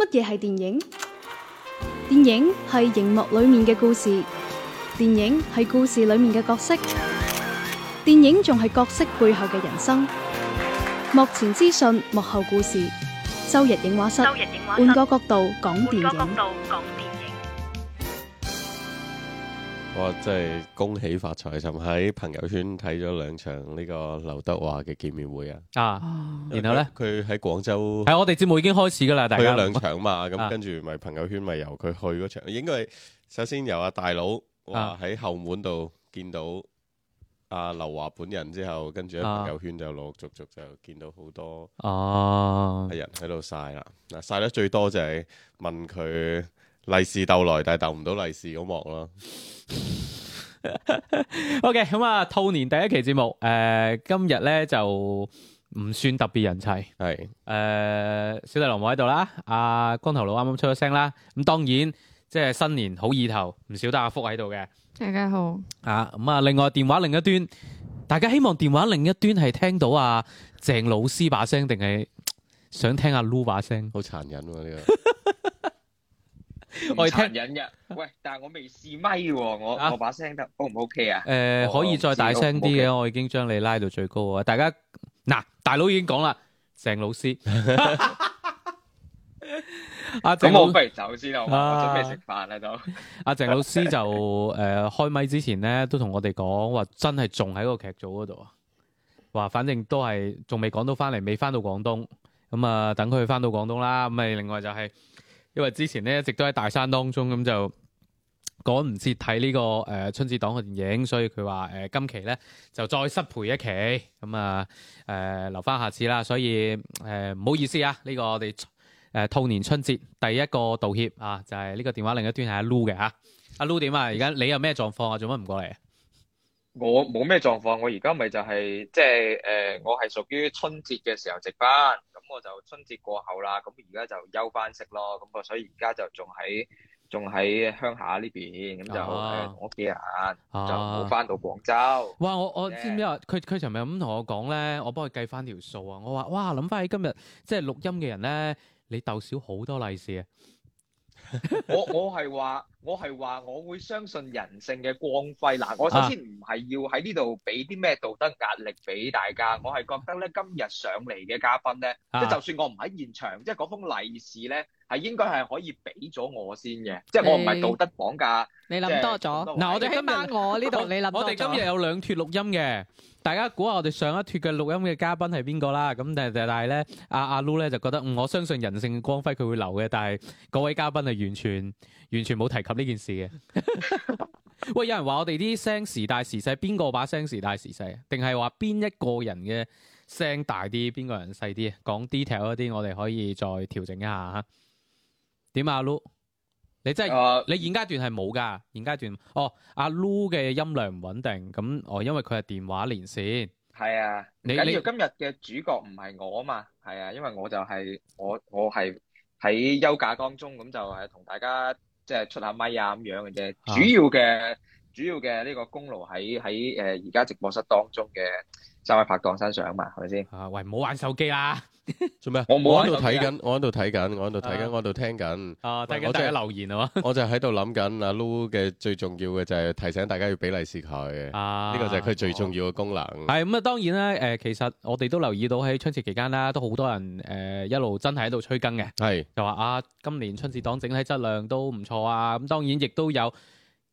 乜嘢係電影？電影係熒幕裏面嘅故事，電影係故事裏面嘅角色，電影仲係角色背後嘅人生。幕前資訊，幕後故事。周日影畫室，室換個角度，個角度講電影。我真係恭喜發財！就喺朋友圈睇咗兩場呢個劉德華嘅見面會啊！啊，然後咧，佢喺廣州，係、哎、我哋節目已經開始噶啦，大去咗兩場嘛，咁跟住咪朋友圈咪由佢去嗰場，啊、應該係首先由阿大佬喺後門度見到阿劉華本人之後，跟住喺朋友圈就陸陸續續就見到好多哦，人喺度晒啦，嗱晒得最多就係問佢。利是逗來，但係逗唔到利是嗰幕咯、 okay, 嗯。O K，咁啊，兔年第一期節目，誒、呃，今日咧就唔算特別人齊。係誒是、呃，小弟龍武喺度啦，阿、呃、光頭佬啱啱出咗聲啦。咁、嗯、當然，即、就、係、是、新年好意頭，唔少得阿福喺度嘅。大家好啊，咁、嗯、啊，另外電話另一端，大家希望電話另一端係聽到阿、啊、鄭老師把聲，定係想聽阿 Loo 把聲？好殘忍呢、啊這個。 我聽， 喂，但係我未試咪喎，我、啊、我把聲得 O 唔 O K 啊？誒、呃，我 可以再大聲啲嘅，我，我已經將你拉到最高啊！大家嗱，大佬已經講啦，鄭老師，咁我不如走先啦，準備食飯啦，都、 啊。阿鄭老師就誒、呃、 開麥之前咧，都同我哋講話，真係仲喺個劇組嗰度啊！話，反正都係仲未講到翻嚟，未翻到廣東，咁啊等佢翻到廣東啦，咁咪另外就係、是。因為之前咧一直都喺大山當中，咁就趕唔切睇呢個誒、呃、春節檔嘅電影，所以佢話誒今期咧就再失陪一期，咁啊誒留翻下次啦，所以誒唔、呃、好意思啊，呢、這個我哋誒兔年春節第一個道歉啊，就係、是、呢個電話另一端係阿 Lu 嘅吓、啊，阿 Lu 點啊？而家你有咩狀況啊？做乜唔過嚟？我冇咩狀況，我而家咪就係即係誒，我係屬於春節嘅時候值班。我就春節過後啦，咁而家就休翻息咯，咁啊，所以而家就仲喺仲喺鄉下呢邊，咁就同屋企人，就冇翻到廣州。啊、哇！我我、嗯、知唔知啊？佢佢尋日咁同我講咧，我幫佢計翻條數啊！我話：哇，諗翻起今日即係錄音嘅人咧，你逗少好多利是啊！ 我我係話我係話我會相信人性嘅光輝嗱，我首先唔係要喺呢度俾啲咩道德壓力俾大家，我係覺得咧，今日上嚟嘅嘉賓咧，即係就算我唔喺現場，即係嗰封利是咧。係應該係可以俾咗我先嘅，即係我唔係道德綁架。你諗即多咗嗱，我哋今日 我呢度，我哋今日有兩脱錄音嘅，大家估下我哋上一脱嘅錄音嘅嘉賓係邊個啦？咁但係但係咧，阿阿 Lu 咧就覺得、嗯，我相信人性嘅光輝佢會留嘅，但係各位嘉賓係完全完全冇提及呢件事嘅。 喂，有人話我哋啲聲時大時細，邊個把聲時大時細？定係話邊一個人嘅聲大啲，邊個人細啲啊？講 detail 嗰啲，我哋可以再調整一下哈。點啊，Lu？你真係、uh, 你現階段係冇噶，現階段哦。阿 Lu 嘅音量唔穩定，咁哦，因為佢係電話連線。係啊，你你今日嘅主角唔係我嘛？係啊，因為我就係、是、我我係喺休假當中，咁就係同大家即係、就是、出下咪啊咁樣嘅啫。主要嘅、uh, 主要嘅呢個功勞喺喺誒而家直播室當中嘅三位拍檔身上嘛，係咪先？啊，喂，唔好玩手機啦！做咩？我冇喺度睇緊，我喺度睇緊，我喺度睇緊，我喺度聽緊。啊，睇緊大家留言係嘛？我就喺度諗緊阿 Lu 嘅，最重要嘅就係提醒大家要俾利是佢。啊，呢個就係佢最重要嘅功能。係咁啊，當然啦，誒，其實我哋都留意到喺春節期間啦，都好多人誒一路真係喺度催更嘅。係，就話啊，今年春節檔整體質量都唔錯啊。咁當然亦都有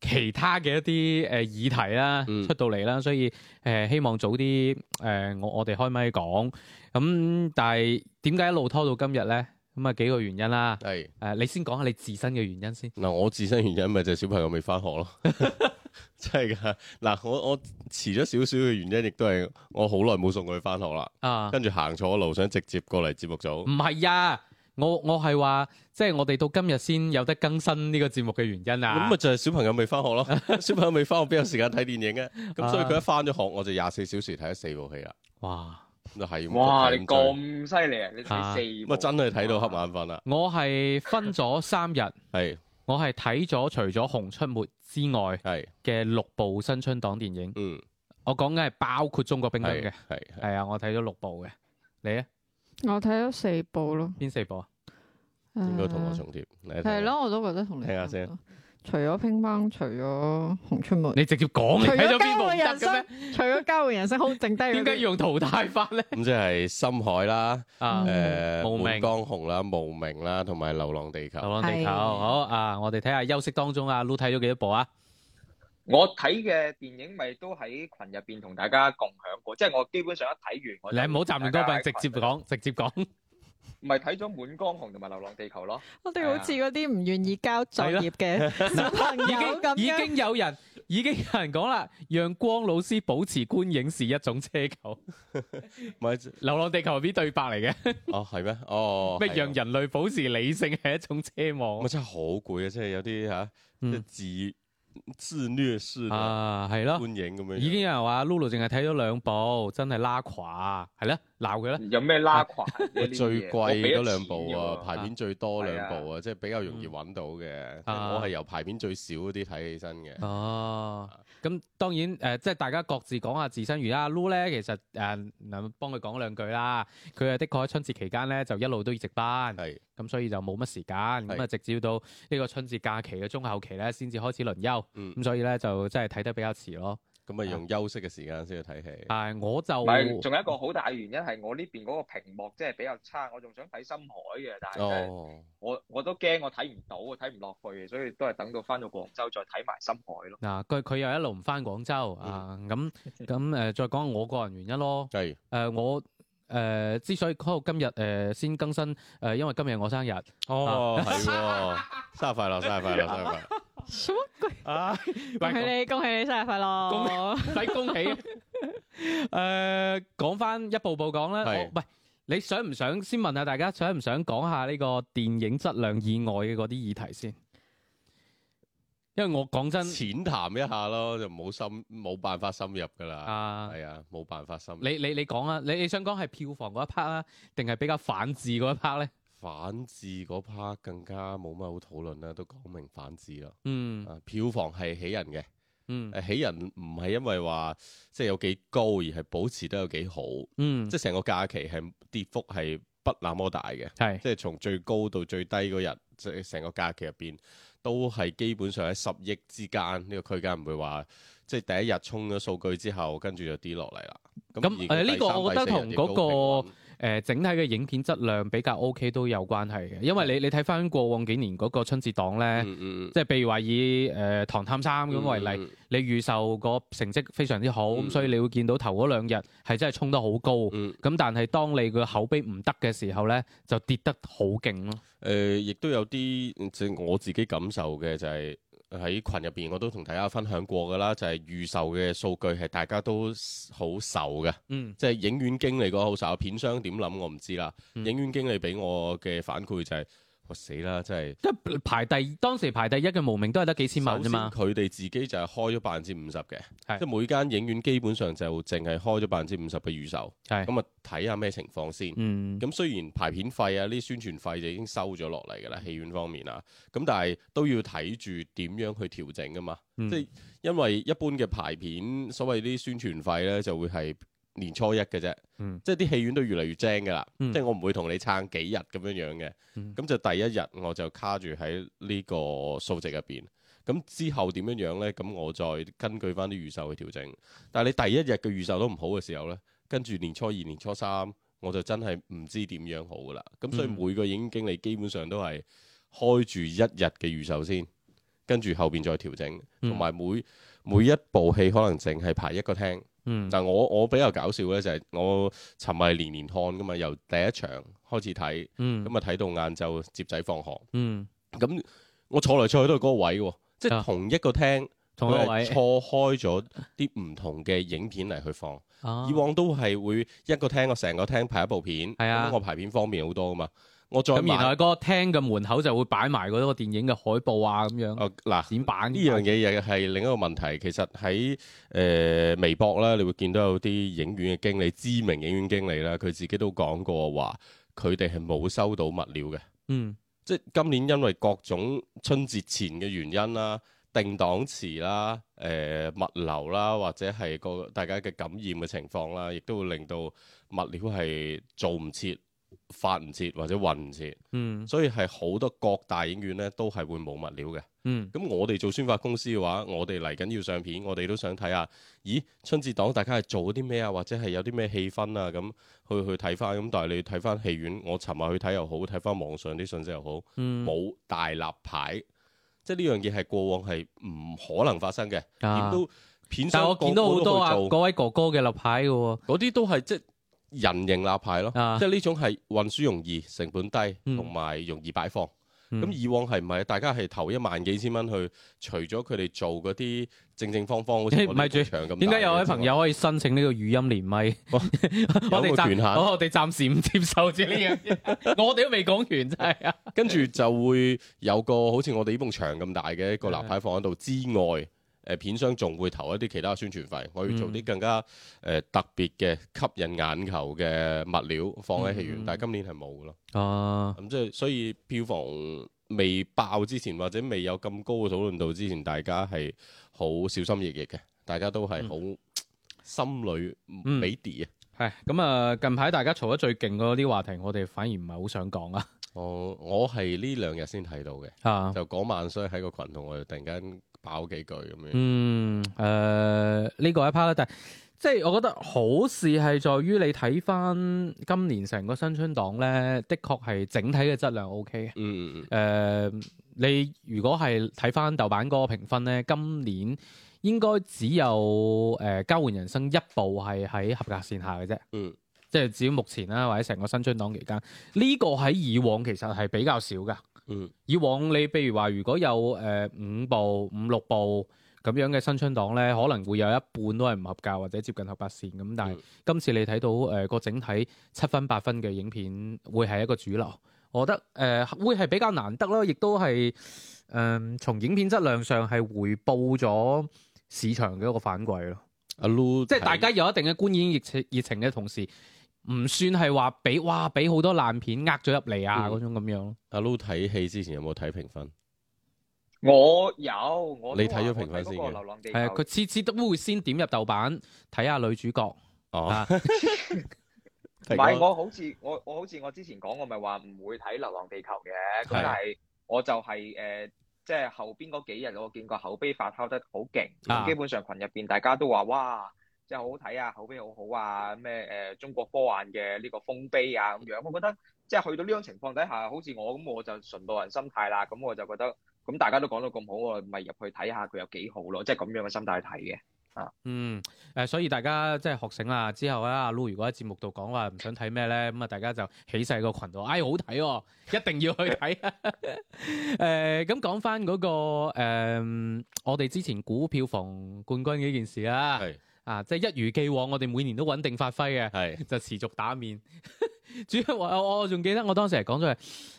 其他嘅一啲誒議題啦出到嚟啦，所以誒希望早啲誒我我哋開咪講。咁、嗯、但係點解一路拖到今日咧？咁、嗯、啊幾個原因啦。係誒是、呃，你先講下你自身嘅原因先。嗱，我自身原因咪就係小朋友未翻學咯， 真係噶。嗱，我我遲咗少少嘅原因，亦都係我好耐冇送佢翻學啦。啊，跟住行錯路，想直接過嚟節目組。唔係啊，我我係話，即、就、係、是、我哋到今日先有得更新呢個節目嘅原因啊。咁咪就係小朋友未翻學咯。 小朋友未翻學，邊有時間睇電影啊？咁所以佢一翻咗學，我就廿四小時睇咗四部戲啦。哇！係，哇！你咁犀利啊！你睇四部，咁真係睇到瞌眼瞓啦。我係分咗三日，係我係睇咗除咗《熊出沒》之外，係嘅六部新春檔電影。嗯，我講嘅係包括《中國乒乓》嘅，係係啊，我睇咗六部嘅。你呢？我睇咗四部咯。邊四部啊？應該同我重疊。係咯，我都覺得同你。聽下先。除咗乒乓，除咗熊出沒，你直接講嚟睇咗邊部得嘅咩？除咗交換人生，好剩低。點解要用淘汰法咧？咁即係《深海》啦，啊誒《滿江紅》啦，《無名》啦，同埋《流浪地球》。流浪地球好啊！我哋睇下休息當中，阿 Loo 睇咗幾多部啊？我睇嘅電影咪都喺羣入邊同大家共享過，即係我基本上一睇完我。你唔好攢亂嗰份，直接講，直接講。唔係睇咗《滿江紅》同埋《流浪地球》咯，我哋好似嗰啲唔願意交作業嘅小朋友 已經，已經有人已經有人講啦，讓光老師保持觀影是一種奢求。唔係《流浪地球》係邊對白嚟嘅 、哦？哦，係咩？哦，咩 讓人類保持理性係一種奢望？我真係好攰啊！真係有啲嚇一字。自虐式啊，係咯，已經有人話 Lulu 淨係睇咗兩部，真係拉垮。係啦，鬧佢啦。有咩拉垮？最貴嗰兩部啊，排片最多兩部啊，即係比較容易搵到嘅。我係由排片最少嗰啲睇起身嘅。哦，咁當然誒，即係大家各自講下自身。而阿 Lulu 咧，其實誒，嗱，幫佢講兩句啦。佢係的確喺春節期間咧，就一路都要值班。係。咁所以就冇乜時間，咁啊直至到呢個春節假期嘅中後期咧，先至開始輪休。咁所以咧就真係睇得比較遲咯。咁啊用休息嘅時間先去睇戲。但係我就唔係，仲有一個好大原因係我呢邊嗰個屏幕即係比較差，我仲想睇深海嘅，但係我我都驚我睇唔到，睇唔落去，所以都係等到翻到廣州再睇埋深海咯。嗱，佢佢又一路唔翻廣州啊，咁咁誒再講我個人原因咯。係誒我。誒，之所以開到今日誒，先更新誒，因為今日我生日。哦，係，生日快樂，生日快樂，生日快樂。乜鬼啊！恭喜你，恭喜你生日快樂。唔使恭喜。誒，講翻一步步講啦。係。喂，你想唔想先問下大家？想唔想講下呢個電影質量以外嘅嗰啲議題先？因為我講真，淺談一下咯，就冇深，冇辦法深入㗎喇。係啊，冇辦法深入。你你你你講啊，你你你想講係票房嗰一 part 啊，定係比較反智嗰一 part 咧？反智嗰 part 更加冇乜好討論啦，都講明反智啦。嗯，啊，票房係起人嘅。嗯，起人唔係因為話即係有幾高，而係保持得有幾好。嗯，即係成個假期係跌幅係不那麼大嘅。係，即係從最高到最低嗰日，即係成個假期入邊。都係基本上喺十億之間呢個區間，唔會話即係第一日衝咗數據之後，跟住就跌落嚟啦。咁誒、呢個，我覺得同嗰個。誒、呃、整體嘅影片質量比較 OK 都有關係嘅，因為你你睇返過往幾年嗰個春節檔咧，即係譬如話以誒、呃《唐探三》咁為例，嗯、你預售個成績非常之好，咁、嗯、所以你會見到頭嗰兩日係真係衝得好高，咁、嗯、但係當你個口碑唔得嘅時候咧，就跌得好勁咯。誒、呃，亦都有啲即係我自己感受嘅就係、是。喺群入邊我都同大家分享過噶啦，就係、是、預售嘅數據係大家都好愁嘅，嗯、即係影院經理嗰個好受，片商點諗我唔知啦。嗯、影院經理俾我嘅反饋就係、是。哦、死啦！真係，得排第當時排第一嘅無名都係得幾千萬啫嘛。首先佢哋自己就係開咗百分之五十嘅，是即係每間影院基本上就淨係開咗百分之五十嘅預售。係咁啊，睇下咩情況先。咁、嗯、雖然排片費啊，啲宣傳費就已經收咗落嚟㗎啦，戲院方面啊，咁但係都要睇住點樣去調整㗎嘛。嗯、即係因為一般嘅排片，所謂啲宣傳費咧，就會係。年初一嘅啫，嗯、即係啲戲院都越嚟越精嘅啦。嗯、即係我唔會同你撐幾日咁樣樣嘅，咁、嗯、就第一日我就卡住喺呢個數值入邊。咁之後點樣樣呢？咁我再根據翻啲預售去調整。但係你第一日嘅預售都唔好嘅時候呢，跟住年初二、年初三，我就真係唔知點樣好啦。咁所以每個影院經理基本上都係開住一日嘅預售先，跟住後邊再調整，同埋、嗯、每、嗯、每一部戲可能淨係排一個廳。嗯，但係我我比較搞笑咧，就係我尋日連連看噶嘛，由第一場開始睇，咁啊睇到晏晝接仔放學，咁、嗯、我坐嚟坐去都係嗰個位喎、哦，即係同一個廳同一個位錯開咗啲唔同嘅影片嚟去放，啊、以往都係會一個廳我成個廳排一部片，咁、啊、我排片方便好多噶嘛。我再咁，然後喺個廳嘅門口就會擺埋嗰個電影嘅海報啊，咁樣、啊。哦，嗱，展板，呢樣嘢亦係另一個問題。其實喺誒、呃、微博啦，你會見到有啲影院嘅經理，知名影院經理啦，佢自己都講過話，佢哋係冇收到物料嘅。嗯，即係今年因為各種春節前嘅原因啦、定檔遲啦、誒、呃、物流啦，或者係個大家嘅感染嘅情況啦，亦都會令到物料係做唔切。發唔切或者混唔切。嗯，所以係好多各大影院咧都係會冇物料嘅。嗯，咁我哋做宣發公司嘅話，我哋嚟緊要上片，我哋都想睇下，咦，春節檔大家係做啲咩啊，或者係有啲咩氣氛啊，咁去去睇翻。咁但係你睇翻戲院，我尋日去睇又好，睇翻網上啲信息又好，冇、嗯、大立牌，即係呢樣嘢係過往係唔可能發生嘅，點都片都、啊、但我見到好多啊，做各位哥哥嘅立牌嘅，嗰啲都係即人形立牌咯，啊、即係呢種係運輸容易、成本低同埋、嗯、容易擺放。咁、嗯、以往係唔係大家係投一萬幾千蚊去？除咗佢哋做嗰啲正正方方好似唔係最長咁。點解、欸、有位朋友可以申請呢個語音連麥？我哋暫 我哋暫時唔接受住呢樣嘢， 我哋都未講完真係。跟住就會有個好似我哋呢埲牆咁大嘅一個立牌放喺度之外。誒片商仲會投一啲其他宣傳費，我要做啲更加誒、呃、特別嘅吸引眼球嘅物料放喺戲院，嗯、但係今年係冇咯。啊，咁即係所以票房未爆之前，或者未有咁高嘅討論度之前，大家係好小心翼翼嘅，大家都係好、嗯、心裏謎底啊。係咁啊！近排大家嘈得最勁嗰啲話題，我哋反而唔係好想講、呃、啊。我我係呢兩日先睇到嘅，就講萬歲喺個群同我哋突然間，爆幾句咁樣。嗯，誒、呃、呢、這個一 part 啦，但係即係我覺得好事係在於你睇翻今年成個新春檔咧，的確係整體嘅質量 O、OK、K 嗯嗯、呃、你如果係睇翻豆瓣嗰個評分咧，今年應該只有誒、呃《交換人生》一部係喺合格線下嘅啫。嗯。即係至於目前啦，或者成個新春檔期間，呢、這個喺以往其實係比較少㗎。嗯，以往你譬如話，如果有誒五、呃、部、五六部咁樣嘅新春檔呢，可能會有一半都係唔合格或者接近合格線咁，但係今次你睇到誒個、呃、整體七分、八分嘅影片會係一個主流，我覺得誒、呃、會係比較難得咯，亦都係誒從影片質量上係回報咗市場嘅一個反饋咯。啊、嗯、即係大家有一定嘅觀演熱情熱情嘅同時。唔算係話俾哇俾好多爛片呃咗入嚟啊嗰種咁樣。嗯、阿 Lo 睇戲之前有冇睇評分？我有，我，我你睇咗評分先嘅。係佢次次都會先點入豆瓣睇下女主角。哦，唔係我好似我我好似我之前講我咪話唔會睇《流浪地球》嘅的，咁但係我就係、是、誒、呃，即係後邊嗰幾日我見過口碑發酵得好勁，啊、基本上群入邊大家都話哇。即係好好睇啊，口碑好好啊，咩誒、呃、中國科幻嘅呢個豐碑啊咁樣，我覺得即係去到呢種情況底下，好似我咁，我就純路人心態啦。咁、嗯、我就覺得咁大家都講得咁好，我咪入去睇下佢有幾好咯。即係咁樣嘅心態睇嘅啊嗯。嗯、呃、誒，所以大家即係學醒啊之後咧、啊，阿 Lu 如果喺節目度講話唔想睇咩咧，咁啊大家就起晒個群度，哎好睇、哦，一定要去睇誒。咁、 呃呃呃、講翻嗰、那個、呃、我哋之前股票房冠軍呢件事啊。係。啊！即係一如既往，我哋每年都穩定發揮嘅，是就持續打面。 主要我我仲記得我當時係講咗係，誒、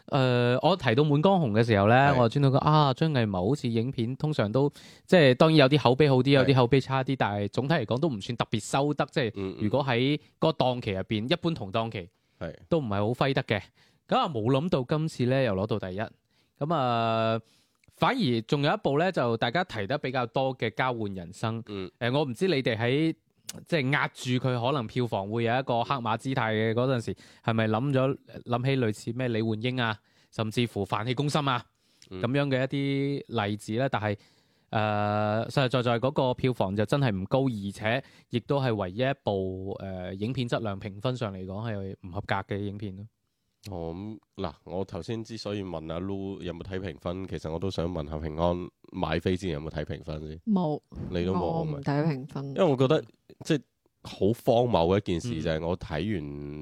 呃，我提到《滿江紅》嘅時候咧，是我就專登講啊張藝謀，好似影片通常都即係當然有啲口碑好啲，有啲口碑差啲，但係總體嚟講都唔算特別收得，即係如果喺個檔期入邊一般同檔期，係是都唔係好揮得嘅。咁啊冇諗到今次咧又攞到第一，咁啊～、呃反而仲有一部咧，就大家提得比較多嘅《交換人生》嗯。誒、呃，我唔知你哋喺即係壓住佢，可能票房會有一個黑馬姿態嘅嗰陣時係係，係咪諗咗諗起類似咩李煥英啊，甚至乎、啊《飯戲攻心》啊咁樣嘅一啲例子咧？但係誒，實、呃、實在在嗰個票房就真係唔高，而且亦都係唯一一部誒、呃、影片質量評分上嚟講係唔合格嘅影片咯。哦嗱、嗯，我頭先之所以問阿、啊、Lu 有冇睇評分，其實我都想問下平安買飛之前有冇睇評分先，冇沒，你都冇，我唔睇評分。因為我覺得即係好荒謬嘅一件事就係、嗯、我睇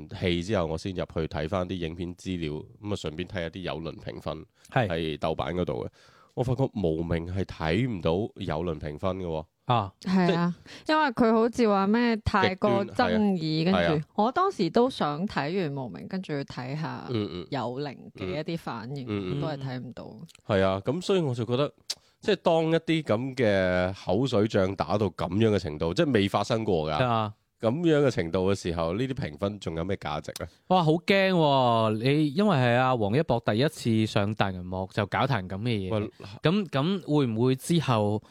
完戲之後，我先入去睇翻啲影片資料，咁啊順便睇下啲有論評分，係係是豆瓣嗰度嘅。我發覺無名係睇唔到有論評分嘅、哦。啊，係啊，是因為佢好似話咩太過爭議，啊、跟住著、啊、我當時都想睇完無名，跟住睇下有靈嘅一啲反應，嗯嗯、都係睇唔到。係啊，咁所以我就覺得，即係當一啲咁嘅口水仗打到咁樣嘅程度，即係未發生過噶，咁、啊、樣嘅程度嘅時候，評呢啲評分仲有咩價值咧？哇，好驚、啊！你因為係阿王一博第一次上大銀幕就搞壇咁嘅嘢，咁咁喂會唔會之後？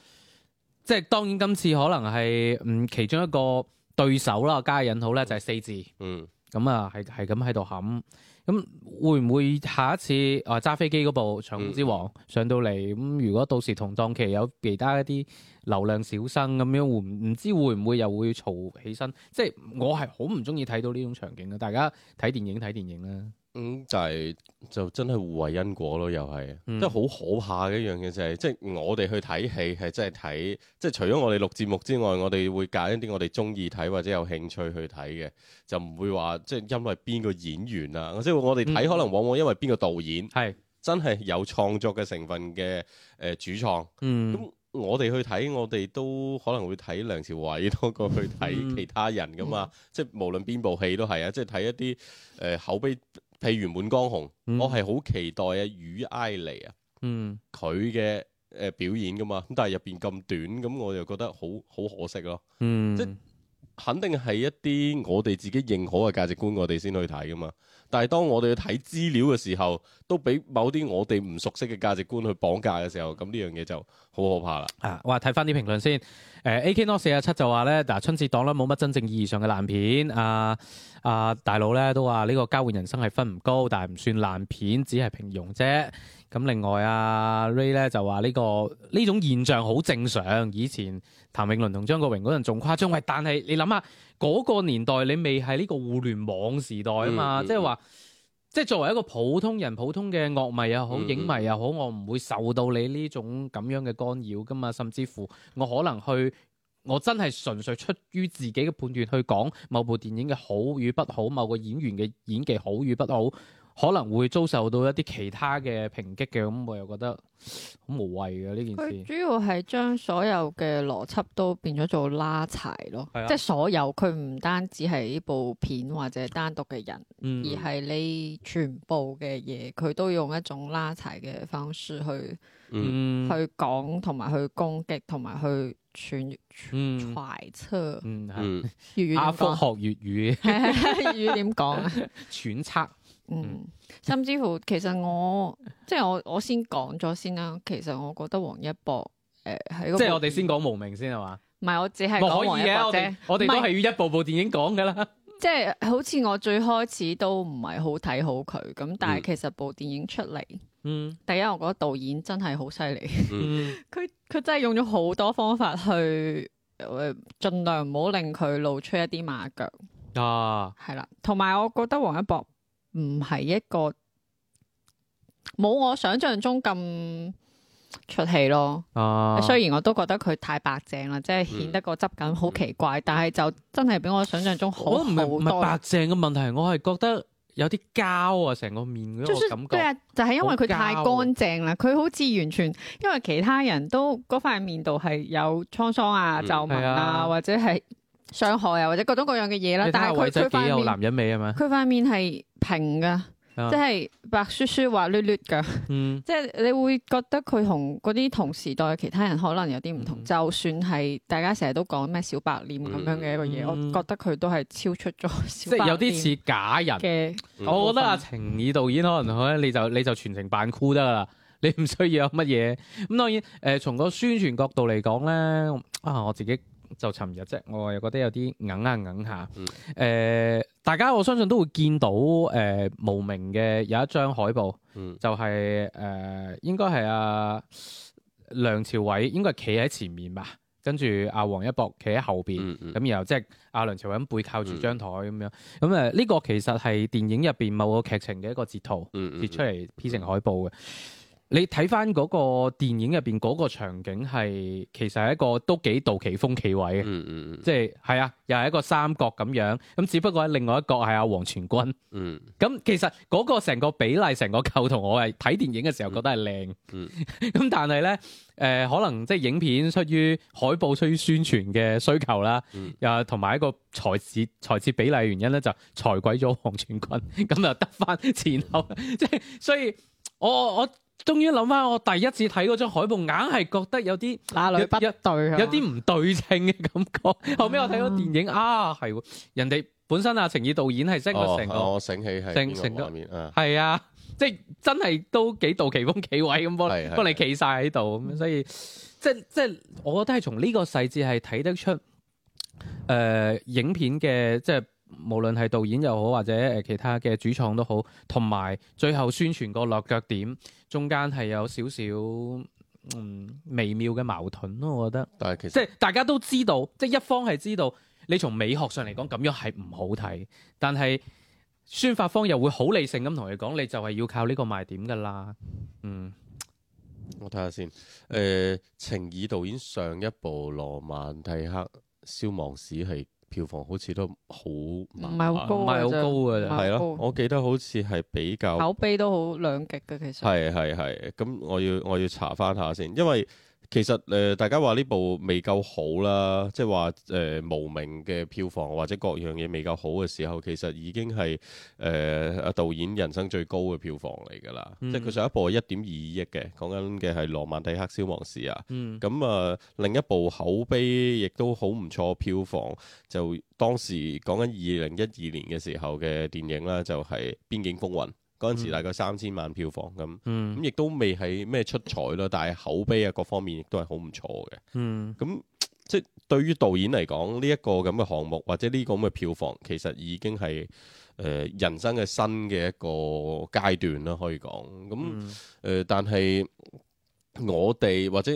即係當然，今次可能係嗯其中一個對手啦，加引號咧，就係四字。嗯，咁啊，係係咁喺度冚。咁會唔會下一次我揸、啊、飛機嗰部《長空之王》上到嚟？咁、嗯嗯、如果到時同檔期有其他一啲流量小生咁樣，會唔唔知會唔會又會嘈起身？即係我係好唔中意睇到呢種場景嘅，大家睇電影睇電影啦。咁、嗯、就係、是、就真係互為因果咯，又係，即係好可怕嘅一樣嘢就係、是，即係我哋去睇戲係真係睇，即、就、係、是、除咗我哋錄節目之外，我哋會揀一啲我哋中意睇或者有興趣去睇嘅，就唔會話即係因為邊個演員啊，即、就、係、是、我哋睇可能往往因為邊個導演係、嗯、真係有創作嘅成分嘅誒、呃、主創，咁、嗯、我哋去睇我哋都可能會睇梁朝偉多過去睇其他人㗎嘛，嗯嗯、即係無論邊部戲都係啊，即係睇一啲誒口碑。呃譬如滿江紅，嗯、我係好期待啊，羽艾尼啊，佢嘅誒表演噶嘛，咁但係入邊咁短，咁我又覺得好好可惜咯。嗯，即肯定係一啲我哋自己認可嘅價值觀，我哋先去睇噶嘛。但係當我哋去睇資料嘅時候，都俾某啲我哋唔熟悉嘅價值觀去綁架嘅時候，咁呢樣嘢就好可怕啦、啊呃。啊，我睇翻啲評論先。誒，A K No. 四廿七就話咧，嗱，春節檔咧冇乜真正意義上嘅爛片。阿、啊、阿、啊、大佬咧都話呢個交換人生係分唔高，但係唔算爛片，只係平庸啫。咁、啊、另外阿、啊、Ray 咧就話呢、這個呢種現象好正常。以前譚詠麟同張國榮嗰陣仲誇張，喂，但係你諗下。嗰個年代你未係呢個互聯網時代啊嘛，嗯、即係話，即係作為一個普通人、普通嘅樂迷又好、影迷又好，我唔會受到你呢種咁樣嘅干擾㗎嘛，甚至乎我可能去，我真係純粹出於自己嘅判斷去講某部電影嘅好與不好，某個演員嘅演技好與不好。可能會遭受到一啲其他嘅抨擊嘅，咁我又覺得好無謂嘅呢件事。佢主要係將所有嘅邏輯都變咗做拉柴咯，啊、即係所有佢唔單止係呢部片或者單獨嘅人，嗯、而係你全部嘅嘢，佢都用一種拉柴嘅方式去、嗯、去講同埋去攻擊同埋去揣揣測。嗯嗯，阿福學粵語，粵 語點講啊？揣 測。嗯，甚至乎其實我即係我我先講咗先啦。其實我覺得王一博誒喺、呃、即係我哋先講無名先係嘛？唔係，我只係可以啊。我哋都係要一部部電影講噶啦。即係好似我最開始都唔係好睇好佢咁，但係其實部電影出嚟，嗯，第一我覺得導演真係好犀利，佢佢、嗯、 真係用咗好多方法去誒盡、呃、量唔好令佢露出一啲馬腳啊，係啦，同埋我覺得王一博。唔係一個冇我想象中咁出氣咯。啊，雖然我都覺得佢太白淨啦，即係顯得個質感好奇怪，嗯、但係就真係比我想象中好好多。唔係白淨嘅問題，我係覺得有啲膠啊，成個面嗰個感覺。啊，就係因為佢太乾淨啦，佢膠好似完全因為其他人都嗰塊面度係有滄桑啊、皺、嗯、紋啊，或者係。上海啊，或者各種各樣嘅嘢啦，但係佢佢塊面，佢塊面係平㗎，即係白雪雪滑捋捋㗎，即係你會覺得佢同嗰啲同時代其他人可能有啲唔同。就算係大家成日都講咩小白臉咁樣嘅一個嘢，我覺得佢都係超出咗。即係有啲似假人嘅。我覺得阿程耳導演可能，可你就你就全程扮酷得啦，你唔需要有乜嘢。咁當然，誒從個宣傳角度嚟講咧，啊我自己。就尋日啫，我又覺得有啲揞下揞下。誒、呃，大家我相信都會見到誒、呃、無名嘅有一張海報，嗯、就係、是、誒、呃、應該係阿、啊、梁朝偉應該企喺前面吧，跟住阿王一博企喺後邊，咁、嗯嗯、然後即係阿梁朝偉背靠住張台咁、嗯、樣。咁誒呢個其實係電影入邊某個劇情嘅一個截圖、嗯嗯嗯、截出嚟 P 成海報嘅。你睇翻嗰個電影入邊嗰個場景係，其實係一個都幾道奇峰奇位嘅，即係係啊，又係一個三角咁樣，咁只不過喺另外一個係阿黃全軍，咁其實嗰個成個比例、成個構圖，我係睇電影嘅時候覺得係靚，咁、嗯嗯、 但係咧，誒、呃，可能即係影片出於海報出於宣傳嘅需求啦，嗯、又同埋一個裁剪裁剪比例原因咧，就裁鬼咗黃全軍，咁就得翻前後，即 係所，所以我我。我終於諗翻我第一次睇嗰張海報，硬係覺得有啲一一對，有啲唔對稱嘅感覺。後尾我睇咗電影，嗯、啊係，人哋本身阿程耳導演係整過成個，成成、哦、整個係個個啊，即係真係都幾杜琪峰企位咁幫幫你企晒喺度，咁所以即係即係，我覺得係從呢個細節係睇得出誒、呃、影片嘅即係。無論係導演又好，或者誒其他嘅主創都好，同埋最後宣傳個落腳點，中間係有少少嗯微妙嘅矛盾咯，我覺得。但係其實即係大家都知道，即係一方係知道你從美學上嚟講咁樣係唔好睇，但係宣發方又會好理性咁同佢講，你就係要靠呢個賣點噶啦。嗯，我睇下先。誒、呃，程耳導演上一部《羅曼蒂克消亡史》係。票房好似都好唔係好高，唔係好高嘅啫，係咯，啊、我記得好似係比較口碑都好兩極嘅，其實係係係。咁我要我要查翻下先，因為。其實誒、呃，大家話呢部未夠好啦，即係話誒無名嘅票房或者各樣嘢未夠好嘅時候，其實已經係誒阿導演人生最高嘅票房嚟噶啦。嗯、即係佢上一部係一點二億嘅，講緊嘅係《羅曼蒂克消亡史》啊，咁啊、嗯呃、另一部口碑亦都好唔錯，票房就當時講緊二零一二年嘅時候嘅電影啦，就係、是《邊境風雲》。嗰陣時大概三千萬票房咁，咁亦、嗯、都未係咩出彩咯。但係口碑啊，各方面亦都係好唔錯嘅。咁、嗯、即係對於導演嚟講，呢、這、一個咁嘅項目或者呢個咁嘅票房，其實已經係誒、呃、人生嘅新嘅一個階段啦，可以講咁誒。但係我哋或者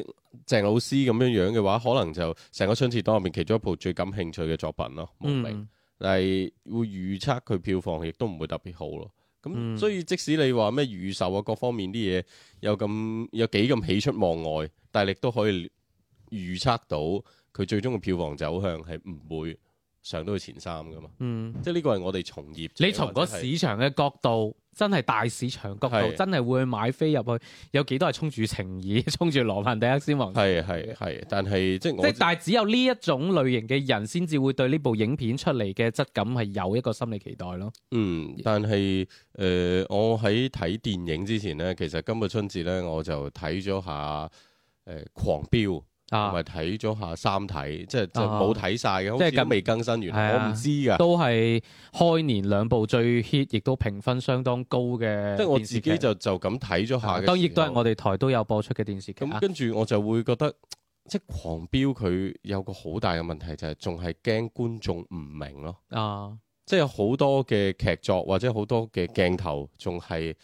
鄭老師咁樣樣嘅話，可能就成個春節檔入面其中一部最感興趣嘅作品咯，無名但係會預測佢票房亦都唔會特別好咯。咁所以即使你話咩預售啊各方面啲嘢有咁有幾咁喜出望外，但係亦都可以預測到佢最終嘅票房走向係唔會，上都係前三噶嘛？嗯，即係呢個係我哋從業，你從個市場嘅角度，真係大市場角度，是真係會買飛入去，有幾多係衝住情意，衝住羅曼蒂克先王克斯？係係係，但係 即係我即但係只有呢一種類型嘅人，先至會對呢部影片出嚟嘅質感係有一個心理期待咯。嗯，但係誒、呃，我喺睇電影之前咧，其實今個春節咧，我就睇咗下誒、呃《狂飆》。我咪睇咗下三體，即係即係冇睇晒嘅，即係咁未更新完，啊、我唔知噶。都係開年兩部最 hit，亦都評分相當高嘅。即係我自己就就咁睇咗下嘅、啊。當然都係我哋台都有播出嘅電視劇。咁跟住我就會覺得，啊、即係狂飆佢有個好大嘅問題，就係仲係驚觀眾唔明咯。啊！即係好多嘅劇作或者好多嘅鏡頭仲係。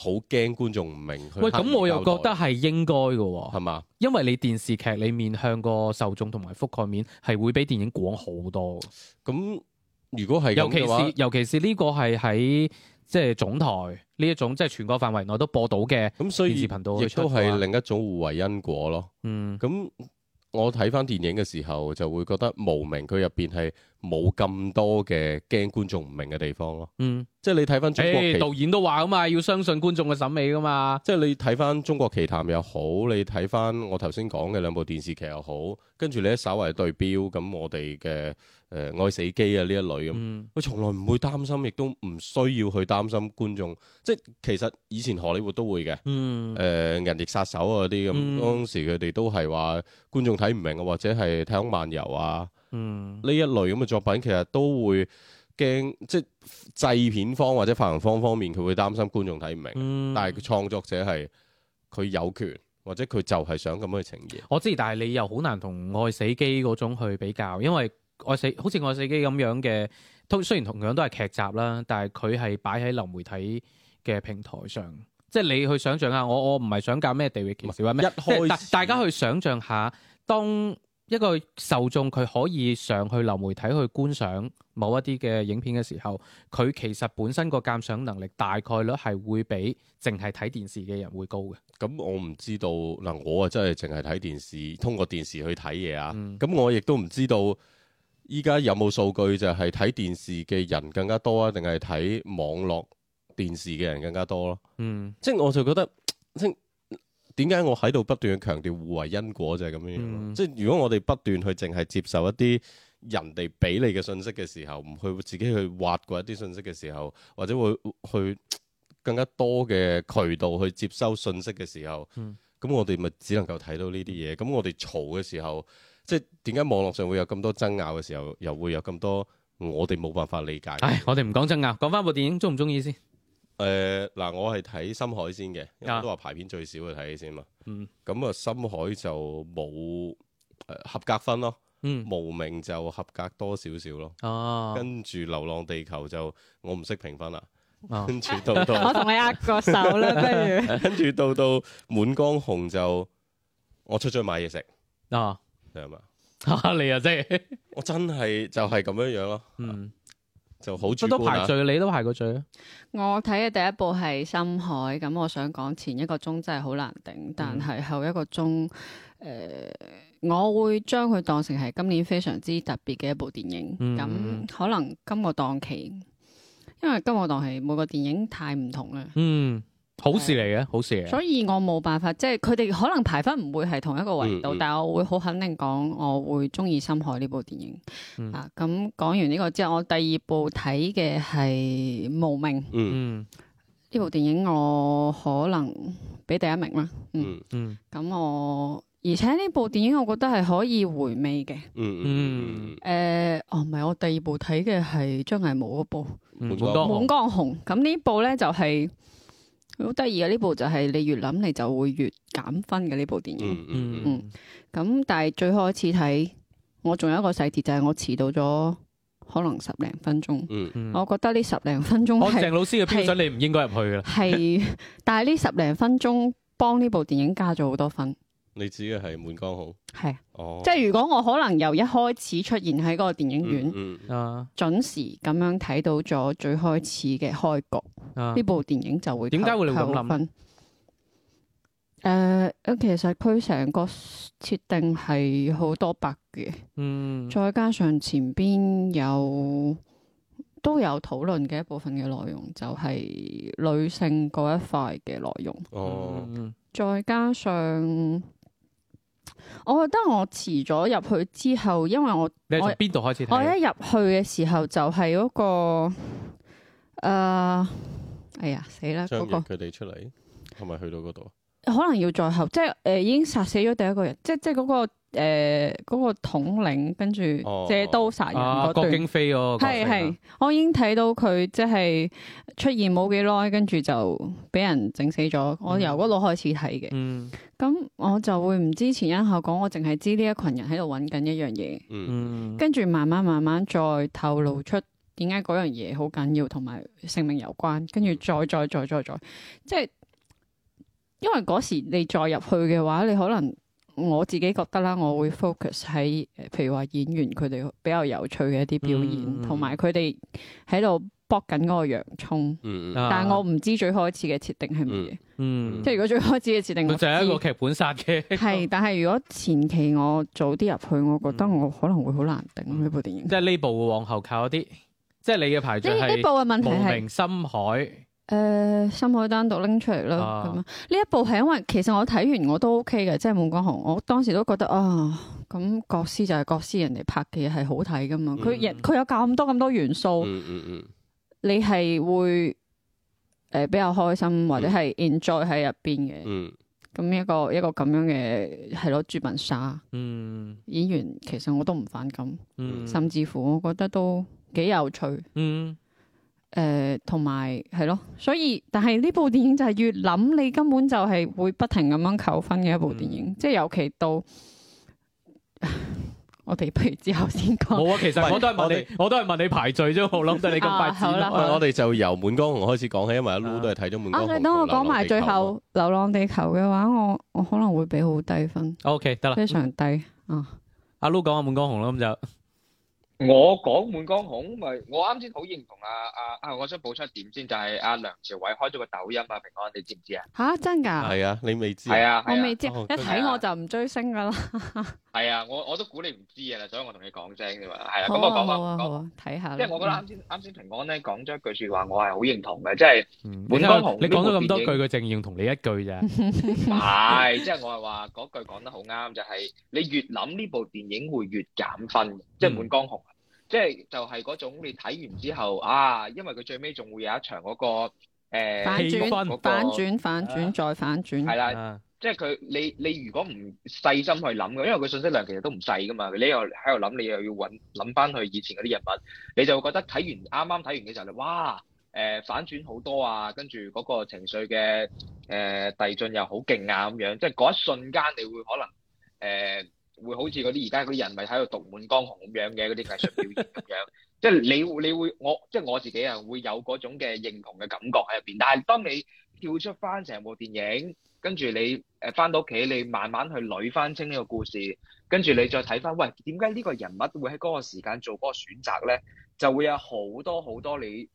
好驚觀眾唔明，佢喂。喂，咁我又覺得係應該嘅喎，係嘛吧？因為你電視劇裏面向個受眾同埋覆蓋面係會比電影廣好多。咁如果係尤其是尤其是呢個係喺即係總台呢一種即係全國範圍內都播到嘅咁，所以亦都係另一種互為因果咯。嗯，咁。我睇翻電影嘅時候就會覺得無名，佢入邊係冇咁多嘅驚觀眾唔明嘅地方咯。嗯，即係你睇翻中國奇。誒、欸，導演都話啊嘛，要相信觀眾嘅審美噶嘛。即係你睇翻中國奇譚又好，你睇翻我頭先講嘅兩部電視劇又好，跟住你一稍為對標，咁我哋嘅。誒、呃，愛死機啊！呢一類咁，佢從、嗯、來唔會擔心，亦都唔需要去擔心觀眾。即係其實以前荷里活都會嘅，誒、嗯呃，銀翼殺手啊，嗰啲咁，當時佢哋都係話觀眾睇唔明啊，或者係太空漫遊啊呢、嗯、一類咁嘅作品，其實都會驚，即係製片方或者發行方方面佢會擔心觀眾睇唔明。嗯、但係佢創作者係佢有權，或者佢就係想咁樣去呈現。我知，但係你又好難同愛死機嗰種去比較，因為。愛死好似愛死機咁樣嘅，通雖然同樣都係劇集啦，但係佢係擺喺流媒體嘅平台上，即係你去想象下，我我唔係想講咩地域歧視咩，是即係是大大家去想象下，當一個受眾佢可以上去流媒體去觀賞某一啲嘅影片嘅時候，佢其實本身個鑑賞能力大概率係會比淨係睇電視嘅人會高嘅。咁我唔知道嗱，我啊真係淨係睇電視，通過電視去睇嘢啊，咁、嗯、我亦都唔知道。依家有冇數據就係睇電視嘅人更加多啊，定係睇網絡電視嘅人更加多咯、啊？嗯，即係我就覺得，點解我喺度不斷去強調互為因果就係咁樣樣。嗯、即係如果我哋不斷去淨係接受一啲人哋俾你嘅信息嘅時候，唔去自己去挖掘一啲信息嘅時候，或者會去，去更加多嘅渠道去接收信息嘅時候，咁、嗯、我哋咪只能夠睇到呢啲嘢。咁、嗯、我哋嘈嘅時候。即係點解網絡上會有咁多爭拗嘅時候，又會有咁多我哋冇辦法理解。係，我哋唔講爭拗，講翻部電影中唔中意先。誒、嗱、呃呃，我係睇深海先嘅，啊、都話排片最少去睇先嘛。嗯。咁啊，深海就冇、呃、合格分咯。嗯。無名就合格多少少咯。哦。跟住流浪地球就我唔識評分啦。哦、跟住到到 我同你握個手啦不如。 跟住到到滿江紅就我出咗去買嘢食。哦。係、啊、你啊真、就是， 我真係就係咁樣樣咯。嗯，啊、就好、啊。我都排罪，你都排過罪咯、啊。我睇嘅第一部係《深海》，咁我想講前一個鐘真係好難頂，但係後一個鐘，誒、呃，我會將佢當成係今年非常之特別嘅一部電影。咁、嗯、可能今個檔期，因為今個檔期每個電影太唔同啦。嗯。好事嚟嘅，好事嚟嘅。所以我冇辦法，即係佢哋可能排分唔會係同一個維度，嗯嗯、但係我會好肯定講，我會中意《深海》呢部電影。嗯、啊，咁講完呢個之後，我第二部睇嘅係《無名》。嗯嗯，呢部電影我可能俾第一名啦。嗯嗯，咁、嗯、我而且呢部電影，我覺得係可以回味嘅、嗯。嗯誒、哦、呃、唔、啊、係，我第二部睇嘅係張藝謀嗰部《滿江紅》嗯。咁呢部呢就係、是。好得意啊！呢部就係你越諗你就會越減分嘅呢部電影。嗯嗯咁、嗯、但係最開始睇，我仲有一個細節就係、是、我遲到咗可能十零分鐘、嗯。嗯嗯。我覺得呢十零分鐘我鄭老師嘅片場，是你唔應該入去嘅。係 ，但係呢十零分鐘幫呢部電影加咗好多分。你指嘅係《滿江紅》係是，哦、即係如果我可能由一開始出現喺嗰個電影院，嗯嗯、啊，準時咁樣睇到咗最開始嘅開局，呢、啊、部電影就會點解會咁諗，扣分？誒、呃，其實佢成個設定係好多白嘅，嗯，再加上前邊有都有討論嘅一部分嘅內容，就係、是、女性嗰一塊嘅內容，哦、嗯，再加上。我覺得我遲咗入去之後，因為我你喺邊度開始睇？我一入去嘅時候就係嗰個，誒、呃，哎呀，死啦！佢哋出嚟係咪去到嗰度？可能要再後，即係誒、呃，已經殺死咗第一個人，即係即係、那、嗰個誒嗰、呃那個統領，跟住借刀殺人嗰對。郭、啊、京飛咯，係係，我已經睇到佢即係出現冇幾耐，跟住就俾人整死咗。嗯、我由嗰度開始睇嘅，咁、嗯、我就會唔知前因後果，我淨係知呢一群人喺度揾緊一樣嘢，跟住、嗯、慢慢慢慢再透露出點解嗰樣嘢好緊要，同埋性命有關，跟住再再、再再再再再，即係。因為嗰時你再入去嘅話，你可能我自己覺得啦，我會 focus 喺，誒，譬如話演員佢哋比較有趣嘅一啲表演，同埋佢哋喺度剝緊嗰個洋葱。嗯啊、但係我唔知最開始嘅設定係乜嘢。嗯。即係如果最開始嘅設定，就係、嗯、一個劇本殺嘅。係 但係如果前期我早啲入去，我覺得我可能會好難頂呢、嗯、部電影。即係呢部會往後靠一啲，即係你嘅排序係。呢部嘅問題係深海。誒、呃，深海單獨拎出嚟啦，咁啊呢一部係因為其實我睇完我都 OK 嘅，即係《滿江紅》，我當時都覺得啊，咁國師就係國師，人哋拍嘅嘢係好睇噶嘛，佢佢、嗯、有咁多咁多元素，嗯嗯你係會誒、呃、比較開心或者係 enjoy 喺入邊嘅，嗯，咁一個一個咁樣嘅係咯朱文沙，嗯嗯演員其實我都唔反感，甚至乎我覺得都幾有趣，嗯嗯誒，同埋係咯，所以但係呢部電影就係越諗你根本就係會不停咁樣扣分嘅一部電影，即係尤其到我哋不如之後先講。冇啊，其實我都係問你，我都係問你排序啫，我諗唔到你咁快知啦。我哋就由滿江紅開始講起，因為阿 Lu 都係睇咗滿江紅嘅。啊，你等我講埋最後《流浪地球》嘅話，我我可能會俾好低分。OK，得啦，非常低啊！阿 Lu 講下滿江紅啦，咁就。我講滿江紅咪，我啱先好認同啊啊啊！我想補充點先，就係阿梁朝偉開咗個抖音啊，平安你知唔知啊？吓真噶？係啊，你未知？係啊，我未知，一睇我就唔追星噶啦。係啊，我我都估你唔知噶啦，所以我同你講聲啫嘛。係啊，咁我講翻講睇下。即係我覺得啱先啱先平安咧講咗一句說話，我係好認同嘅，即係滿江紅。你講咗咁多句，佢淨認同你一句咋？係，即係我係話嗰句講得好啱，就係你越諗呢部電影會越減分，即係滿江紅。即係就係嗰種你睇完之後啊，因為佢最尾仲會有一場嗰、嗰個誒反轉，反轉反轉再反轉，係啦的，啊、即係佢你你如果唔細心去諗嘅，因為佢信息量其實都唔細噶嘛，你又喺度諗，你又要搵諗翻去以前嗰啲人物，你就會覺得睇完啱啱睇完嘅時候你哇，誒、呃、反轉好多啊，跟住嗰個情緒嘅誒遞進又好勁啊咁樣，即係嗰一瞬間你會可能誒。呃會好似嗰啲而家嗰啲人咪喺度讀滿江紅咁樣嘅嗰啲藝術表現咁樣， 即係你你會我即係我自己啊，會有嗰種嘅認同嘅感覺喺入邊。但係當你跳出翻成部電影，跟住你誒翻到屋企，你慢慢去捋翻清呢個故事，跟住你再睇翻，喂，點解呢個人物會喺嗰個時間做嗰個選擇咧？就會有好多好多你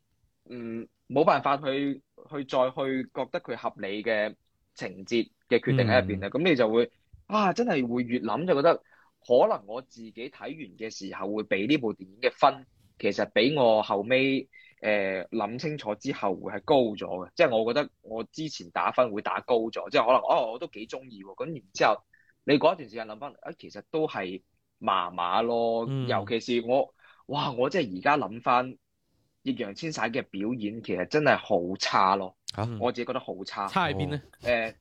嗯冇辦法去去再去覺得佢合理嘅情節嘅決定喺入邊啊！咁、嗯、你就會。哇！真係會越諗就覺得，可能我自己睇完嘅時候會俾呢部電影嘅分，其實俾我後尾誒諗清楚之後會係高咗嘅。即係我覺得我之前打分會打高咗，即係可能哦，我都幾中意喎。咁然之後，你嗰一段時間諗翻，啊，其實都係麻麻咯。嗯、尤其是我，哇！我即係而家諗翻，易烊千璽嘅表演其實真係好差咯。嗯、我自己覺得好差。差喺邊咧？誒、呃，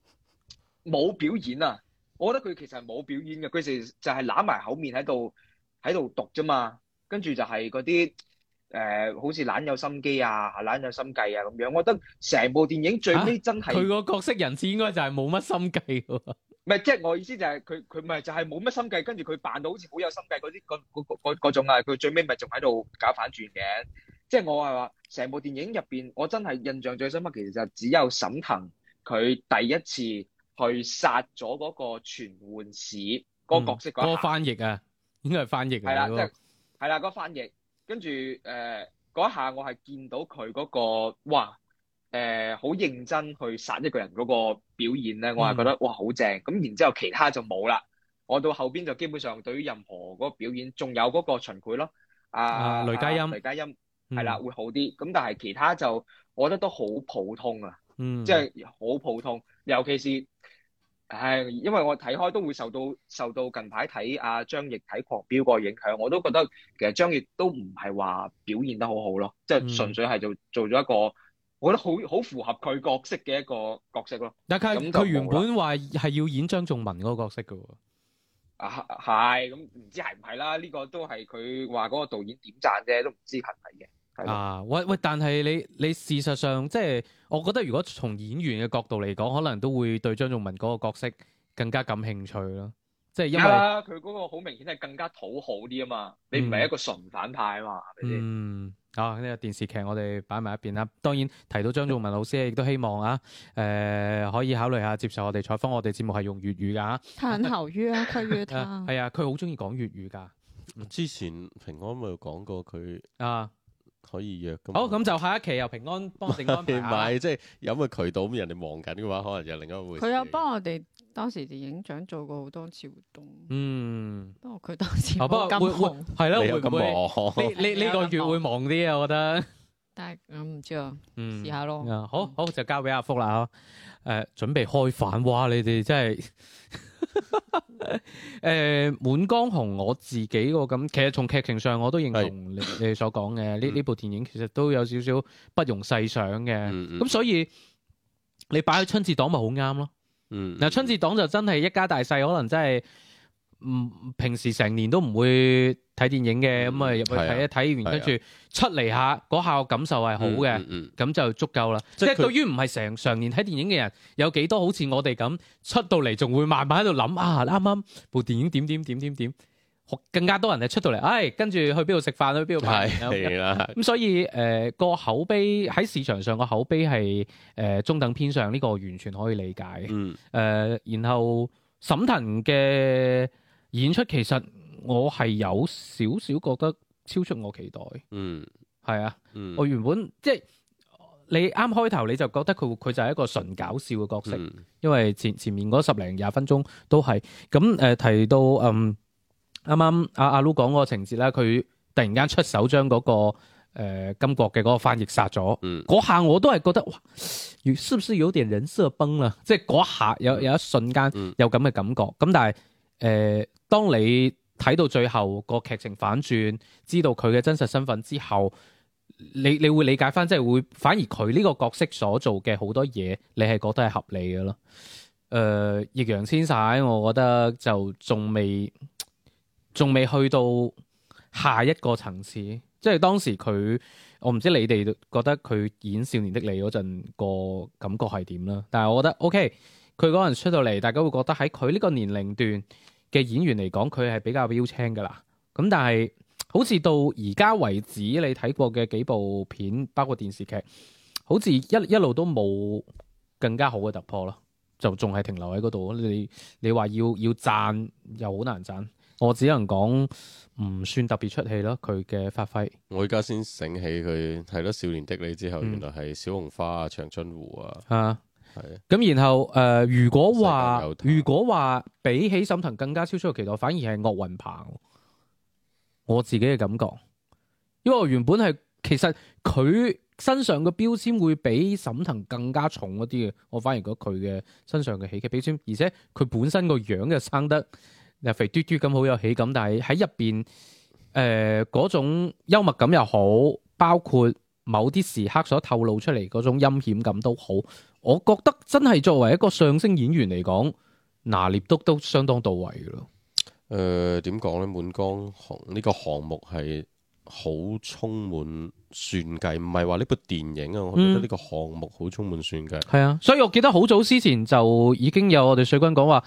冇表演啊！我覺得佢其實係冇表演嘅，佢哋就係揦埋口面喺度喺度讀啫嘛，跟住就係嗰啲誒，好似懶有心機啊，懶有心計啊咁樣。我覺得成部電影最尾真係佢個角色人設應該就係冇乜心計喎、啊。唔係，即係我意思就係佢佢唔係就係冇乜心計，跟住佢扮到好似好有心計嗰啲嗰種啊。佢最尾咪仲喺度搞反轉嘅。即係我係話，成部電影入邊，我真係印象最深刻其實就只有沈騰佢第一次。去殺咗嗰個傳喚使嗰個角色嗰下，嗯，嗰、嗰個翻譯啊，應該係翻譯係啦，即係係啦，嗰、 嗰個翻譯。跟住誒嗰下我係見到佢嗰、嗰個哇誒好、呃、認真去殺一個人嗰個表演咧，我係覺得哇好正。咁然之後，後其他就冇啦。我到後邊就基本上對於任何嗰個表演，仲有嗰個秦檜咯，啊、呃呃、雷佳音，呃、雷佳音係啦、嗯、會好啲。咁但係其他就我覺得都好普通啊，即係好普通尤，尤其是。係，因為我睇開都會受到受到近排睇阿張譯睇狂飆個影響，我都覺得其實張譯都唔係話表現得好好咯，即、就、係、是、純粹係做做咗一個，我覺得好好符合佢角色嘅一個角色咯。但係佢原本話係要演張仲文嗰個角色㗎喎。啊，係咁，唔、嗯、知係唔係啦？呢、這個都係佢話嗰個導演點讚啫，都唔知係唔係嘅。啊喂喂，但係你你事實上即係，我覺得如果從演員嘅角度嚟講，可能都會對張頌文嗰個角色更加感興趣咯。即係因為佢嗰、yeah, 個好明顯係更加討好啲啊嘛，你唔係一個純反派啊嘛。嗯，嗯，啊呢、這個電視劇我哋擺埋一邊啦。當然提到張頌文老師，亦都希望啊，誒、呃、可以考慮下接受我哋採訪。我哋節目係用粵語噶。探頭魚啊，佢係啊，佢好中意講粵語噶。嗯、之前平安咪講過佢啊。可以約咁好，咁就下一期又平安幫定安排。唔係即係有乜渠道咁，人哋忙緊嘅話，可能就另一回事。佢有幫我哋當時電影獎做過好多次活動，嗯，不過佢當時會會係咯，會會忙呢呢呢個月會忙啲啊，我覺得，但係我唔知啊，試下咯。嗯、好、嗯、好就交俾阿福啦。誒、呃，準備開飯哇！你哋真係。 誒， 呃《滿江紅》我自己個咁，其實從劇情上我都認同你你所講嘅，呢呢是 部電影其實都有少少不容細想嘅，咁、嗯嗯、所以你擺喺春節檔咪好啱咯。嗯，嗯，嗱、啊，春節檔就真係一家大細，可能真係唔、嗯、平時成年都唔會。嗯睇電影嘅咁啊入去睇的一睇完跟住出嚟下嗰下感受係好嘅，咁、嗯嗯嗯、就足夠啦。即係是對於唔係成常年睇電影嘅人，有幾多好似我哋咁出到嚟仲會慢慢喺度諗啊？啱啱部電影點點點點點，更加多人係出到嚟，唉、哎，跟住去邊度食飯去邊度拍。係啦，咁所以誒個、呃、口碑喺市場上個口碑係誒、呃、中等偏上，呢、這個完全可以理解。誒、嗯呃，然後沈騰嘅演出其實。其實我係有少少覺得超出我期待，嗯，係啊，嗯，我原本即係你啱開頭你就覺得佢佢就係一個純搞笑嘅角色，嗯、因為前前面嗰十零廿分鐘都係，咁、嗯、誒、呃、提到嗯啱啱阿阿盧講嗰個情節啦，佢突然間出手將嗰，那個誒、呃、金國嘅嗰個翻譯殺咗，嗯，嗰下我都係覺得哇，是唔是有點人設崩啦？即係嗰下有有，有一瞬間有咁嘅感覺，咁、嗯嗯、但係誒、呃、當你。當你睇到最後個劇情反轉，知道佢嘅真實身份之後，你你會理解返，即係會反而佢呢個角色所做嘅好多嘢，你係覺得係合理嘅咯。誒、呃，易烊千璽，我覺得就仲未仲未去到下一個層次，即係當時佢，我唔知你哋覺得佢演少年的你嗰陣個感覺係點啦。但係我覺得 OK，佢嗰陣出到嚟，大家會覺得喺佢呢個年齡段嘅演員嚟講，佢係比較標青噶啦。咁但係好似到而家為止，你睇過嘅幾部片，包括電視劇，好似一一路都冇更加好嘅突破咯。就仲係停留喺嗰度。你你話要要讚又好難讚，我只能講唔算特別出戲咯。佢嘅發揮，我而家先醒起佢係咯《少年的你》之後，嗯、原來係《小紅花》啊，《長津湖》啊。係咁，然後誒、呃，如果話如果話比起沈騰更加超出嘅期待，反而係岳雲鵬。我自己嘅感覺，因為我原本係其實佢身上嘅標籤會比沈騰更加重一啲嘅。我反而覺得佢嘅身上嘅喜劇標籤，而且佢本身個樣又生得又肥嘟嘟咁，好有喜感。但係喺入邊誒嗰種幽默感又好，包括某啲時刻所透露出嚟嗰種陰險感都好。我覺得真係作為一個相聲演員嚟講，拿捏都都相當到位咯。誒、呃，點講咧？滿江紅呢、這個項目係好充滿算計，唔係話呢部電影啊，我覺得呢個項目好充滿算計。係、嗯、啊，所以我記得好早之前就已經有我哋水軍講話，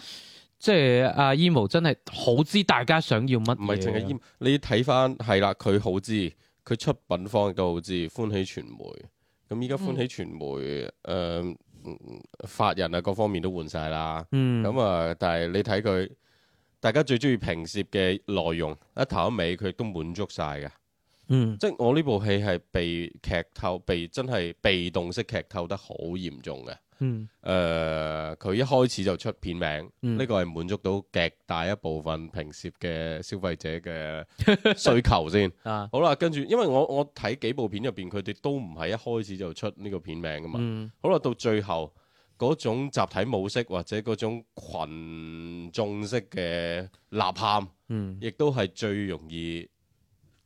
即係阿伊姆真係好知大家想要乜嘢。唔係淨係伊，是是 e、mo, 你睇翻係啦，佢、啊、好知，佢出品方亦都好知，歡喜傳媒。咁依家歡喜傳媒誒。呃嗯法人啊，各方面都換晒啦。咁啊、嗯嗯，但係你睇佢，大家最中意評涉嘅內容一頭一尾，佢都滿足晒嘅。嗯，即係我呢部戲係被劇透，被真係被動式劇透得好嚴重嘅。嗯、呃，誒，佢一開始就出片名，呢個係滿足到極大一部分平攝嘅消費者嘅需求先。 啊、好啦，跟住，因為我我睇幾部片入邊，佢哋都唔係一開始就出呢個片名噶嘛。嗯、好啦，到最後嗰種集體模式或者嗰種群眾式嘅吶喊，嗯、亦都係最容易。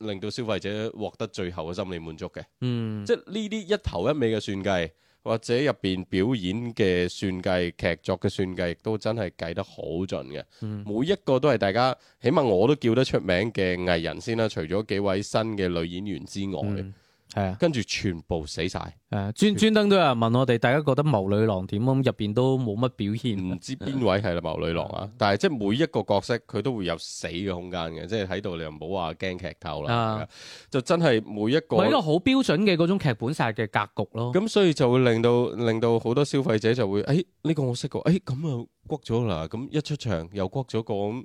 令到消費者獲得最後嘅心理滿足嘅，嗯，即係呢啲一頭一尾嘅算計，或者入邊表演嘅算計、劇作嘅算計，亦都真係計得好盡嘅。嗯、每一個都係大家，起碼我都叫得出名嘅藝人先啦、啊。除咗幾位新嘅女演員之外，係啊、嗯，跟住全部死晒。誒，專專登都有人問我哋，大家覺得謀女郎點？入邊都冇乜表現，唔知邊位係啦謀女郎啊？但係即係每一個角色，佢都會有死嘅空間嘅，即係喺度你又唔好話驚劇透啦。是的 就真係每一個，係一個好標準嘅嗰種劇本晒嘅格局咯。咁所以就會令到令到好多消費者就會，誒、欸、呢個我識過，誒咁啊谷咗啦，咁一出場又谷咗個咁，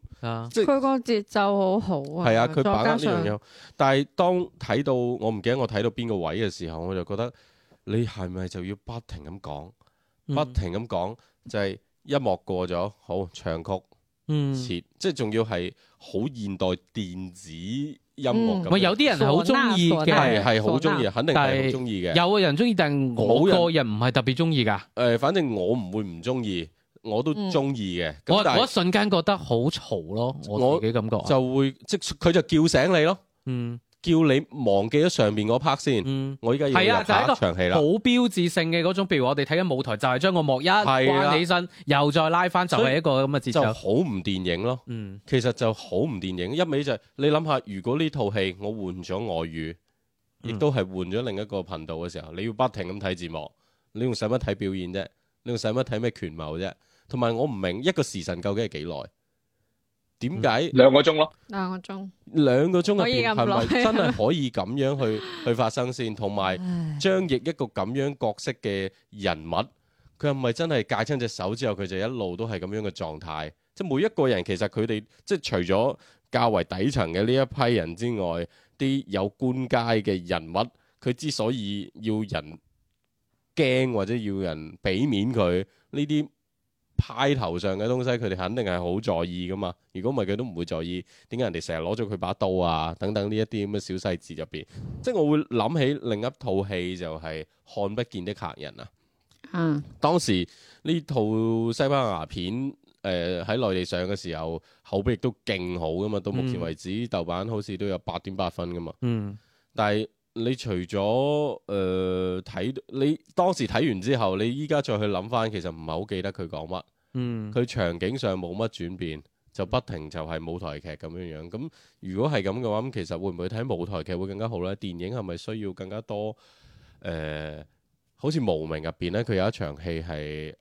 即係佢個節奏好好啊。係啊，佢把握呢樣嘢。但係當睇到我唔記得我睇到邊個位嘅時候，我就覺得。你係咪就要不停咁講，嗯、不停咁講，就係、是、音樂過咗，好唱曲，嗯、切，即係仲要係好現代電子音樂咁。咪、嗯、有啲人係好中意嘅，係好中意，的肯定係好中意嘅。是有個人中意，但係我個人唔係特別中意噶。誒、呃，反正我唔會唔中意，我都中意嘅。嗯、是我我一瞬間覺得好嘈咯，我自己感覺就會即係佢就叫醒你咯。嗯。叫你忘記咗上面嗰 part 先，嗯、我依家要拍一個長戲啦。好標誌性嘅嗰種，譬如我哋睇緊舞台，就係將個幕一掛起身，的又再拉翻，就係一個咁嘅節奏。就好唔電影咯。嗯、其實就好唔電影。一味就係、是、你諗下，如果呢套戲我換咗外語，亦都係換咗另一個頻道嘅時候，你要不停咁睇字幕，你用使乜睇表演啫？你用使乜睇咩權謀啫？同埋我唔明一個時辰究竟係幾耐？點解兩個鐘咯？兩個鐘，兩個鐘嘅係咪真係可以咁樣去 去發生先？同埋張譯一個咁樣角色嘅人物，佢係咪真係戒親隻手之後，佢就一路都係咁樣嘅狀態？即係每一個人，其實佢哋即係除咗較為底層嘅呢一批人之外，啲有官階嘅人物，佢之所以要人驚或者要人俾面佢呢啲？派頭上嘅東西，佢哋肯定係好在意噶嘛。如果唔係，佢都唔會在意。點解人哋成日攞咗佢把刀啊？等等呢一啲咁嘅小細節入邊，即係我會諗起另一套戲就係《看不見的客人》啊。嗯。當時呢套西班牙片，誒喺內地上嘅時候，口碑亦都勁好噶嘛。到目前為止，嗯、豆瓣好似都有八點八分噶嘛。嗯。但係。你除咗誒睇，你當時睇完之後，你依家再去諗翻，其實唔係好記得佢講乜。嗯，佢場景上冇乜轉變，就不停就係舞台劇咁樣樣。咁、嗯、如果係咁嘅話，咁其實會唔會睇舞台劇會更加好呢？電影係咪需要更加多誒、呃？好似無名入邊咧，佢有一場戲係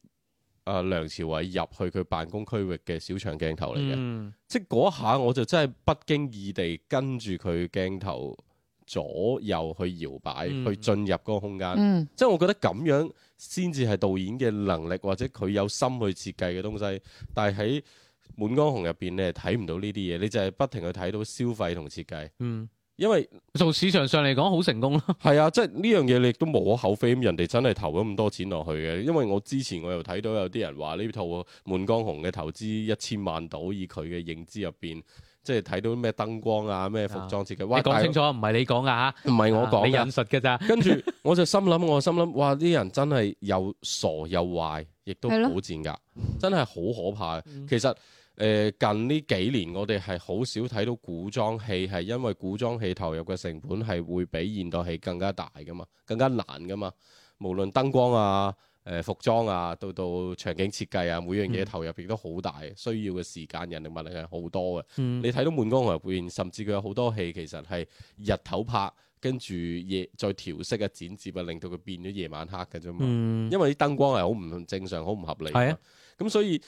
阿、啊、梁朝偉入去佢辦公區域嘅小場鏡頭嚟嘅。嗯、即係嗰下我就真係不經意地跟住佢鏡頭左右去搖擺，嗯、去進入嗰個空間，嗯、即係我覺得咁樣先至係導演嘅能力，或者佢有心去設計嘅東西。但係喺《滿江紅》入邊咧，你係睇唔到呢啲嘢，你就係不停去睇到消費同設計。嗯，因為從市場上嚟講，好成功咯。係 啊，即係呢樣嘢你亦都無可厚非。咁人哋真係投咗咁多錢落去嘅。因為我之前我又睇到有啲人話呢套《滿江紅》嘅投資一千萬到，以佢嘅認知入邊。即係睇到咩燈光啊，咩服裝設計，哇！你講清楚，唔係但你講噶嚇，唔係、啊、我講，你引述嘅咋。跟住 我就心諗，我心諗，哇！啲人真係又傻又壞，亦都好賤噶，的真係好可怕。嗯、其實誒、呃、近呢幾年我哋係好少睇到古裝戲，係因為古裝戲投入嘅成本係會比現代戲更加大噶嘛，更加難噶嘛，無論燈光啊。誒、呃、服裝啊，到到場景設計啊，每樣嘢投入亦都好大，嗯、需要嘅時間人力物力係好多嘅。嗯、你睇到滿江紅入邊，甚至佢有好多戲，其實係日頭拍，跟住夜再調色啊、剪接啊，令到佢變咗夜晚黑嘅啫嘛。嗯、因為啲燈光係好唔正常，好唔合理。係啊的，咁所以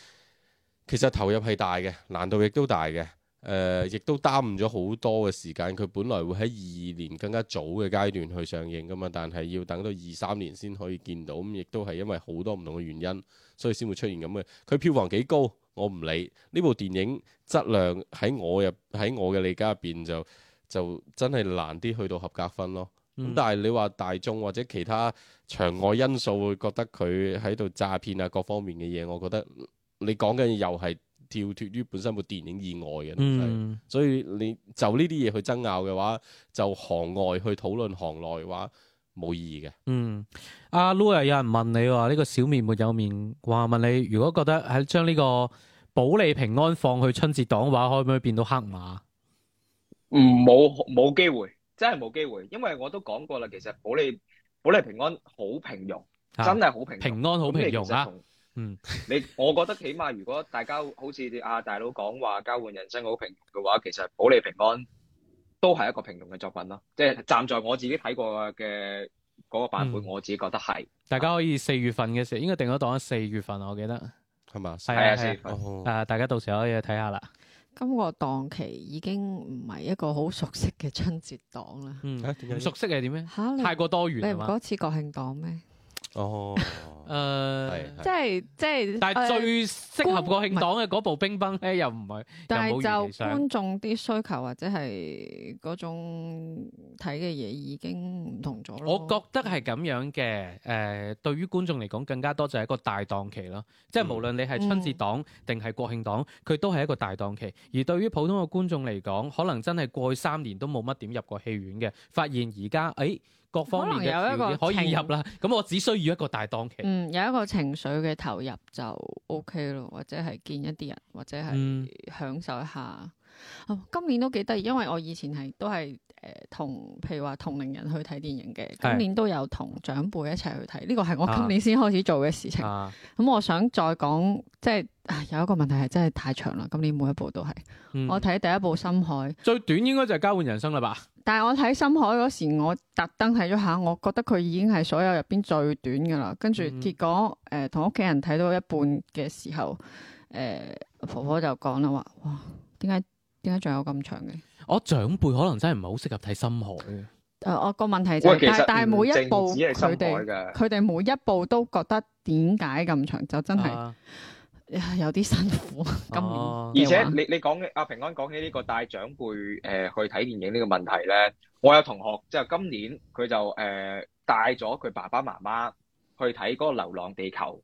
其實投入係大嘅，難度亦都大嘅。誒，亦、呃、都耽誤咗好多嘅時間。佢本來會喺二二年更加早嘅階段去上映噶嘛，但係要等到二三年先可以見到。咁亦都係因為好多唔同嘅原因，所以先會出現咁嘅。佢票房幾高，我唔理呢部電影質量喺我入喺我嘅理解入邊就就真係難啲去到合格分咯。咁、嗯、但係你話大眾或者其他場外因素會覺得佢喺度詐騙啊各方面嘅嘢，我覺得你講緊又係。跳脱於本身部電影以外嘅東西，嗯、所以你就呢啲嘢去爭拗嘅話，就行外去討論行內嘅話冇意義嘅。嗯，阿、啊、Lu a 有人問你話呢個小面沒有面，話問你如果覺得喺將呢個保利平安放去春節檔嘅話，可唔可以變到黑馬？唔，冇冇機會，真係冇機會，因為我都講過啦。其實保利保利平安好平庸，真係好平庸。啊、平安好平庸，啊、平，平庸啊！嗯， 你我覺得起碼，如果大家好似阿大佬講話交換人生好平庸嘅話，其實保你平安都係一個平庸嘅作品咯。即係站在我自己睇過嘅嗰個版本，嗯、我自己覺得係。大家可以四月份嘅時候，應該定咗檔四月份，我記得係嘛，係嗎啊，四月份。大家到時候可以睇下啦。今個檔期已經唔係一個好熟悉嘅春節檔啦。嗯，唔、啊、熟悉係點咧？啊、太過多元。你唔嗰次國慶檔咩？哦，誒、 呃，即係即係，但係最適合國慶檔嘅嗰部乒乓呢《乒乓是》咧，是又唔係，但係就觀眾啲需求或者係嗰種睇嘅嘢已經唔同咗咯。我覺得係咁樣嘅，誒、呃，對於觀眾嚟講更加多就係一個大檔期咯，即係無論你係春節檔定係國慶檔，佢都係一個大檔期。而對於普通嘅觀眾嚟講，可能真係過去三年都冇乜點入過戲院嘅，發現而家誒。哎各方面可能有一個可以入啦，咁我只需要一個大檔期。嗯，有一個情緒嘅投入就 O K 咯，或者係見一啲人，或者係享受一下。嗯。今年都幾得意，因為我以前係都係誒同，譬如話同齡人去睇電影嘅，是今年都有同長輩一齊去睇。呢、這個係我今年先開始做嘅事情。咁、啊嗯、我想再講，即係有一個問題係真係太長啦，今年每一部都係。嗯、我睇第一部深海，最短應該就係交換人生啦吧。但係我睇深海嗰時，我特登睇咗下，我覺得佢已經係所有入邊最短噶啦、嗯呃。跟住結果誒同屋企人睇到一半嘅時候，誒、呃、婆婆就講啦話，哇，點解？點解仲有咁長嘅？我長輩可能真係唔係好適合睇深海嘅。誒，我個問題就係，但係每一部佢哋佢哋每一部都覺得點解咁長，就真係有啲辛苦。今年而且你你講嘅阿平安講起呢個帶長輩誒去睇電影呢個問題咧，我有同學即係今年佢就誒帶咗佢爸爸媽媽去睇嗰個流浪地球，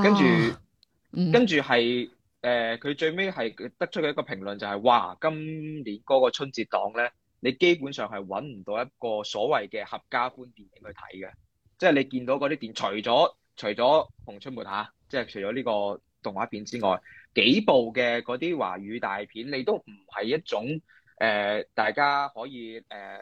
跟住跟住係。誒佢、呃、最尾係得出嘅一個評論就係、是、話，今年嗰個春節檔咧，你基本上係揾唔到一個所謂嘅合家歡電影去睇嘅。即係你見到嗰啲電，除咗除咗熊出沒嚇、啊，即係除咗呢個動畫片之外，幾部嘅嗰啲華語大片，你都唔係一種誒、呃，大家可以誒、呃，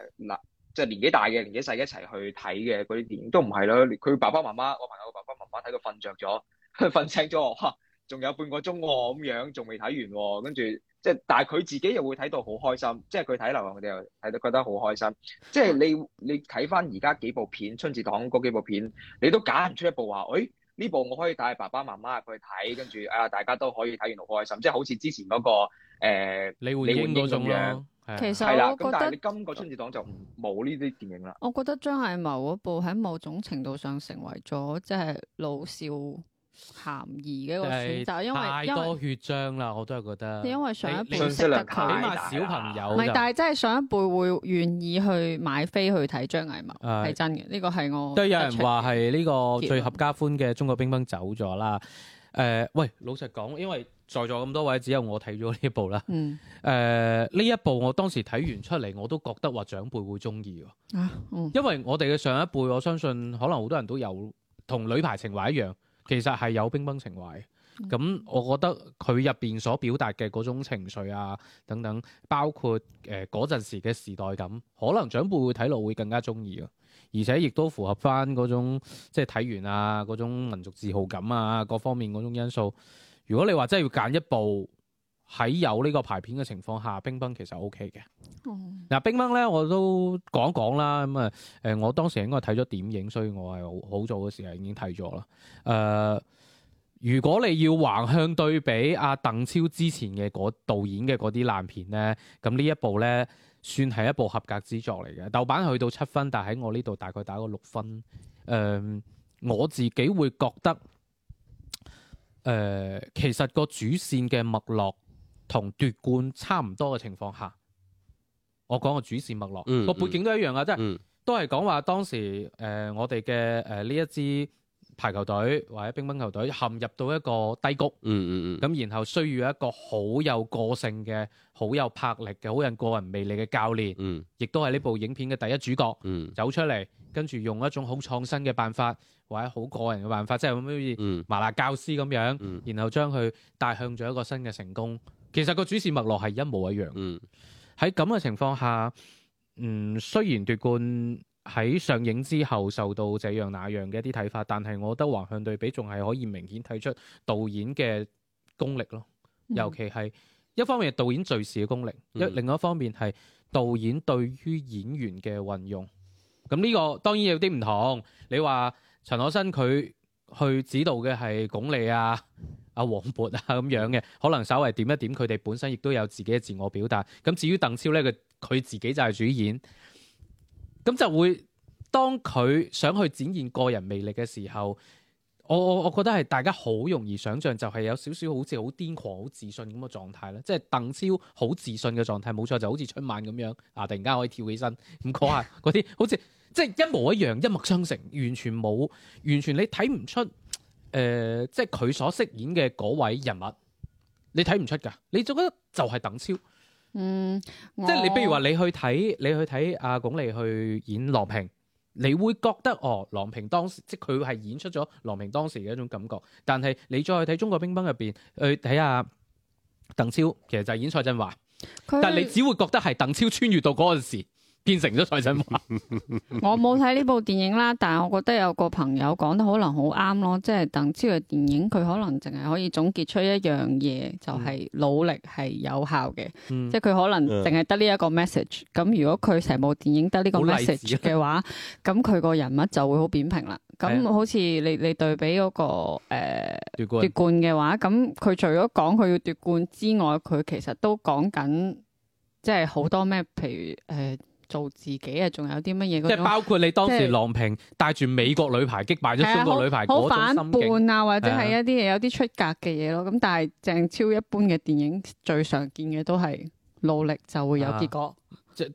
即係年紀大嘅、年紀細一齊去睇嘅嗰啲電影都唔係咯。佢爸爸媽媽，我朋友爸爸媽媽睇佢瞓着咗，佢瞓醒咗。仲有半個鐘喎、哦，咁樣仲未睇完喎、哦，跟住即係，但係佢自己又會睇到好開心，即係佢睇流浪，佢哋又睇到覺得好開心。即係你你睇翻而家幾部片，春節檔嗰幾部片，你都揀唔出一部話，誒、哎、呢部我可以帶爸爸媽媽去睇，跟住啊大家都可以睇完好開心，即係好似之前嗰、那個、呃、你好李煥英嗰種樣。其實我覺得但係你今個春節檔就冇呢啲電影啦。我覺得張藝謀嗰部喺某種程度上成為咗即係老少。咸宜嘅一個選擇，因為太多血漿啦，為我都係覺得。你因為上一輩識得佢，起碼小朋友唔係，但係真係上一輩會願意去買飛去睇張藝謀係、呃、真嘅，呢個係我都有人話係呢個最合家歡嘅中國乒乓走咗啦。誒論、呃，喂，老實講，因為在座咁多位，只有我睇咗呢部啦。嗯。呢、呃、一部我當時睇完出嚟，我都覺得話長輩會中意㗎。嗯、因為我哋嘅上一輩，我相信可能好多人都有同女排情懷一樣。其實係有乒乓情懷，咁我覺得佢入邊所表達嘅嗰種情緒啊等等，包括誒嗰陣時嘅時代感，可能長輩會睇落會更加鍾意啊，而且亦都符合返嗰種即係睇完啊嗰種民族自豪感啊各方面嗰種因素。如果你話真係要揀一部，喺有呢個排片嘅情況下，乒乓其實 O K 嘅。嗱、嗯啊，乒乓咧我都講講啦。咁啊，誒，我當時應該睇咗點映，所以我係好早嘅時候已經睇咗啦。誒、呃，如果你要橫向對比阿、啊、鄧超之前嘅嗰導演嘅嗰啲爛片咧，咁呢一部咧算係一部合格之作嚟嘅。豆瓣去到七分，但喺我呢度大概打個六分。誒、呃，我自己會覺得誒、呃，其實個主線嘅脈絡，同奪冠差唔多嘅情況下，我講個主線脈絡個背景都一樣啊！即係、嗯、都係講話當時誒、呃、我哋嘅誒呢一支排球隊或者乒乓球隊陷入到一個低谷，咁、嗯嗯、然後需要一個好有個性嘅、好有魄力嘅、好有，有個人魅力嘅教練，亦都係呢部影片嘅第一主角、嗯、走出嚟，跟住用一種好創新嘅辦法或者好個人嘅辦法，即係好似麻辣教師咁樣，然後將佢帶向咗一個新嘅成功。其實個主持脈絡係一模一樣。喺咁嘅情況下，嗯，雖然奪冠喺上映之後受到這樣那樣嘅一啲睇法，但係我覺得橫向對比仲係可以明顯睇出導演嘅功力咯。尤其係一方面係導演敘事嘅功力，一、嗯、另一方面係導演對於演員嘅運用。咁呢個當然有啲唔同。你話陳可辛佢去指導嘅係鞏俐啊？阿、啊、黃渤啊咁樣嘅，可能稍為點一點，佢哋本身亦都有自己嘅自我表達。咁至於鄧超咧，佢佢自己就係主演，咁就會當佢想去展現個人魅力嘅時候，我我我覺得係大家好容易想象，就係有少少好似好顛狂、好自信咁嘅狀態咧。即係鄧超好自信嘅狀態，冇錯，就好似春晚咁樣啊！突然間可以跳起身，咁嗰下嗰啲 好似即係一模一樣、一脈相承，完全冇，完全你睇唔出。誒、呃，即係佢所飾演嘅嗰位人物，你睇唔出㗎？你就覺得就係鄧超，嗯，即係你，比如話你去睇，你去睇阿鞏俐去演郎平，你會覺得哦，郎平當時即係佢係演出咗郎平當時嘅一種感覺。但係你再去睇《中國乒乓》入邊去睇下鄧超，其實就係演蔡振華，他但係你只會覺得係鄧超穿越到嗰陣時。變成咗蔡振華，我冇睇呢部電影啦，但係我覺得有個朋友講得可能好啱咯，即係鄧超嘅電影，佢可能淨係可以總結出一樣嘢，就係、係、努力係有效嘅，嗯、即係佢可能淨係得呢一個 message。咁、嗯、如果佢成部電影得呢個 message 嘅話，咁佢個人物就會好扁平啦。咁好似你你對比嗰、嗰個誒奪、呃、奪冠嘅話，咁佢除咗講佢要奪冠之外，佢其實都講緊即係好多咩，譬如誒。呃做自己啊，仲有啲乜嘢？即係包括你當時郎平帶住美國女排擊敗咗中國女排嗰種心境啊，或者係一啲嘢，有啲出格嘅嘢咯。咁但係鄭超一般嘅電影最常見嘅都係努力就會有結果。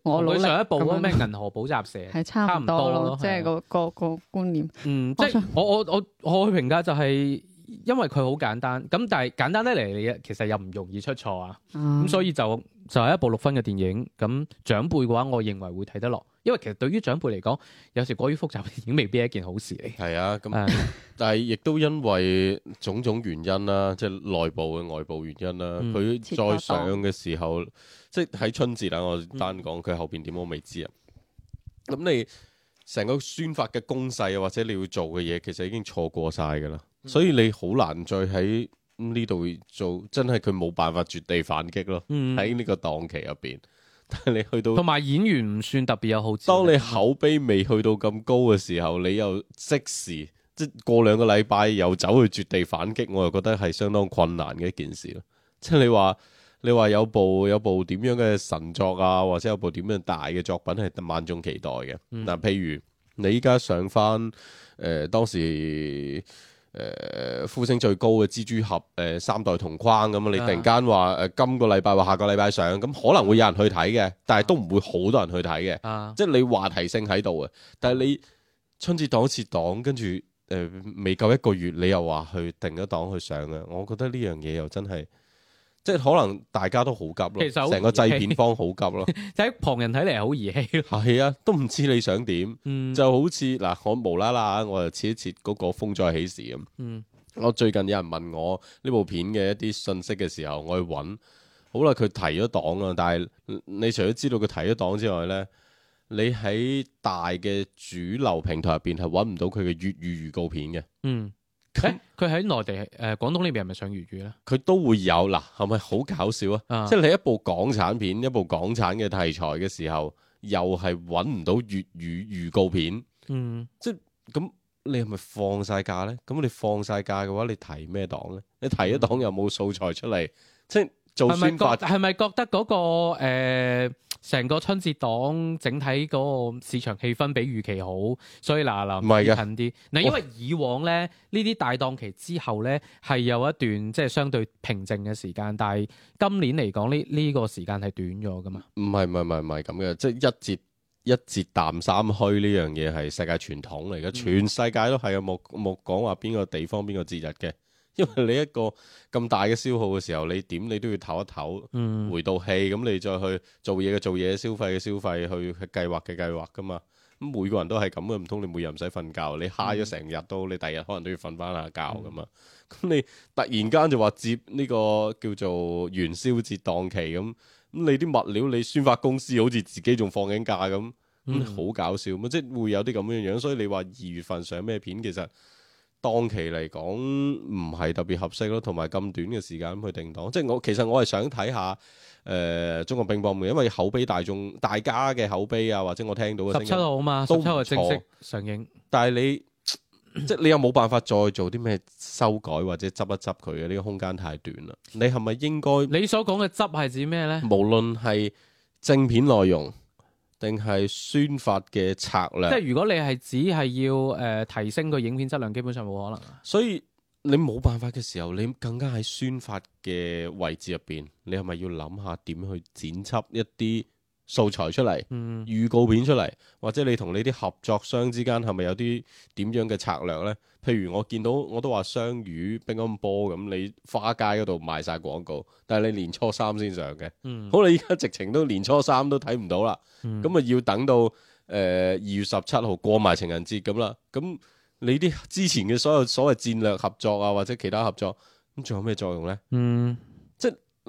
我努力上一部嗰咩《銀河補習社》係差唔多咯，即係個個個觀念。嗯，即係我我我我去評價就係因為佢好簡單，咁但係簡單得嚟，其實又唔容易出錯啊。咁所以就。就係一部六分嘅電影，咁長輩嘅話，我認為會睇得落，因為其實對於長輩嚟講，有時過於複雜嘅電影未必係一件好事嚟。係啊，咁， 但係亦都因為種種原因啦，即係內部嘅外部原因啦，佢、嗯、再上嘅時候，即係喺春節啦，嗯、我單講佢後邊點我未知啊。咁、嗯、你成個宣發嘅攻勢或者你要做嘅嘢，其實已經錯過晒㗎啦，嗯、所以你好難再喺。咁呢度做真係佢冇辦法絕地反擊咯，喺呢、嗯、個檔期入邊。但係你去到同埋演員唔算特別有好。當你口碑未去到咁高嘅時候，你又即時即過兩個禮拜又走去絕地反擊，我又覺得係相當困難嘅一件事咯。即係你話你話有部有部點樣嘅神作啊，或者有部點樣大嘅作品係萬眾期待嘅。嗱、嗯，但譬如你依家上翻誒、呃、當時。誒、呃，呼聲最高嘅蜘蛛俠誒、呃，三代同框咁啊！你突然間話誒，今個禮拜或下個禮拜上，咁可能會有人去睇嘅，但係都唔會好多人去睇嘅，Yeah. 即係你話題性喺度啊！但係你春節檔撤檔，跟住誒未夠一個月，你又話去定咗檔去上啊！我覺得呢樣嘢又真係。即係可能大家都好急咯，成個製片方好急咯。喺 旁人睇嚟好兒戲咯。係啊，都唔知你想點，嗯、就好似嗱，我無啦啦，我就切一切嗰個《風再起時》咁、嗯。我最近有人問我呢部片嘅一啲信息嘅時候，我去搵，好啦，佢提咗檔啦，但係你除咗知道佢提咗檔之外咧，你喺大嘅主流平台入邊係搵唔到佢嘅粵語預告片嘅。嗯。佢喺、欸、內地，誒、呃、廣東是是魚魚呢邊係咪上粵語咧？佢都會有嗱，係咪好搞笑啊？啊即係你一部港產片、一部港產嘅題材嘅時候，又係揾唔到粵語預告片。嗯，即係咁，你係咪放晒假咧？咁你放晒假嘅話，你提咩檔咧？你提一檔又冇素材出嚟，嗯、即係。係咪覺？係咪覺得嗰、那個成、呃、個春節檔整體嗰個市場氣氛比預期好？所以嗱，嗱，唔係嘅。嗱，因為以往咧，呢啲我大檔期之後咧，係有一段即係相對平靜嘅時間，但係今年嚟講，呢、這、呢個時間係短咗噶嘛。唔係唔係唔係咁嘅，即係一節一節淡三虛呢樣嘢係世界傳統嚟嘅，嗯、全世界都係啊，冇冇講話邊個地方邊個節日嘅。因為你一個咁大嘅消耗嘅時候，你點你都要唞一唞，回到氣，咁你再去做嘢嘅做嘢，消費嘅消費，去計劃嘅計劃噶嘛。咁每個人都係咁嘅，唔通你每日唔使瞓覺，你嗨咗成日都，你第二日可能都要瞓翻下覺噶嘛。咁、嗯、你突然間就話接呢個叫做元宵節檔期咁，咁你啲物料你宣發公司好似自己仲放緊假咁，咁好、嗯嗯、搞笑咁，即係會有啲咁樣樣。所以你話二月份上咩片，其實～當期嚟講唔係特別合適咯，同埋咁短嘅時間去定檔，即係我其實我係想睇下誒、呃、中國乒乓。因為口碑大眾大家嘅口碑啊，或者我聽到嘅十七號啊嘛，十七號正式上映。但係你即係你有冇辦法再做啲咩修改或者執一執佢嘅？呢、這個空間太短啦。你係咪應該？你所講嘅執係指咩咧？無論係正片內容。定係宣發嘅策略，即係如果你係只係要誒、呃、提升個影片質量，基本上冇可能啊。所以你冇辦法嘅時候，你更加喺宣發嘅位置入邊，你係咪要諗下點去剪輯一啲？素材出嚟，嗯、預告片出嚟，嗯、或者你同你啲合作商之間係咪有啲點樣嘅策略呢？譬如我見到我都話雙魚乒乓波咁，你花街嗰度賣晒廣告，但係你年初三先上嘅，嗯、好你依家直情都年初三都睇唔到啦，咁啊、嗯、要等到誒二、呃、月十七號過埋情人節咁啦，咁你啲之前嘅所有所謂戰略合作啊，或者其他合作咁，仲有咩作用呢？嗯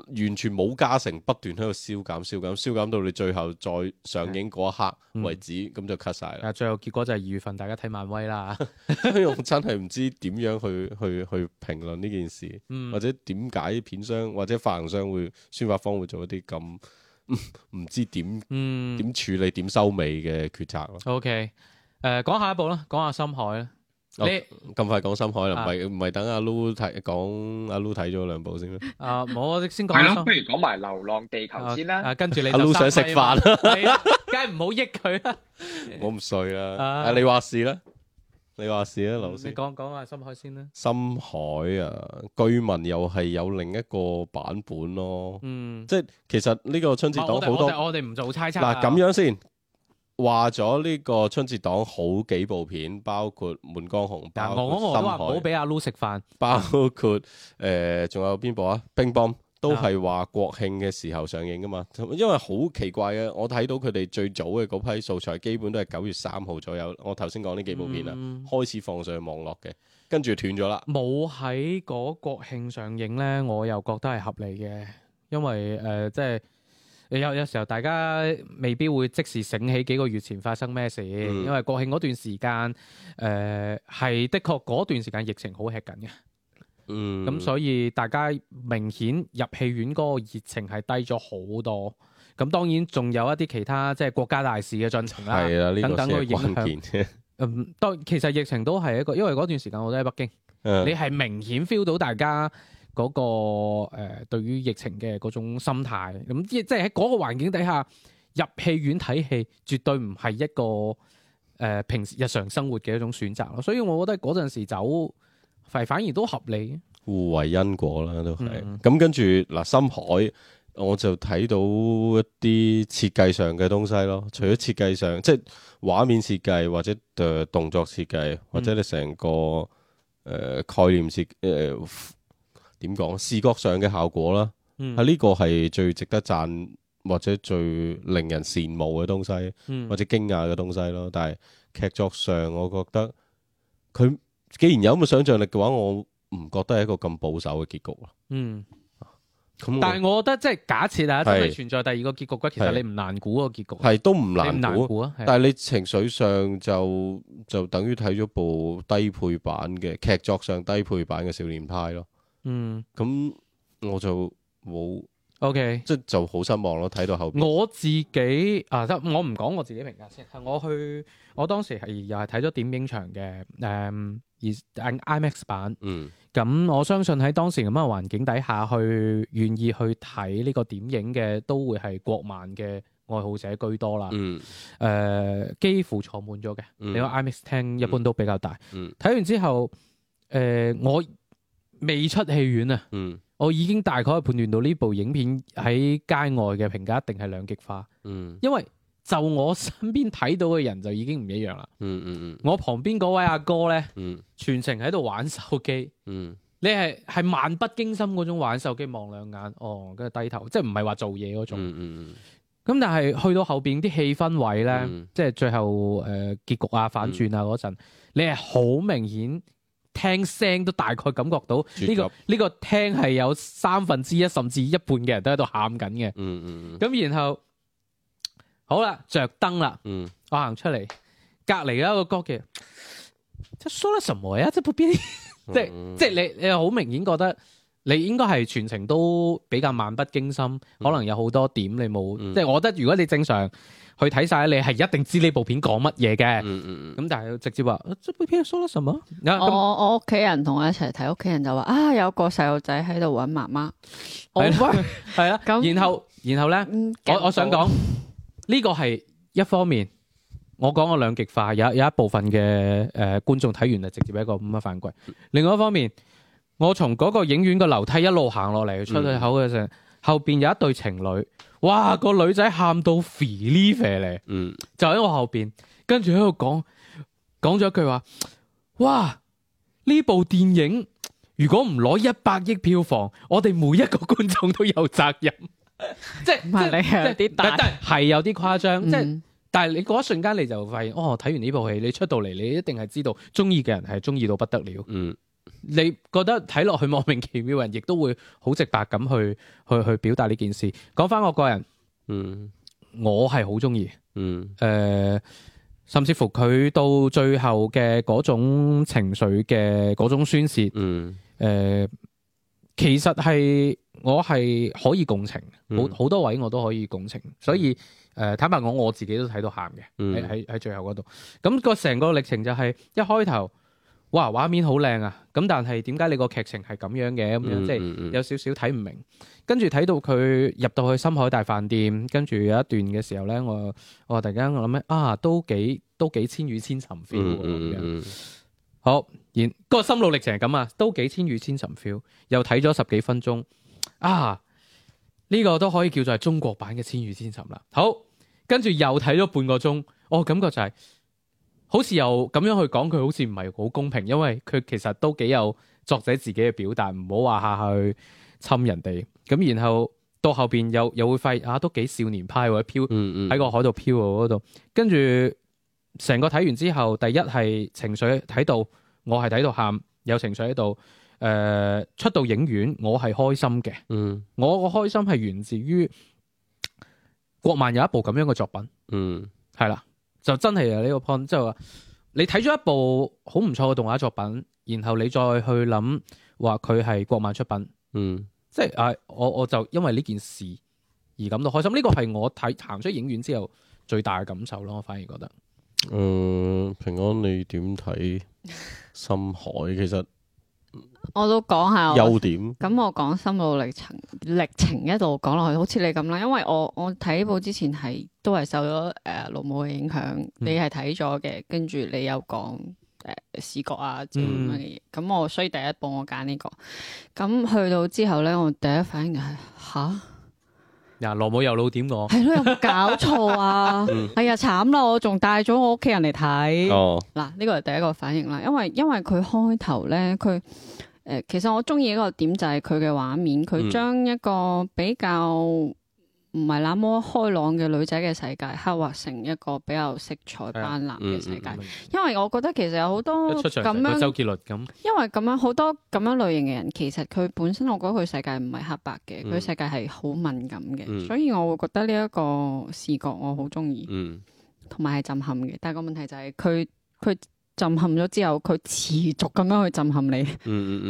完全冇加成，不斷喺度消減、消減、消減，到你最後再上映嗰一刻為止，咁、嗯、就 cut 晒啦。但最後結果就係二月份，大家睇漫威啦。 我真係唔知點樣去去去評論呢件事，嗯、或者點解片商或者發行商會宣發方會做一啲咁唔知點點、嗯、處理、點收尾嘅決策。咯、okay，呃。OK，誒，講下一部啦，講下深海啦。你咁快講深海，唔係唔係等阿 Lu 睇，講阿 Lu 睇咗兩部先咩？啊，冇，我先講。係咯，不如講埋《流浪地球》先啦。啊，跟住你。阿 Lu 想食飯。梗係唔好益佢啦。我唔睡啦。啊，你話事啦，你話事啦，劉老師。你講講下，深海先啦。深海啊，據聞又係有另一個版本咯。嗯，即係其實呢個春節檔好多。我哋我哋唔做猜測。嗱，咁樣先。話咗呢個春節檔好幾部片，包括《滿江紅》、《深海》，冇俾阿 Lu 食飯。包括誒，仲有邊部啊？《乒乓》都係話國慶嘅時候上映噶嘛？因為好奇怪嘅啊，我睇到佢哋最早嘅嗰批素材，基本都係九月三號左右。我頭先講呢幾部片啊，開始放上網絡嘅，跟住斷咗啦。冇喺嗰國慶上映咧，我又覺得係合理嘅，因為誒，即係。有有時候大家未必會即時醒起幾個月前發生咩事，嗯、因為國慶嗰段時間，誒、呃、係的確嗰段時間疫情好吃緊嘅，嗯，咁、嗯、所以大家明顯入戲院嗰個熱情係低咗好多。咁當然仲有一啲其他即係國家大事嘅進程啦，係啊，等等嘅影響。嗯，當其實疫情都係一個，因為嗰段時間我都喺北京，嗯、你係明顯 feel 到大家。嗰、那個誒、呃、對於疫情嘅嗰種心態，咁、嗯、即即喺嗰個環境底下入戲院睇戲，絕對唔係一個誒、呃、平時日，日常生活嘅一種選擇咯。所以，我覺得嗰陣時走，反而都合理。互為因果啦，都係。咁、嗯嗯、跟住嗱，深海我就睇到一啲設計上嘅東西咯。除咗設計上，嗯、即係畫面設計，或者誒動作設計，或者你成個誒、嗯呃、概念設誒。呃呃點講視覺上嘅效果啦，係呢、嗯啊呢個係最值得讚，或者最令人羨慕嘅東西，嗯、或者驚訝嘅東西咯。但係劇作上，我覺得佢既然有咁嘅想象力嘅話，我唔覺得係一個咁保守嘅結局咯。嗯，咁但係我覺得即係假設大家都係存在第二個結局嘅，是其實你唔難估個結局係都唔難估，難估但係你情緒上就就等於睇咗部低配版嘅劇作上低配版嘅《少年派》咯。嗯，咁我就冇，OK，即係就好失望咯。睇到後面，我自己啊，我唔講我自己評價先。我去，我當時係又係睇咗點影場嘅，誒，而 IMAX 版，嗯，咁、嗯、我相信喺當時咁嘅環境底下，去願意去睇呢個點影嘅，都會係國漫嘅愛好者居多啦。嗯，誒、呃，幾乎坐滿咗嘅。你話 IMAX 廳一般都比較大，嗯，睇、嗯、完之後，誒、呃，嗯、我。未出戲院啊，嗯，我已經大概判斷到呢部影片喺街外嘅評價一定係兩極化，嗯，因為就我身邊睇到嘅人就已經唔一樣啦，嗯嗯嗯，我旁邊嗰位阿哥咧，嗯，哥哥嗯全程喺度玩手機，嗯，你係係漫不經心嗰種玩手機望兩眼，哦，跟住低頭，即係唔係話做嘢嗰種，嗯嗯咁、嗯、但係去到後邊啲氣氛位咧，即係、嗯、最後誒結局啊反轉啊嗰陣、嗯，你係好明顯。聽聲都大概感覺到呢、這個呢絕對、這個廳係、這個、有三分之一甚至一半嘅人都喺度喊緊嘅。嗯嗯。咁然後好啦，着燈啦。嗯。嗯我行出嚟，隔籬有一個歌嘅， 即係說了什麼呀？即係撲邊？即係即係你你好明顯覺得你應該係全程都比較漫不經心，嗯、可能有好多點你冇。嗯、即係我覺得如果你正常。.去睇晒，你係一定知呢部片講乜嘢嘅。咁、嗯嗯、但係直接話，呢部片係《Soulless》嗎？我我屋企人同我一齊睇，屋企人就話啊，有個細路仔喺度搵媽媽。係啦、哦， 然後、嗯、然後咧、嗯，我我想講呢頭個係一方面，我講我兩極化，有有一部分嘅誒、呃、觀眾睇完就直接畀一個五嘅犯規。另外一方面，我從嗰個影院個樓梯一路行落嚟出嘅口嘅時候，嗯、後邊有一對情侶。哇！那個女仔喊到肥呢肥咧，嗯、就喺我後邊，跟住喺度講講咗一句話：哇！呢部電影如果唔攞一百億票房，我哋每一個觀眾都有責任。 即係唔係你係啲大？但係係有啲誇張，嗯、即係但係你嗰一瞬間你就發現，哦，睇完呢部戲，你出到嚟，你一定係知道中意嘅人係中意到不得了。嗯。你覺得睇落去莫名其妙，人亦都會好直白咁去去去表達呢件事。講翻我個人，嗯，我係好中意，嗯，誒、呃，甚至乎佢到最後嘅嗰種情緒嘅嗰種宣泄，嗯，誒、呃，其實係我係可以共情，好好、嗯、多位我都可以共情，所以誒、呃、坦白講我自己都睇到喊嘅，喺喺、嗯、喺最後嗰度。咁個成個歷程就係一開頭。哇，畫面好靚啊！咁但係點解你個劇情係咁樣嘅咁樣，即係有少少睇唔明。跟住睇到佢入到去深海大飯店，跟住有一段嘅時候咧，我我突然間我諗咧，啊，都幾都幾千與千尋 feel 咁好，然個心路歷程係咁啊，都幾千與千尋 feel。又睇咗十幾分鐘，啊，呢、這個都可以叫做係中國版嘅千與千尋啦。好，跟住又睇咗半個鐘，我感覺就係、是。好似又咁樣去講佢，好似唔係好公平，因為佢其實都幾有作者自己嘅表達，唔好話下去侵人哋。咁然後到後邊又又會發現啊，都幾少年派喎，飄喺、嗯嗯啊、個海度飄嗰度。跟住成個睇完之後，第一係情緒喺度。我係睇到喊，有情緒喺度。誒、呃，出到影院我係開心嘅。嗯，我個開心係源自於國漫有一部咁樣嘅作品。嗯，係啦。就真係啊，呢、呢個 point，即係話你睇咗一部好唔錯嘅動畫作品，然後你再去諗話佢係國漫出品，嗯，即係啊，我我就因為呢件事而感到開心，呢個係我睇行出影院之後最大嘅感受咯，我反而覺得，嗯、呃，平安你點睇 深海？其實。我都講下優點。咁、嗯、我講心路歷程歷程一路講落去，好似你咁啦。因為我我睇呢部之前係都係受咗誒、呃、老母嘅影響，你係睇咗嘅，跟住你又講誒視覺啊之類嘅嘢。咁、嗯、我所以第一部，我揀呢、這個。咁去到之後咧，我第一反應係、就、吓、是。嗱，羅母又老點我？係咯，有冇搞錯啊？係啊，慘啦，我仲帶咗我屋企人嚟睇。嗱、哦，呢個係第一個反應啦，因為因為佢開頭咧，佢誒、呃，其實我中意一個點就係佢嘅畫面，佢將一個比較。唔係那麼開朗嘅女仔嘅世界，刻畫成一個比較色彩斑斕嘅世界。嗯嗯嗯、因為我覺得其實有好多咁樣，樣周杰倫咁，因為咁樣好多咁樣類型嘅人，其實佢本身，我覺得佢世界唔係黑白嘅，佢、嗯、世界係好敏感嘅。嗯、所以我會覺得呢一個視覺我好中意，同埋係震撼嘅。但係個問題就係佢佢。震撼咗之後，佢持續咁樣去震撼你，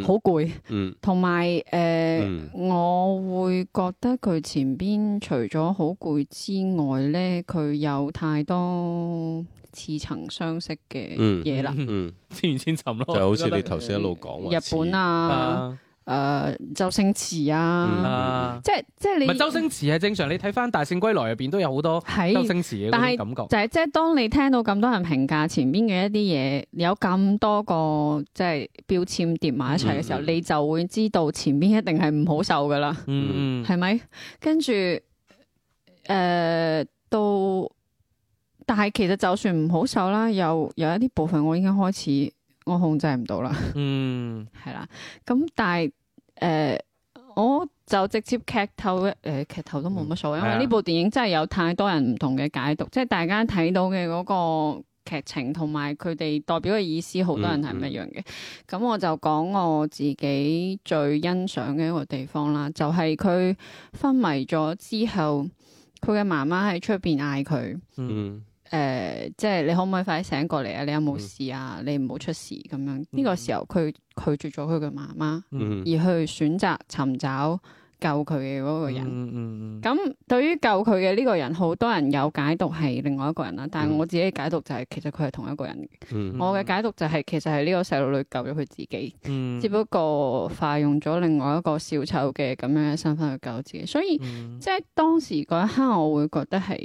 好攰、嗯。同埋誒，我會覺得佢前邊除咗好攰之外咧，佢有太多似曾相識嘅嘢啦，先唔先沉咯？就好似你頭先一路講、嗯、日本啊。誒、呃，周星馳啊，嗯、啊即係即係你。周星馳係正常，你睇翻《大聖歸來》入邊都有好多是周星馳嘅感覺。但係就係即係當你聽到咁多人評價前邊嘅一啲嘢，有咁多個即係標籤疊埋一齊嘅時候，嗯、你就會知道前邊一定係唔好受噶啦。嗯，係咪？跟住誒，到但係其實就算唔好受啦，又有一啲部分我已經開始我控制唔到啦。嗯，係啦， 咁但係。誒、呃，我就直接劇透咧，誒、呃，劇透都冇乜所謂，因為呢部電影真係有太多人唔同嘅解讀，嗯、即係大家睇到嘅嗰個劇情同埋佢哋代表嘅意思，好多人係唔一樣嘅。咁、嗯嗯、我就講我自己最欣賞嘅一個地方啦，就係、是、佢昏迷咗之後，佢嘅媽媽喺出邊嗌佢。嗯誒、呃，即係你可唔可以快啲醒過嚟啊？你有冇事啊？嗯、你唔好出事咁樣。呢、呢個時候佢拒絕咗佢嘅媽媽，嗯、而去選擇尋找救佢嘅嗰個人。咁、嗯嗯嗯、對於救佢嘅呢個人，好多人有解讀係另外一個人啦。但係我自己解讀就係，其實佢係同一個人。嗯嗯、我嘅解讀就係，其實係呢個細路女救咗佢自己，嗯嗯、只不過化用咗另外一個小丑嘅咁樣嘅身份去救自己。所以即係當時嗰一刻，我會覺得係。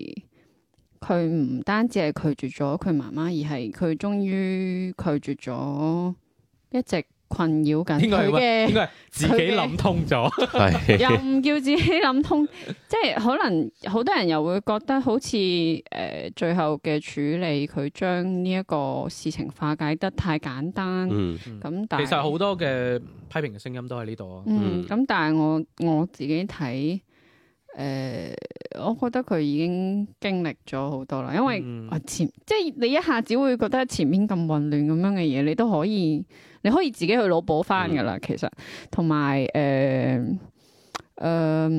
佢唔單止係拒絕咗佢媽媽，而係佢終於拒絕咗一直困擾緊佢嘅，應該係自己諗通咗， 又唔叫自己諗通，即係可能好多人又會覺得好似誒、呃、最後嘅處理，佢將呢一個事情化解得太簡單。嗯，咁、嗯、但其實好多嘅批評嘅聲音都喺呢度啊。嗯，咁、嗯、但係我我自己睇。誒、呃，我覺得佢已經經歷咗好多啦，因為前、嗯、即係你一下子會覺得前面咁混亂咁樣嘅嘢，你都可以，你可以自己去腦補翻噶啦，嗯，其實，同埋誒，誒、呃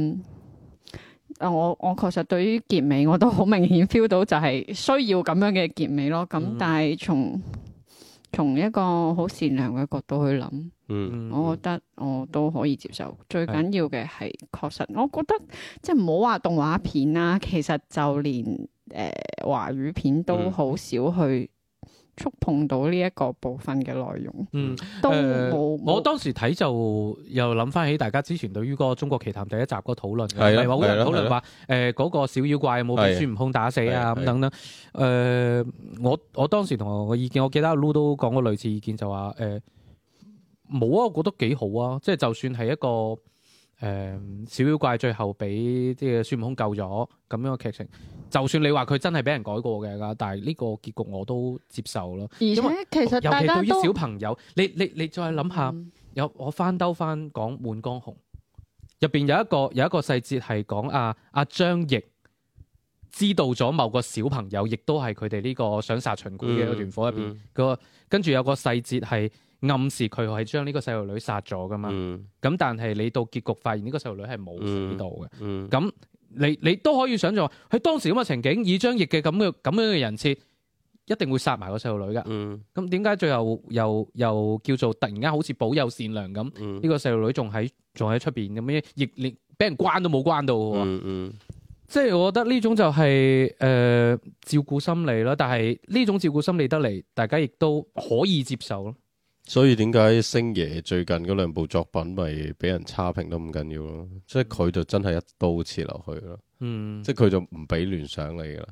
呃，我我確實對於結尾我都好明顯 feel 到就係需要咁樣嘅結尾咯，咁但係從從一個好善良嘅角度去諗。嗯，嗯，我覺得我都可以接受。最緊要嘅係，確實我覺得即係唔好話動畫片啦，啊，其實就連誒華、呃、語片都好少去觸碰到呢一個部分嘅內容。嗯，呃、都冇、呃。我當時睇就又諗翻起大家之前對於個《中國奇譚》第一集嗰討論嘅，係咪好多人討論話誒嗰個小妖怪有冇被孫悟空打死啊咁等等？誒、呃，我我當時同我嘅意見，我記得阿 Ludo 講過類似意見就話誒。呃冇啊，我覺得幾好啊，即係就算係一個誒、呃、小妖怪最後俾即係孫悟空救咗咁樣嘅劇情，就算你話佢真係俾人改過嘅，但係呢個結局我都接受咯。而且為其實，尤其對於小朋友，你你你，你再諗下，嗯、有我翻兜翻講《滿江紅》入邊有一個有一個細節係講啊啊張譯知道咗某個小朋友，亦都係佢哋呢個想殺秦檜嘅一段火入邊、嗯嗯、個，跟住有個細節係。暗示佢係將呢個細路女殺咗噶嘛？咁、嗯、但係你到結局發現呢個細路女係冇死到嘅。咁、嗯嗯、你你都可以想象喺當時咁嘅情景，以張譯嘅咁嘅咁樣嘅人設，一定會殺埋個細路女噶。咁點解最後又又，又叫做突然間好似保佑善良咁？呢個細路女仲喺仲喺出邊咁樣，亦、嗯、連俾人關都冇關到。嗯嗯、即係我覺得呢種就係、是、誒、呃、照顧心理啦。但係呢種照顧心理得嚟，大家亦都可以接受咯。所以點解星爺最近嗰兩部作品咪俾人差評都咁緊要咯？即係佢就真係一刀切落去咯，嗯，即係佢就唔俾聯想你噶啦，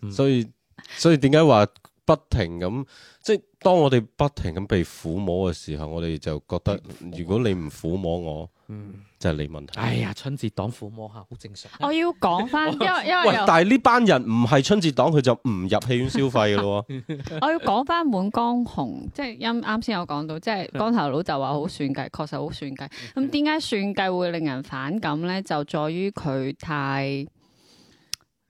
嗯 所，所以所以點解話？不停咁，即係當我哋不停咁被撫摸嘅時候，我哋就覺得如果你唔撫摸我，嗯，就係你問題。哎呀，春節檔撫摸下好正常啊。我要講翻，因為因為，但係呢班人唔係春節檔，佢就唔入戲院消費嘅咯。 我要講翻滿江紅，即係啱啱先有講到，即係光頭佬就話好算計，確實好算計。咁點解算計會令人反感咧？就在於佢太。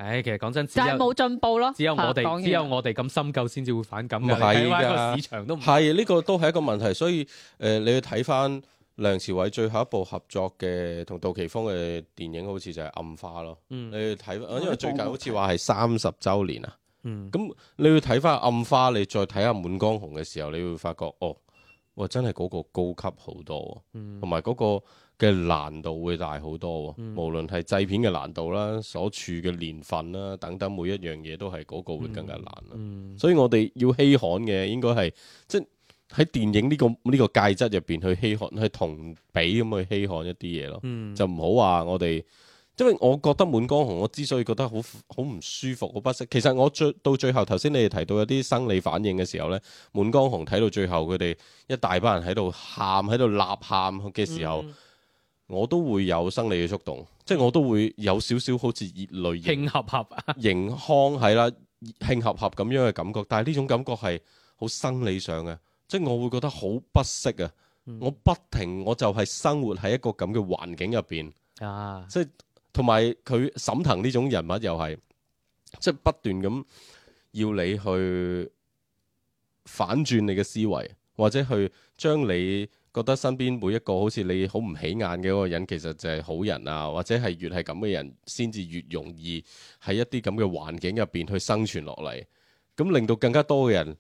唉、哎，其實講真，真係冇進步咯。只有我哋，只有我哋咁深究先至會反感。係，市場都唔係呢個都係、這個、一個問題。所以誒、呃，你要睇翻梁朝偉最後一部合作嘅同杜琪峰嘅電影，好似就係《暗花》咯。嗯，你要睇，因為最近好似話係三十周年啊。嗯，咁你要睇翻《暗花》，你再睇下《滿江紅》嘅時候，你會發覺哦，哇，真係嗰個高級好多，同埋嗰個，嘅難度會大好多喎、啊，嗯、無論係製片嘅難度啦、所處嘅年份啦等等，每一樣嘢都係嗰、那個會更加難啦。嗯嗯、所以我哋要稀罕嘅應該係即喺電影呢、這個呢、這個介質入邊去稀罕，去同比咁去稀罕一啲嘢咯。嗯、就唔好話我哋，因為我覺得《滿江紅》我之所以覺得好好唔舒服、好不適，其實我最到最後頭先你哋提到有啲生理反應嘅時候咧，《滿江紅》睇到最後佢哋一大班人喺度喊、喺度吶喊嘅時候。嗯我都會有生理嘅觸動，即係我都會有少少好似熱淚盈盈、盈眶係啦、盈 合盈咁樣嘅感覺。但係呢種感覺係好生理上嘅，即係我會覺得好不適啊！嗯、我不停我就係生活喺一個咁嘅環境入邊啊，即係同埋佢沈騰呢種人物又係即係不斷咁要你去反轉你嘅思維，或者去將你。覺得身邊每一個好似你好唔起眼嘅嗰個人，其實就係好人啊，或者係越係咁嘅人，先至越容易喺一啲咁嘅環境入邊去生存落嚟。咁令到更加多嘅人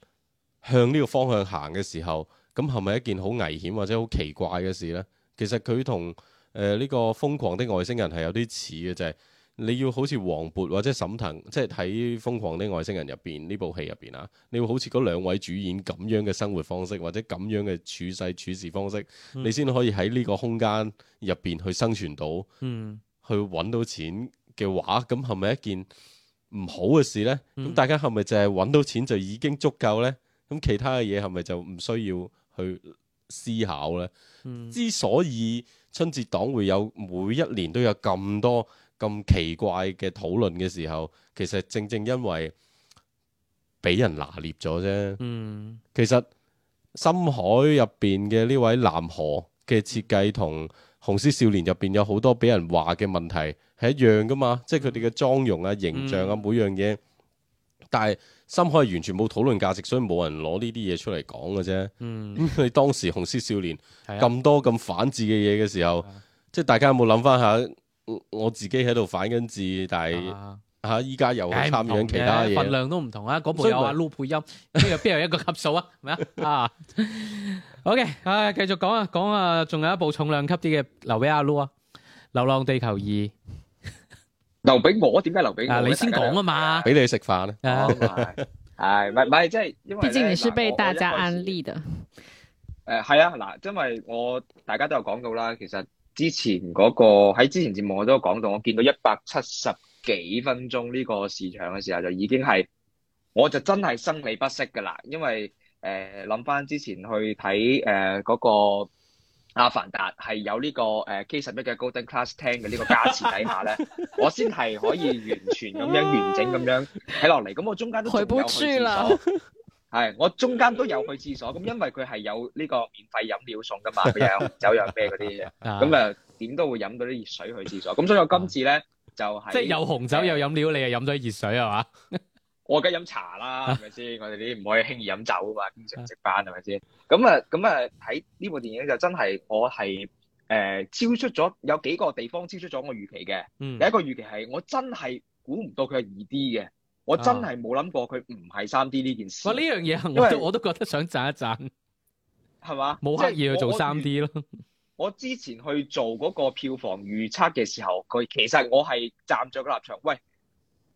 向呢個方向行嘅時候，咁係咪一件好危險或者好奇怪嘅事呢？其實佢同誒呢個瘋狂的外星人係有啲似嘅，就係。你要好似黃渤或者沈騰，即係喺《瘋狂的外星人》入邊呢部戲入邊啊，你會好似嗰兩位主演咁樣嘅生活方式或者咁樣嘅處世處事方式，你先可以喺呢個空間入邊去生存到，去揾到錢嘅話，咁係咪一件唔好嘅事呢？咁大家係咪淨係揾到錢就已經足夠呢？咁其他嘅嘢係咪就唔需要去思考呢？之所以春節檔會有每一年都有咁多。咁奇怪嘅討論嘅時候，其實正正因為俾人拿捏咗啫。嗯，其實深海入邊嘅呢位南河嘅設計同《雄獅少年》入邊有好多俾人話嘅問題係一樣噶嘛，嗯、即係佢哋嘅妝容啊、形象啊，每樣嘢。嗯、但係深海係完全冇討論價值，所以冇人攞呢啲嘢出嚟講嘅啫。嗯，佢 當時《雄獅少年》咁多咁反智嘅嘢嘅時候，即係大家有冇諗翻下？我自己喺度反緊字，但係吓依家又參與緊其他嘢，份、啊、量都唔同啊！嗰部有阿 Lo 配音，呢個邊有一個級數啊？咩、 okay, 啊？啊，OK，啊繼續講啊，講啊，仲有一部重量級啲嘅，留俾阿 Lo 啊，《流浪地球二》，留俾我？點解留俾我、啊？你先講啊嘛，俾你食飯啦，係咪、啊？係咪咪即係？畢竟你是被大家安利嘅。誒，係啊，嗱、啊，因為我大家都有講到啦，其實。之前嗰、那個喺之前節目我都講到，我見到一百七十幾分鐘呢個時長嘅時候，就已經係我就真係生理不適噶啦，因為誒諗翻之前去睇誒嗰個阿凡達係有呢、這個誒、呃、K11 嘅 Golden Class 廳嘅呢個加持底下咧， 我先係可以完全咁樣完整咁樣睇落嚟，咁哇我中間都冇去廁所。 係，我中間都有去廁所，咁因為佢係有呢個免費飲料送噶嘛，佢有酒有咩嗰啲，咁啊點都會飲嗰啲熱水去廁所。咁所以我今次咧就係、是、即係有紅酒有飲料，你又飲咗熱水係嘛？ 我梗飲茶啦，係咪先？ 我哋啲唔可以輕易飲酒噶嘛，經常值班係咪先？咁啊咁啊，喺呢部電影就真係我係誒、呃、超出咗有幾個地方超出咗我預期嘅。第、嗯、一個預期係我真係估唔到佢係二 D 嘅。我真係冇諗過佢唔係三 D 呢件事。呢樣嘢，我都為我都覺得想讚一讚，係嘛吧？冇刻意去做三 D 咯。我之前去做嗰個票房預測嘅時候，佢其實我係站咗個立場，喂，誒、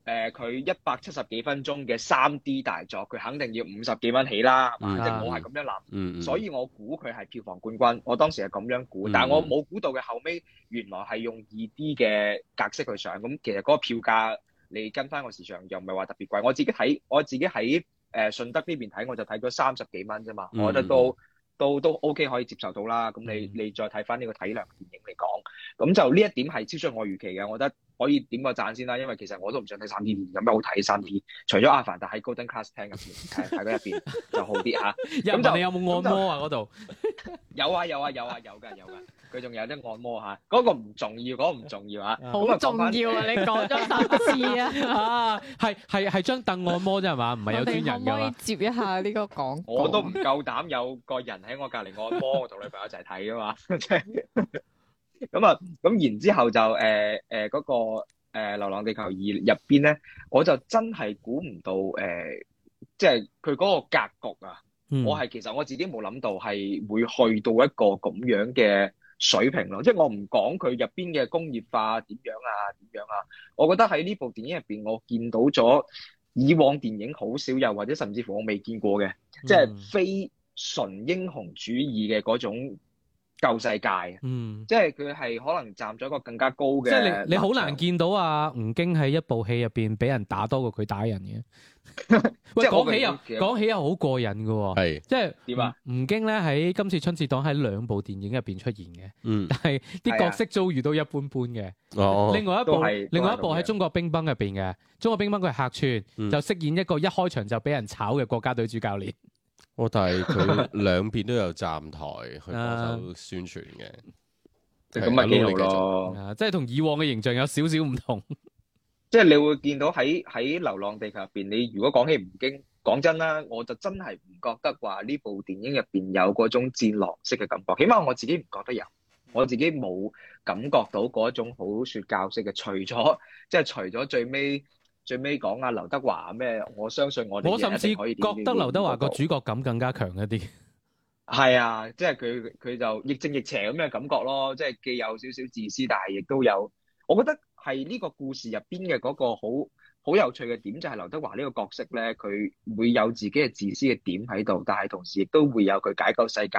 呃，佢一百七十幾分鐘嘅三 D 大作，佢肯定要五十幾蚊起啦，即係我係咁樣諗，所以我估佢係票房冠軍。我當時係咁樣估，嗯、但係我冇估到嘅，後尾原來係用二 D 嘅格式去上，咁其實嗰個票價。你跟翻個市場又唔係話特別貴，我自己睇，我自己喺誒順德呢邊睇，我就睇咗三十幾蚊啫嘛，嗯、我覺得都都都 OK 可以接受到啦。咁你你再睇翻呢個體量電影嚟講，咁就呢一點係超出我預期嘅，我覺得。可以點個讚先啦，因為其實我都唔想睇 3D 片，有咩好睇 3D 除咗阿凡達喺 Golden Class 廳入邊，睇，睇到入邊就好啲嚇。咁 文、啊、就你有冇按摩啊？嗰度 那裡 有啊有啊有啊有㗎有㗎，佢仲有得按摩嚇。嗰、啊那個唔重要，嗰、那個唔重要嚇。好、啊、重要啊！你講咗三次啊！啊 係係係張凳按摩啫係嘛？唔係有專人㗎。我可接一下呢個講？ 我都唔夠膽有個人喺我隔離按摩，我同女朋友一齊睇㗎嘛。 咁啊，咁然之後就誒誒嗰個、呃、《流浪地球二》入邊咧，我就真係估唔到誒、呃，即係佢嗰個格局啊！嗯、我係其實我自己冇諗到係會去到一個咁樣嘅水平咯。即係我唔講佢入邊嘅工業化點樣啊點樣啊，我覺得喺呢部電影入邊，我見到咗以往電影好少有，或者甚至乎我未見過嘅，即係、嗯、非純英雄主義嘅嗰種。舊世界，嗯，即係佢係可能站咗一個更加高嘅，即係你你好難見到啊！吳京喺一部戲入邊俾人打多過佢打人嘅，喂，講起又講、啊、起又好過癮嘅、哦，係是，即係是點啊？吳京咧喺今次春節檔喺兩部電影入邊出現嘅，嗯，但係啲角色遭遇都一般般嘅，哦、嗯，另外一部另外一部喺《中國乒乓》入邊嘅《中國乒乓》，佢係客串，就飾演一個一開場就俾人炒嘅國家隊主教練。 哦、但係佢兩邊都有站台去幫手宣傳嘅，即係咁咪幾好咯。即係同以往嘅形象有少少唔同，即係你會見到喺喺流浪地球入邊，你如果講起吳京，講真啦，我就真係唔覺得話呢部電影入邊有嗰種戰狼式嘅感覺。起碼我自己唔覺得有，我自己冇感覺到嗰種好説教式嘅。除咗即係除咗最尾。最尾講阿劉德華咩？我相信我我甚至覺得劉德華個主角感更加強一啲。係 啊，即係佢佢就亦正亦邪咁嘅感覺咯。即係既有少少自私，但係亦都有。我覺得係呢個故事入邊嘅嗰個好好有趣嘅點就係劉德華呢個角色咧，佢會有自己嘅自私嘅點喺度，但係同時亦都會有佢解救世界，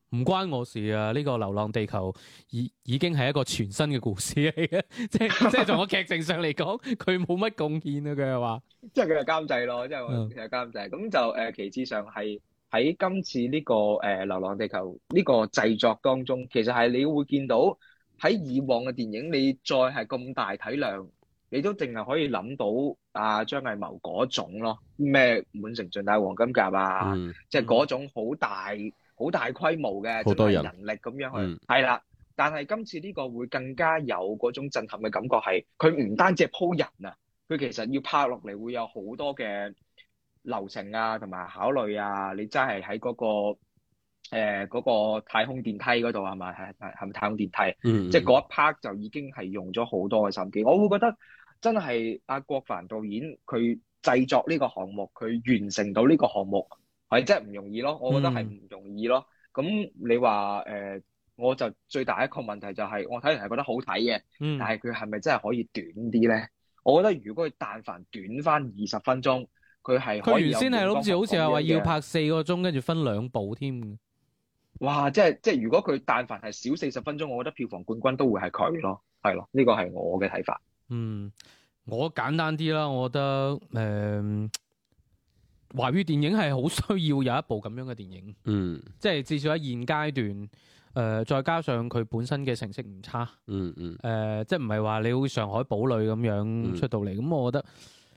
唔關我事啊！呢個《流浪地球》已已經係一個全新嘅故事嚟嘅，即係即係從個劇情上嚟講，佢冇乜貢獻啊！佢係話，即係佢係監製咯，即係佢係監製。咁就誒，其次上係喺今次呢個誒《流浪地球》呢個製作當中，其實係你會見到喺以往嘅電影，你再係咁大體量，你都淨係可以諗到阿張藝謀嗰種咯，咩滿城盡帶黃金甲啊，即係嗰種好大。好大規模嘅，即係人，人力咁樣去，係啦、嗯。但係今次呢個會更加有嗰種震撼嘅感覺，係佢唔單止鋪人啊，佢其實要拍落嚟會有好多嘅流程啊，同埋考慮啊。你真係喺嗰個誒、呃嗰個、太空電梯嗰度係咪係係咪太空電梯？即係嗰一 part 就已經係用咗好多嘅心機。我會覺得真係阿郭帆導演佢製作呢個項目，佢完成到呢個項目。係真係唔容易咯，我覺得係唔容易咯。咁你話誒，我就最大一個問題就係，我睇嚟，係覺得好睇嘅，嗯，但係佢係咪真係可以短啲咧？我覺得如果佢但凡短翻二十分鐘，佢係佢原先係好似好似係話要拍四個鐘，跟住分兩部添。哇！即係即係，如果佢但凡係少四十分鐘，我覺得票房冠軍都會係佢咯。係咯，呢個係我嘅睇法。嗯，我簡單啲啦，我覺得誒。華語電影係好需要有一部咁樣嘅電影，嗯，即係至少喺現階段，誒、呃，再加上佢本身嘅成績唔差，嗯嗯，誒、嗯呃，即係唔係話你會上海堡壘咁樣出到嚟，咁、嗯、我覺得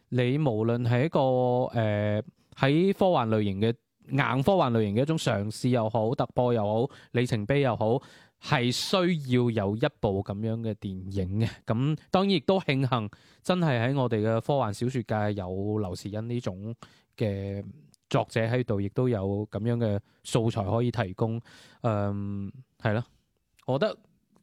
你無論係一個誒喺、呃、科幻類型嘅硬科幻類型嘅一種嘗試又好，突破又好，里程碑又好。係需要有一部咁樣嘅電影嘅，咁當然亦都慶幸，真係喺我哋嘅科幻小説界有劉慈欣呢種嘅作者喺度，亦都有咁樣嘅素材可以提供。誒、嗯，係啦，我覺得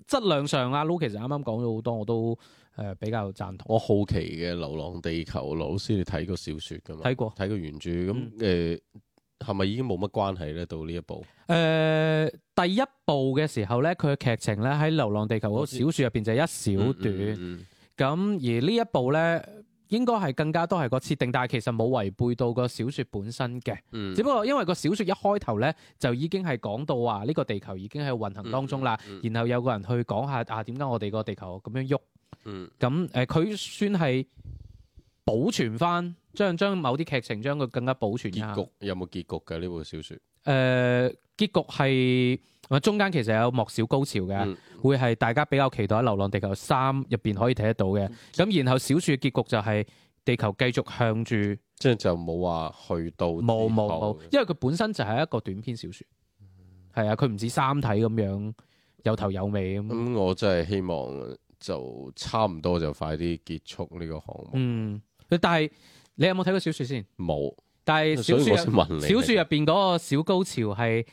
質量上阿 l o 其實啱啱講咗好多，我都誒比較贊同。我好奇嘅《流浪地球》，老師你睇過小説噶嘛？睇過，睇過原著咁誒。係咪已經冇乜關係咧？到呢一部？誒、呃，第一部嘅時候咧，佢劇情咧喺《流浪地球》嗰個小説入邊就係一小段，咁、嗯嗯嗯、而呢一部咧應該係更加多係個設定，但係其實冇違背到個小説本身嘅。嗯、只不過因為個小説一開頭咧就已經係講到話呢個地球已經喺運行當中啦，嗯嗯、然後有個人去講下啊，點解我哋個地球咁樣喐，咁誒佢算係。保存翻，將將某啲劇情，將佢更加保存。結局有冇結局嘅呢部小說？誒、呃，結局係，中間其實有莫少高潮嘅，嗯、會係大家比較期待喺《流浪地球三》入邊可以睇得到嘅。咁、嗯、然後小說嘅結局就係地球繼續向住，即係就冇話去到冇冇冇，因為佢本身就係一個短篇小說，係、嗯、啊，佢唔止三體咁樣有頭有尾咁。咁、嗯、我真係希望就差唔多就快啲結束呢個項目。嗯但係你有冇睇過小說先？冇有。但係小說小說入邊嗰個小高潮係，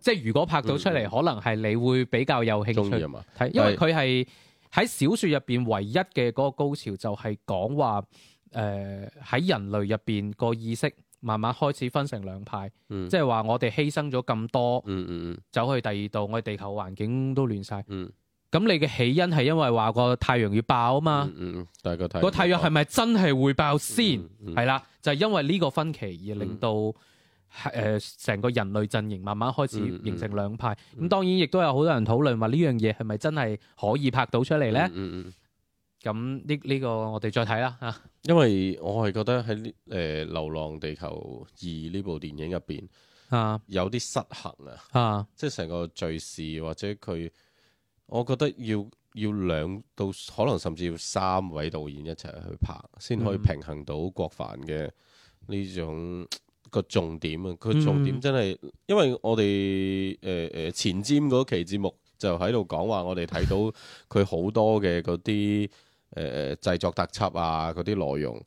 即係如果拍到出嚟，嗯、可能係你會比較有興趣。中意啊嘛？係，因為佢係喺小說入邊唯一嘅嗰個高潮就講，就係講話誒喺人類入邊個意識慢慢開始分成兩派，即係話我哋犧牲咗咁多，嗯嗯嗯、走去第二度，我哋地球環境都亂晒。嗯咁你嘅起因係因為話、嗯嗯、個太陽要爆啊嘛？嗯嗯，但係個太個太陽係咪真係會爆先？係啦、嗯嗯，就係、因為呢個分歧而令到誒成、嗯呃、個人類陣營慢慢開始形成兩派。咁、嗯嗯、當然亦都有好多人討論話呢樣嘢係咪真係可以拍到出嚟咧、嗯？嗯嗯，咁呢呢個我哋再睇啦吓。啊、因為我係覺得喺誒、呃《流浪地球二》呢部電影入邊啊，有啲失衡啊，即係成個敘事或者佢。我覺得要要兩到可能甚至要三位導演一齊去拍，先可以平衡到郭帆嘅呢種個重點啊！佢重點真係，因為我哋誒誒前瞻嗰期節目就喺度講話，我哋睇到佢好多嘅嗰啲誒誒製作特輯啊，嗰啲內容，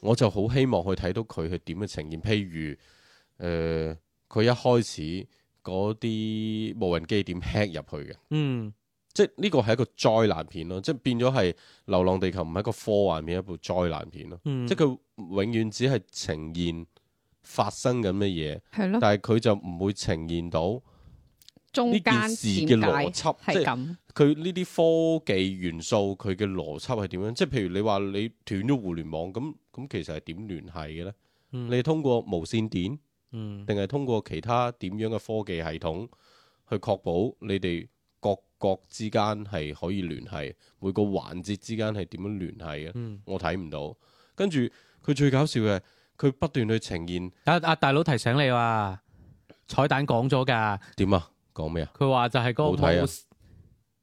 我就好希望去睇到佢係點嘅呈現。譬如誒，佢、呃、一開始嗰啲無人機點 hack 入去嘅。嗯。即係呢個係一個災難片咯，即係變咗係《流浪地球》唔係一個科幻片，一部災難片咯。嗯、即係佢永遠只係呈現發生緊乜嘢，的但係佢就唔會呈現到呢件事嘅邏輯。間間即係佢呢啲科技元素，佢嘅邏輯係點樣？即係譬如你話你斷咗互聯網，咁咁其實係點聯繫嘅咧？嗯、你通過無線電，定係、嗯、通過其他點樣嘅科技系統去確保你哋？各國之間係可以聯繫，每個環節之間係點樣聯繫嘅？嗯、我睇唔到。跟住佢最搞笑嘅佢不斷去呈現。阿阿、啊啊、大佬提醒你話、啊、彩蛋講咗噶。點啊？講咩啊？佢話就係個好睇。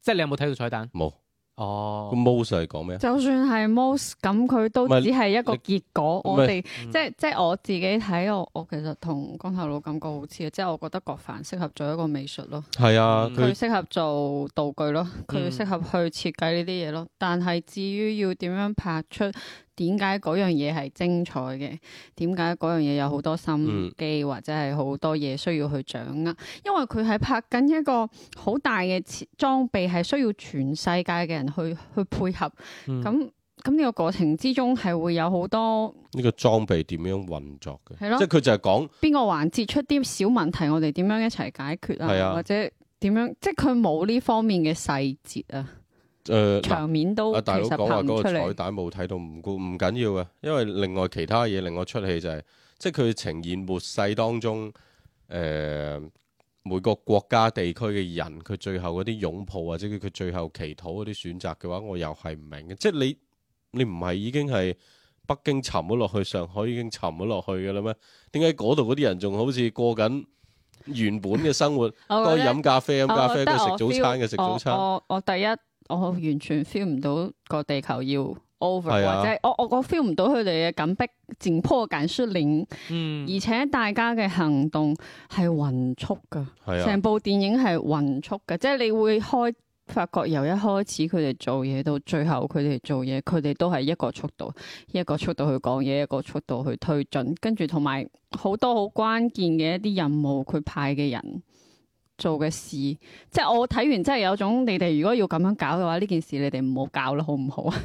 即係你有冇睇到彩蛋？冇。哦，個 most 係講咩啊？就算係 most 咁佢都只係一個結果。我哋即即我自己睇，我我其實同光頭佬感覺好似嘅，即係我覺得郭帆適合做一個美術咯。係啊，佢適合做道具咯，佢、嗯、適合去設計呢啲嘢咯。但係至於要點樣拍出？點解嗰樣嘢係精彩嘅？點解嗰樣嘢有好多心機，嗯、或者係好多嘢需要去掌握？因為佢係拍緊一個好大嘅裝備，係需要全世界嘅人去去配合。咁咁呢個過程之中，係會有好多呢個裝備點樣運作嘅？的即係佢就係講邊個環節出啲小問題，我哋點樣一齊解決啊？的或者點樣？即係佢冇呢方面嘅細節啊？誒，呃、場面都阿大佬講話嗰個彩蛋冇睇到，唔顧唔緊要嘅，因為另外其他嘢令我出戲就係、是，即係佢呈現末世當中誒、呃、每個國家地區嘅人，佢最後嗰啲擁抱或者佢佢最後祈禱嗰啲選擇嘅話，我又係唔明嘅。即係你你唔係已經係北京沉咗落去，上海已經沉咗落去嘅啦咩？點解嗰度嗰啲人仲好似過緊原本嘅生活，該飲咖啡飲咖啡，該食早餐嘅食早餐？我我第一。我完全 feel 唔到個地球要 over，是、啊、或者我我我 feel 唔到佢哋嘅緊迫緊迫感縮緊，嗯，而且大家嘅行動係勻速噶，係是啊，成部電影係勻速嘅，即係你會開發覺由一開始佢哋做嘢到最後佢哋做嘢，佢哋都係一個速度，一個速度去講嘢，一個速度去推進，跟住同埋好多好關鍵嘅一啲任務佢派嘅人。做嘅事，即係我睇完，真係有種你哋如果要咁樣搞嘅話，呢件事你哋唔好搞啦，好唔好啊？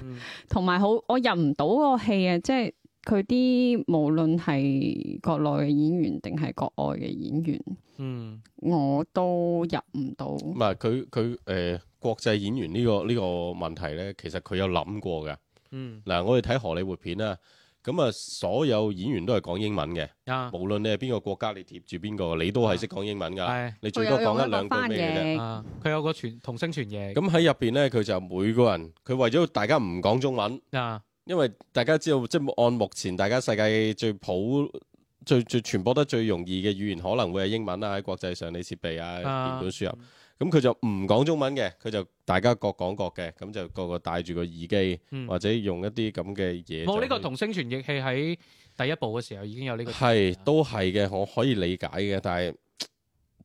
同埋好，我入唔到個戲啊！即係佢啲無論係國內嘅演員定係國外嘅演員，嗯，我都入唔到。唔係佢佢誒，國際演員呢個呢個問題咧，其實佢有諗過㗎。嗯，嗱，我哋睇荷里活片啦。咁啊，所有演員都係講英文嘅，啊、無論你係邊個國家，你貼住邊個，你都係識講英文㗎。啊、你最多講一,一兩句咩嘅啫。佢、啊、有個傳同聲傳譯。咁喺入邊咧，佢就每個人，佢為咗大家唔講中文啊，因為大家知道，即係按目前大家世界最普、最最傳播得最容易嘅語言，可能會係英文啊，國際上你設備啊，鍵、啊、本輸入。咁佢就唔講中文嘅，佢就大家各講各嘅，咁就個個戴住個耳機、嗯、或者用一啲咁嘅嘢。冇呢、哦這個同聲傳譯器喺第一部嘅時候已經有呢個。係都係嘅，我可以理解嘅，但係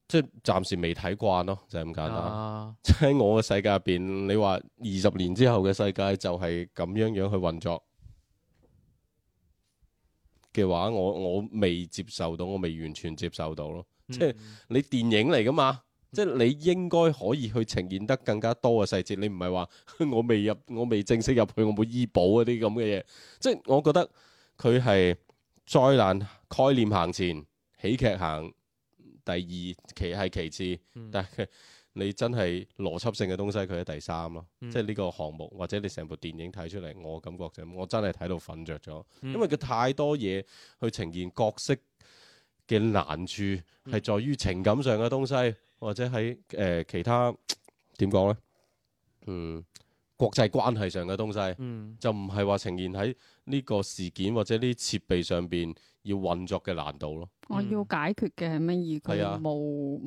即係暫時未睇慣咯，就係、是、咁簡單。喺、啊、 我嘅世界入邊，你話二十年之後嘅世界就係咁樣樣去運作嘅話，我我未接受到，我未完全接受到咯。嗯、即係你電影嚟噶嘛？即係你應該可以去呈現得更加多嘅細節。你唔係話我未入，我未正式入去，我冇醫保嗰啲咁嘅嘢。即係我覺得佢係災難概念行前，喜劇行第二，其係其次，但係你真係邏輯性嘅東西，佢係第三咯。即係呢個項目或者你成部電影睇出嚟，我感覺就我真係睇到瞓着咗，因為佢太多嘢去呈現角色嘅難處，係在於情感上嘅東西。或者喺誒、呃、其他點講咧？嗯，國際關係上嘅東西，嗯、就唔係話呈現喺呢個事件或者呢設備上邊要運作嘅難度咯。嗯、我要解決嘅係乜嘢？佢啊，冇。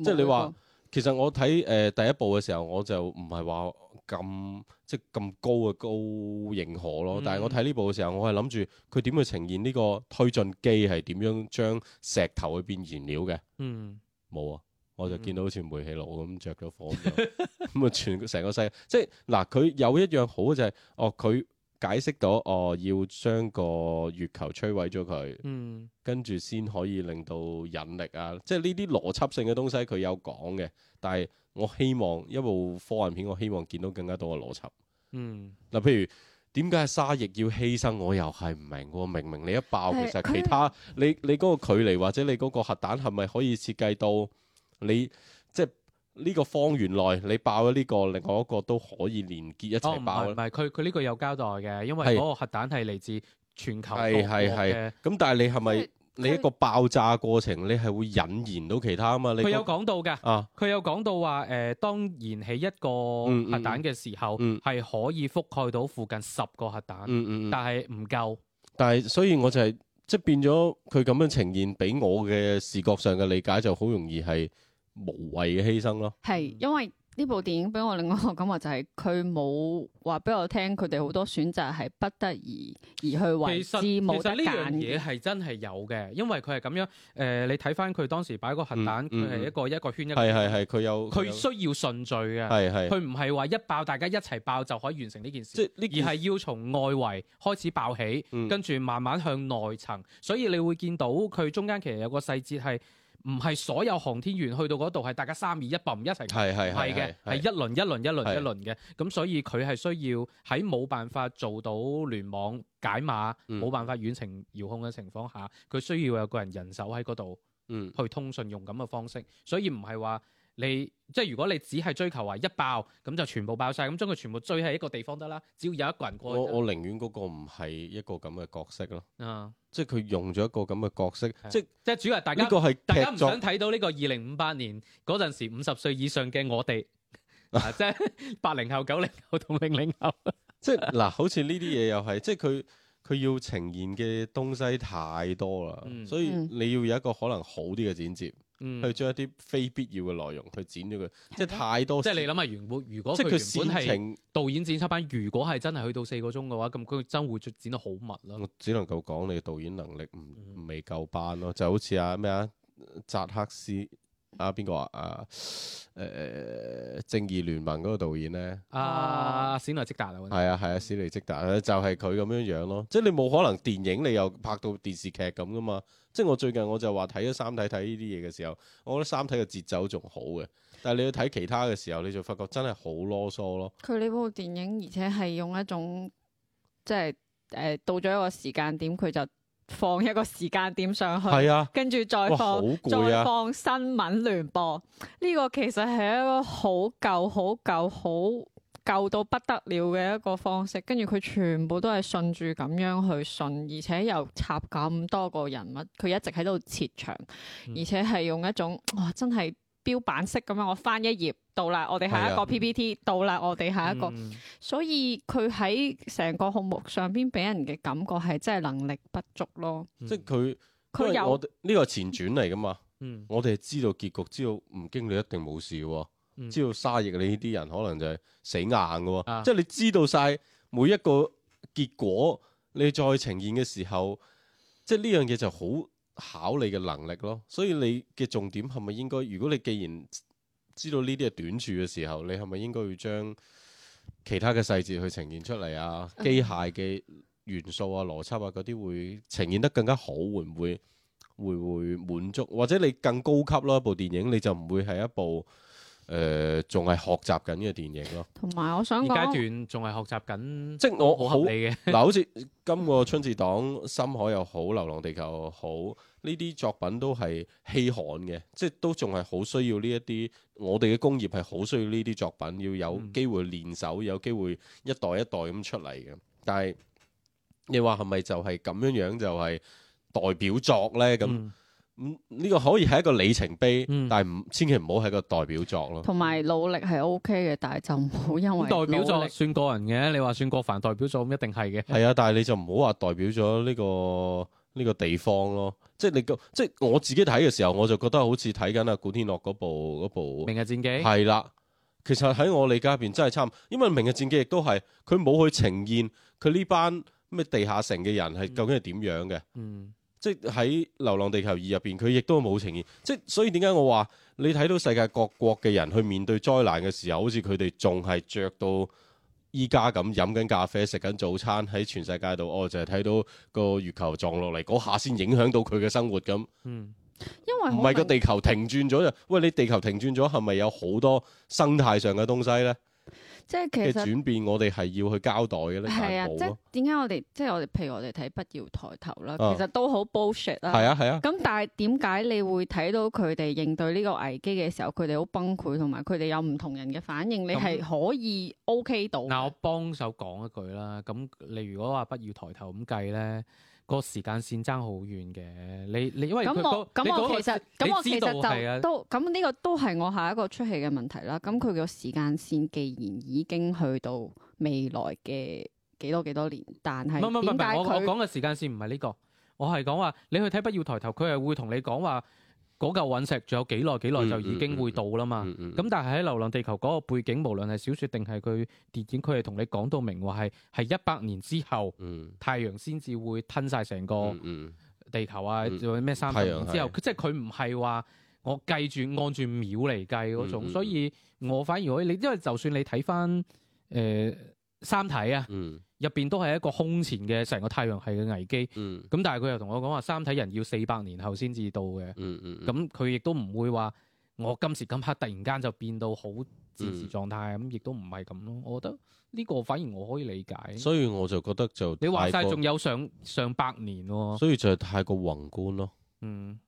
即係你話，其實我睇誒、呃、第一部嘅時候，我就唔係話咁即係咁高嘅高認可咯。嗯、但係我睇呢部嘅時候，我係諗住佢點去呈現呢個推進機係點樣將石頭去變燃料嘅？嗯，冇啊。我就見到好似煤氣爐咁着咗火咁，咁啊， 全成個世界 即係嗱。佢有一樣好就係、是、哦，佢解釋到哦、呃，要將個月球摧毀咗佢，嗯，跟住先可以令到引力啊，即係呢啲邏輯性嘅東西佢有講嘅。但係我希望一部科幻片，我希望見到更加多嘅邏輯。嗯，嗱、啊，譬如點解沙溢要犧牲，我又係唔明㗎。明明你一爆其實其他你你嗰個距離或者你嗰個核彈係咪可以設計到？你即係呢個方圓內，你爆咗呢，這個，另外一個都可以連結一齊爆。唔係唔係佢佢呢個有交代嘅，因為嗰係個核彈係嚟自全球覆蓋嘅。咁但係你係咪你一個爆炸過程，你係會引燃到其他，你佢有講到啊？嘛，佢有講到噶啊，佢有講到話誒，當燃起一個核彈嘅時候，係，嗯嗯嗯嗯，可以覆蓋到附近十個核彈，嗯嗯嗯但係唔夠。但係所以我就係，是，即係變咗，佢咁樣呈現俾我嘅視覺上嘅理解就好容易係。無謂嘅犧牲咯，係因為呢部電影俾我另外一個感覺就係佢冇話俾我聽，佢哋好多選擇係不得已而去為之，其實呢樣嘢係真係有嘅，因為佢係咁樣誒、呃，你睇翻佢當時擺個核彈，佢係、嗯嗯、一個一個圈、嗯、一個圈，係係佢有佢需要順序嘅，係係佢唔係話一爆大家一齊爆就可以完成呢件事，即係呢而係要從外圍開始爆起，嗯、跟住慢慢向內層，所以你會見到佢中間其實有個細節係。唔係所有航天員去到嗰度係大家三二一搏唔一齊，係係係嘅，係一輪一輪一輪一輪嘅。咁所以佢係需要喺冇辦法做到聯網解碼、冇、嗯、辦法遠程遙控嘅情況下，佢需要有個人人手喺嗰度，嗯，去通訊用咁嘅方式，嗯、所以唔係話。你即係如果你只係追求話一爆，咁就全部爆晒，咁將佢全部追喺一個地方得啦。只要有一個人過，我我寧願嗰個唔係一個咁嘅角色咯。啊，即係佢用咗一個咁嘅角色，即係即係主要係大家呢個係大家唔想睇到呢個二零五八年嗰陣時五十歲以上嘅我哋，即係八零後、九零後同零零後。即係嗱，好似呢啲嘢又係，即係佢佢要呈現嘅東西太多啦，所以你要有一個可能好啲嘅剪接。嗯、去將一啲非必要嘅內容去剪咗佢，嗯、即係是太多。即係你諗下原本，如果即係佢原本係導演剪輯版，如果係真係去到四個鐘嘅話，咁佢真會剪得好密咯。我只能夠講你導演能力唔未夠班咯，就好似阿咩啊扎克斯。啊，邊個啊？誒、呃，正義聯盟嗰個導演咧？啊，史萊積達啊！係啊係啊，史萊積達就係佢咁樣樣咯。即係你冇可能電影你又拍到電視劇咁噶嘛？即係我最近我就話睇咗三體睇呢啲嘢嘅時候，我覺得三體嘅節奏仲好嘅。但係你要睇其他嘅時候，你就發覺真係好囉嗦咯。佢呢部電影而且係用一種即係誒、呃、到咗一個時間點，佢就。放一個時間點上去，跟住、啊、再放，啊、再放新聞聯播。呢、這個其實係一個好舊、好舊、好舊到不得了嘅一個方式。跟住佢全部都係順住咁樣去信，而且又插咁多個人物，佢一直喺度切場，而且係用一種哇，真係。標版式咁樣，我翻一頁到啦，我哋下一個 PPT、啊、到啦，我哋下一個，嗯、所以佢喺成個項目上邊俾人嘅感覺係真係能力不足咯。嗯、即係佢，因為我呢個有前傳嚟噶嘛，嗯、我哋係知道結局，知道吳經理一定冇事、啊，嗯、知道沙溢你呢啲人可能就係死硬噶、啊，啊、即係你知道晒每一個結果，你再呈現嘅時候，即係呢樣嘢就好。考你嘅能力咯，所以你嘅重點係咪應該，如果你既然知道呢啲係短處嘅時候，你係咪應該要將其他嘅細節去呈現出嚟啊？機械嘅元素啊、邏輯啊嗰啲會呈現得更加好，會唔會會會滿足？或者你更高級咯？一部電影你就唔會係一部。誒，仲係、呃、學習緊呢個電影咯，同埋我想，階段仲係學習緊，即係我我好嗱，好似今個春節檔《深海》又好，《流浪地球》又好，呢啲作品都係稀罕嘅，即係都仲係好需要呢一啲，我哋嘅工業係好需要呢啲作品，要有機會練手，嗯、有機會一代一代咁出嚟嘅。但係你話係咪就係咁樣樣就係代表作咧？咁、嗯？呢、嗯、個可以係一個里程碑，嗯、但係唔千祈唔好係個代表作咯。同埋、嗯、努力係 O K 嘅，但係就唔好因為代表作算個人嘅。你話算郭凡代表作咁，一定係嘅。係啊、嗯，但係你就唔好話代表咗呢、呢個呢、呢個地方咯。即係你個，即係我自己睇嘅時候，我就覺得好似睇緊阿古天樂嗰部嗰部《明日戰記》係啦。其實喺我理解入邊真係差唔多，因為《明日戰記》亦都係佢冇去呈現佢呢班咩地下城嘅人係究竟係點樣嘅。嗯。即喺《流浪地球二》入邊，佢亦都冇呈現。即所以點解我話你睇到世界各國嘅人去面對災難嘅時候，好似佢哋仲係着到依家咁，飲緊咖啡、食緊早餐喺全世界度。哦就係、是、睇到個月球撞落嚟嗰下先影響到佢嘅生活咁。嗯，因為唔係個地球停轉咗就，喂，你地球停轉咗係咪有好多生態上嘅東西咧？即係其實轉變，我哋係要去交代嘅咧，就冇咯。係啊，即係點解我哋即係我哋，譬如我哋睇不要抬頭啦，哦、其實都好 bullshit 啦。係啊係啊。咁但係點解你會睇到佢哋應對呢個危機嘅時候，佢哋好崩潰，同埋佢哋有唔同人嘅反應，你係可以 OK 到？嗱，我幫手講一句啦。咁你如果話不要抬頭咁計咧。個時間線爭好遠嘅，你你因為咁我咁、那個、我其實咁我其實就是都咁呢個都係我下一個出戲嘅問題啦。咁佢嘅時間線既然已經去到未來嘅幾多幾多年，但係點解佢？唔唔唔，我我講嘅時間線唔係呢個，我係講話你去睇《不要抬頭》，佢係會同你講話。嗰嚿隕石仲有幾耐幾耐就已經會到啦嘛，咁、嗯嗯嗯嗯、但係喺《流浪地球》嗰個背景，無論係小説定係佢電影，佢係同你講到明話係係一百年之後，嗯、太陽先至會吞晒成個地球啊，或者咩三百年之後，嗯、即係佢唔係話我計住按住秒嚟計嗰種，嗯嗯、所以我反而可以。你因為就算你睇翻誒《三體》啊、嗯。嗯入邊都係一個空前嘅，成個太陽系嘅危機，咁、嗯、但係佢又同我講話三體人要四百年後先至到嘅，咁佢亦都唔會話我今時今刻突然間就變到好戰時狀態，咁亦都唔係咁咯。我覺得呢個反而我可以理解。所以我就覺得就你話晒仲有上上百年，啊，所以就係太過宏觀咯。嗯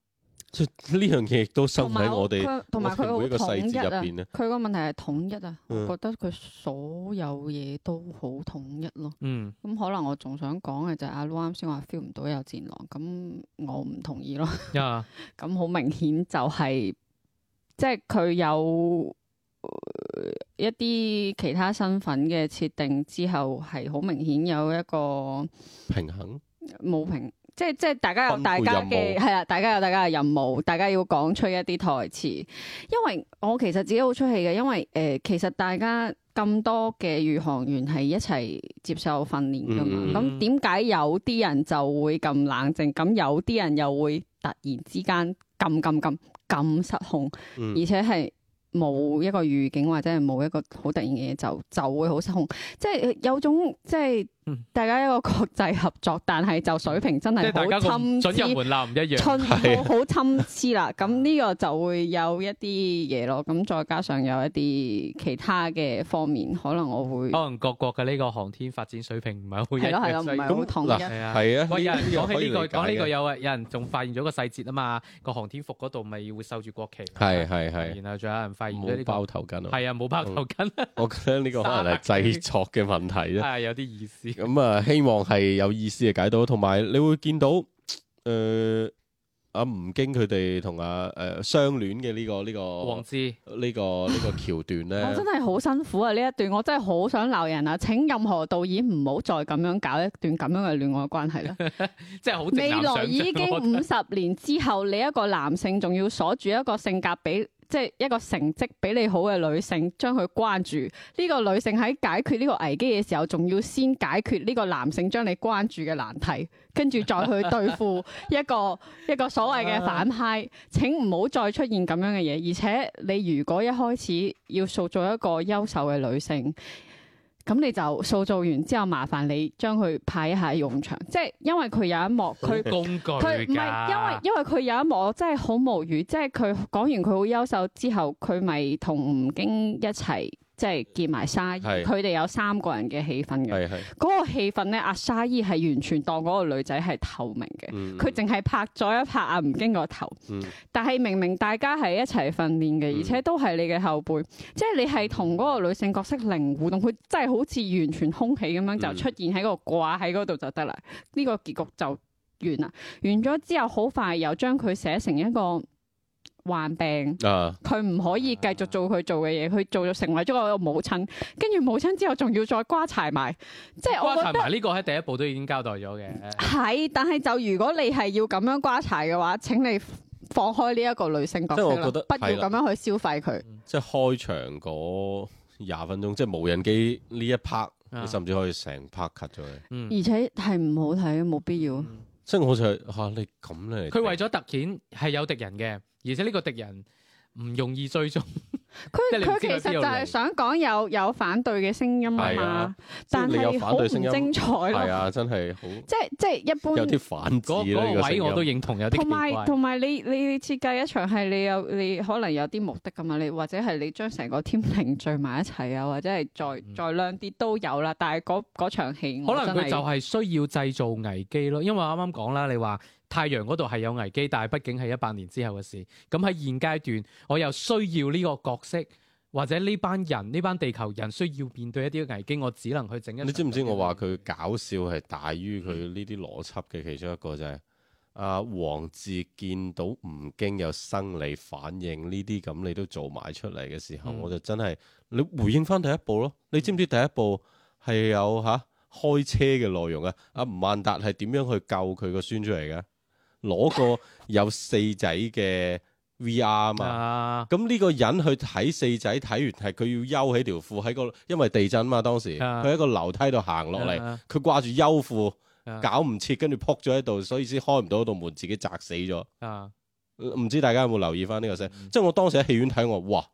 呢樣嘢都收埋喺我哋，同埋每一個細節入邊咧。佢個問題係統一啊，嗯、我覺得佢所有嘢都好統一咯。嗯，咁、嗯、可能我仲想講嘅就係阿 l 啱先話 feel 唔到有戰狼，咁我唔同意咯。咁好、嗯、 明顯就係、是，即係佢有、呃、一啲其他身份嘅設定之後，係好明顯有一個平衡，冇平。即係即係大家有大家嘅係啊，大家有大家嘅任務，大家要講出一啲台詞。因為我其實自己好出氣嘅，因為誒、呃、其實大家咁多嘅宇航員係一齊接受訓練㗎嘛。咁點解有啲人就會咁冷靜？咁有啲人又會突然之間咁咁咁咁失控，嗯、而且係冇一個預警或者係冇一個好突然嘅嘢就就會好失控，即係有種即係。大家一個國際合作，但係就水平真係好參差。準入門檻，唔一樣，好參差啦。咁呢個就會有一啲嘢咯。咁再加上有一啲其他嘅方面，可能我會可能各國嘅呢個航天發展水平唔係好統一。係啊，喂，講起呢個，講呢個有啊，有人仲發現咗個細節啊嘛，個航天服嗰度咪要會繡住國旗。係係係。然後仲有人發現冇包頭巾。係啊，冇包頭巾。我覺得呢個可能係製作嘅問題啫。係啊，有啲意思。咁啊，嗯，希望係有意思嘅解讀，同埋你會見到，誒、呃，阿吳京佢哋同阿誒相戀嘅呢個呢個呢個呢個橋段咧， 我真係好辛苦啊！呢一段我真係好想鬧人啊！請任何導演唔好再咁樣搞一段咁樣嘅戀愛關係啦！ 即係好，未來已經五十年之後，覺你一個男性仲要鎖住一個性格俾？即係一個成績比你好嘅女性，將佢關注呢個女性喺解決呢個危機嘅時候，仲要先解決呢個男性將你關注嘅難題，跟住再去對付一個 一個所謂嘅反派。請唔好再出現咁樣嘅嘢。而且你如果一開始要塑造一個優秀嘅女性。咁你就塑造完之後，麻煩你將佢派一下用場，即係因為佢有一幕，佢工具唔係，因為因為佢有一幕真係好無語，即係佢講完佢好優秀之後，佢咪同吳京一齊。即係結埋沙依，佢哋是有三個人嘅氣氛嘅。嗰是個氣氛咧，阿沙依係完全當嗰個女仔係透明嘅，佢淨係拍咗一拍阿吳京個頭。嗯、但係明明大家係一齊訓練嘅，而且都係你嘅後輩，嗯、即係你係同嗰個女性角色零互動，佢真係好似完全空氣咁樣就出現喺個掛喺嗰度就得啦。呢、嗯、個結局就完啦，完咗之後好快又將佢寫成一個。患病，佢唔、啊、可以繼續做佢做嘅嘢，佢做咗成為咗一個母親，跟住母親之後仲要再刮柴埋，即係我覺得呢個喺第一步都已經交代咗嘅。係、嗯，但係就如果你係要咁樣刮柴嘅話，請你放開呢一個女性角度。我覺得，不要咁樣去消費佢。即係、就是、開場嗰廿分鐘，即、就、係、是、無人機呢一 part，啊、甚至可以成 part cut 咗佢。嗯、而且係唔好睇，冇必要。嗯即係好似係嚇你咁咧，佢為咗突顯係有敵人嘅，而且呢個敵人唔容易追蹤。 佢佢其實就係想講有有反對嘅聲音嘛，啊，但係好唔精彩咯。係啊，真係好。即即一般有啲反智、啊這個、個位我都認同，有啲同埋同埋你你，你設計一場係你有你可能有啲目的噶嘛？你或者係你將成個 team 聚埋一齊啊，或者係再再亮啲都有啦。但係嗰嗰場戲可能佢就係需要製造危機咯，因為啱啱講啦，你話。太陽嗰度係有危機，但係畢竟係一百年之後嘅事。咁喺現階段，我又需要呢個角色或者呢班人，呢班地球人需要面對一啲危機，我只能去整一。你知唔知我話佢搞笑係大於佢呢啲邏輯嘅其中一個就係阿黃智見到吳京有生理反應呢啲咁，你都做埋出嚟嘅時候，嗯、我就真係你回應翻第一部咯。你知唔知第一部係有吓、啊、開車嘅內容啊？阿吳孟達係點樣去救佢個孫出嚟噶？攞個有四仔嘅 VR 啊嘛，咁呢、啊、個人去睇四仔睇完，係佢要休起條褲喺個，因為地震啊嘛當時，佢喺、啊、個樓梯度行落嚟，佢、啊、掛住休褲、啊、搞唔切，跟住仆咗喺度，所以先開唔到嗰道門，自己砸死咗。唔、啊、知大家有冇留意翻呢個聲？嗯、即係我當時喺戲院睇，我話：哇！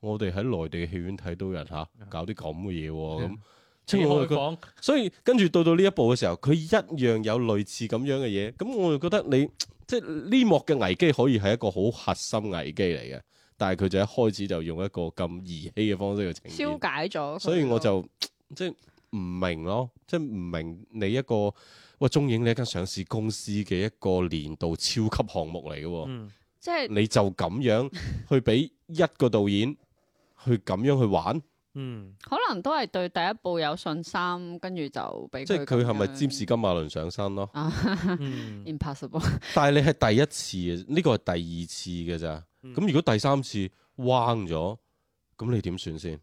我哋喺內地戲院睇到人嚇、啊，搞啲咁嘅嘢咁。嗯嗯。即係我講，所以跟住到到呢一步嘅時候，佢一樣有類似咁樣嘅嘢。咁我就覺得你即係呢幕嘅危機可以係一個好核心危機嚟嘅，但係佢就一開始就用一個咁兒戲嘅方式去消解咗。所以我就即係唔明咯，即係唔明你一個喂，中影你一間上市公司嘅一個年度超級項目嚟嘅，即係、嗯就是、你就咁樣去俾一個導演去咁樣去玩。嗯，可能都係對第一部有信心，跟住就俾佢即係佢係咪佔士金馬崙上身咯？Impossible！ 嗯、但係你係第一次，呢、呢個係第二次嘅咋？咁、嗯、如果第三次彎咗，咁你點算先？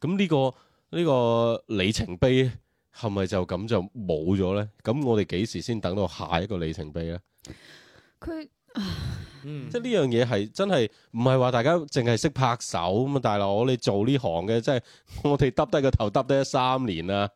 咁呢、呢個呢、呢個里程碑係咪就咁就冇咗咧？咁我哋幾時先等到下一個里程碑咧？佢。嗯、即係呢樣嘢，係真係唔係話大家淨係識拍手咁啊！大佬，我哋做呢行嘅，即係我哋耷低個頭耷低咗三年啦。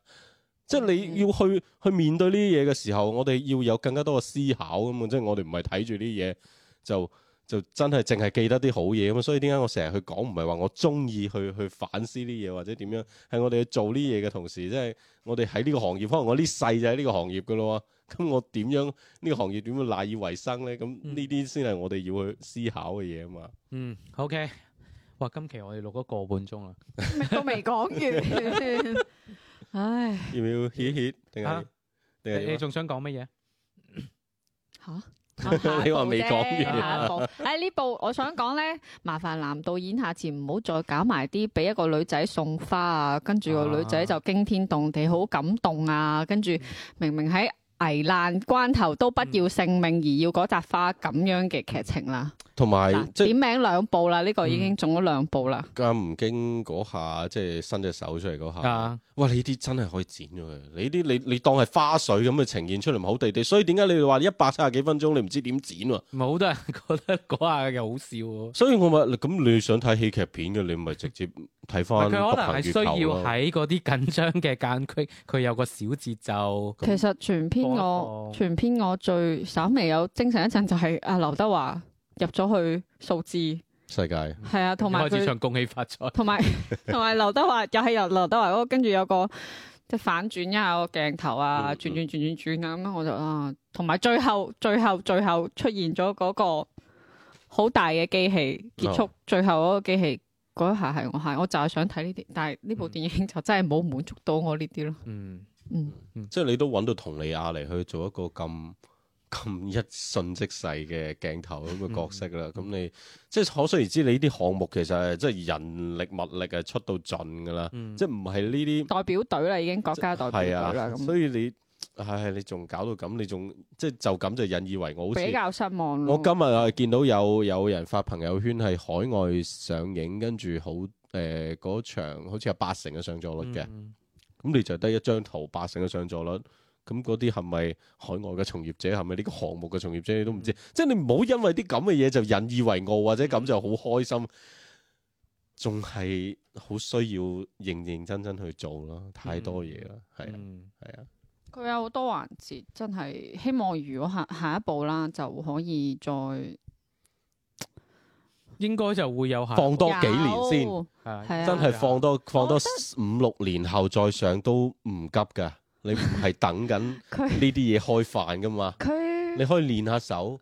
即係你要去去面對呢啲嘢嘅時候，我哋要有更加多嘅思考咁啊、嗯！即係我哋唔係睇住呢啲嘢就就真係淨係記得啲好嘢咁啊！所以點解我成日去講唔係話我中意去去反思啲嘢或者點樣？係我哋去做呢嘢嘅同時，即係我哋喺呢個行業，可能我呢世就喺呢個行業噶咯。咁我點樣呢個行業點樣賴以為生咧？咁呢啲先係我哋要去思考嘅嘢啊嘛。嗯，OK。哇，今期我哋錄咗個半鐘啊，都未講完。唉。要唔要 heat heat？定係定係？你仲想講乜嘢？嚇？你話未講完。下部。誒呢部我想講咧，麻煩男導演下次唔好再搞埋啲俾一個女仔送花啊，跟住個女仔就驚天動地好感動啊，跟住明明喺，危難關頭都不要性命而要嗰扎花咁樣嘅劇情啦，同埋點名兩部啦，呢個已經中咗兩部啦。咁吳京嗰下即係伸隻手出嚟嗰下，哇！呢啲真係可以剪咗佢，呢啲你你，你當係花絮咁啊呈現出嚟咪好地地，所以點解你哋話一百七十幾分鐘你唔知點剪啊？唔係好多人覺得嗰下嘅好笑、啊，所以我咪咁你想睇喜劇片嘅，你咪直接。嗯佢可能係需要喺嗰啲緊張嘅間隙，佢有個小節奏。其實全篇我、哦、全篇我最稍微有精神一陣就係阿劉德華入咗去數字世界，係啊，同埋開始唱《恭喜發財》，同埋同埋劉德華又係由劉德華咯、嗰個，跟住有個即係反轉一下個鏡頭啊，轉轉轉轉轉，轉啊，咁我就啊，同埋最後最後最後出現咗嗰個好大嘅機器，結束最後嗰個機器。哦一排係我係，我就係想睇呢啲，但係呢部電影就真係冇滿足到我呢啲咯。嗯嗯，嗯即係你都揾到同你亞嚟去做一個咁咁一瞬即逝嘅鏡頭咁嘅角色啦。咁、嗯、你即係可想而知，你呢啲項目其實係即係人力物力係出到盡噶啦。嗯、即係唔係呢啲代表隊啦，已經國家代表隊啦。啊、咁、所以你。係係、哎，你仲搞到咁，你仲即係就咁就引以為傲，比較失望。我今日啊見到有有人發朋友圈係海外上映，跟住好誒嗰場好似有八成嘅上座率嘅，咁你就得一張圖八成嘅上座率，咁嗰啲係咪海外嘅從業者，係咪呢個項目嘅從業者，你都唔知。即係你唔好因為啲咁嘅嘢就引以為傲或者咁就好開心，仲係好需要認認真真去做咯，太多嘢啦，係、嗯、啊，係、嗯、啊。佢有好多環節，真係希望如果下下一步啦，就可以再應該就會有下放多幾年先，係有真係放多的放多五六年後再上都唔急噶。你唔係等緊呢啲嘢開飯噶嘛？ 他你可以練下手。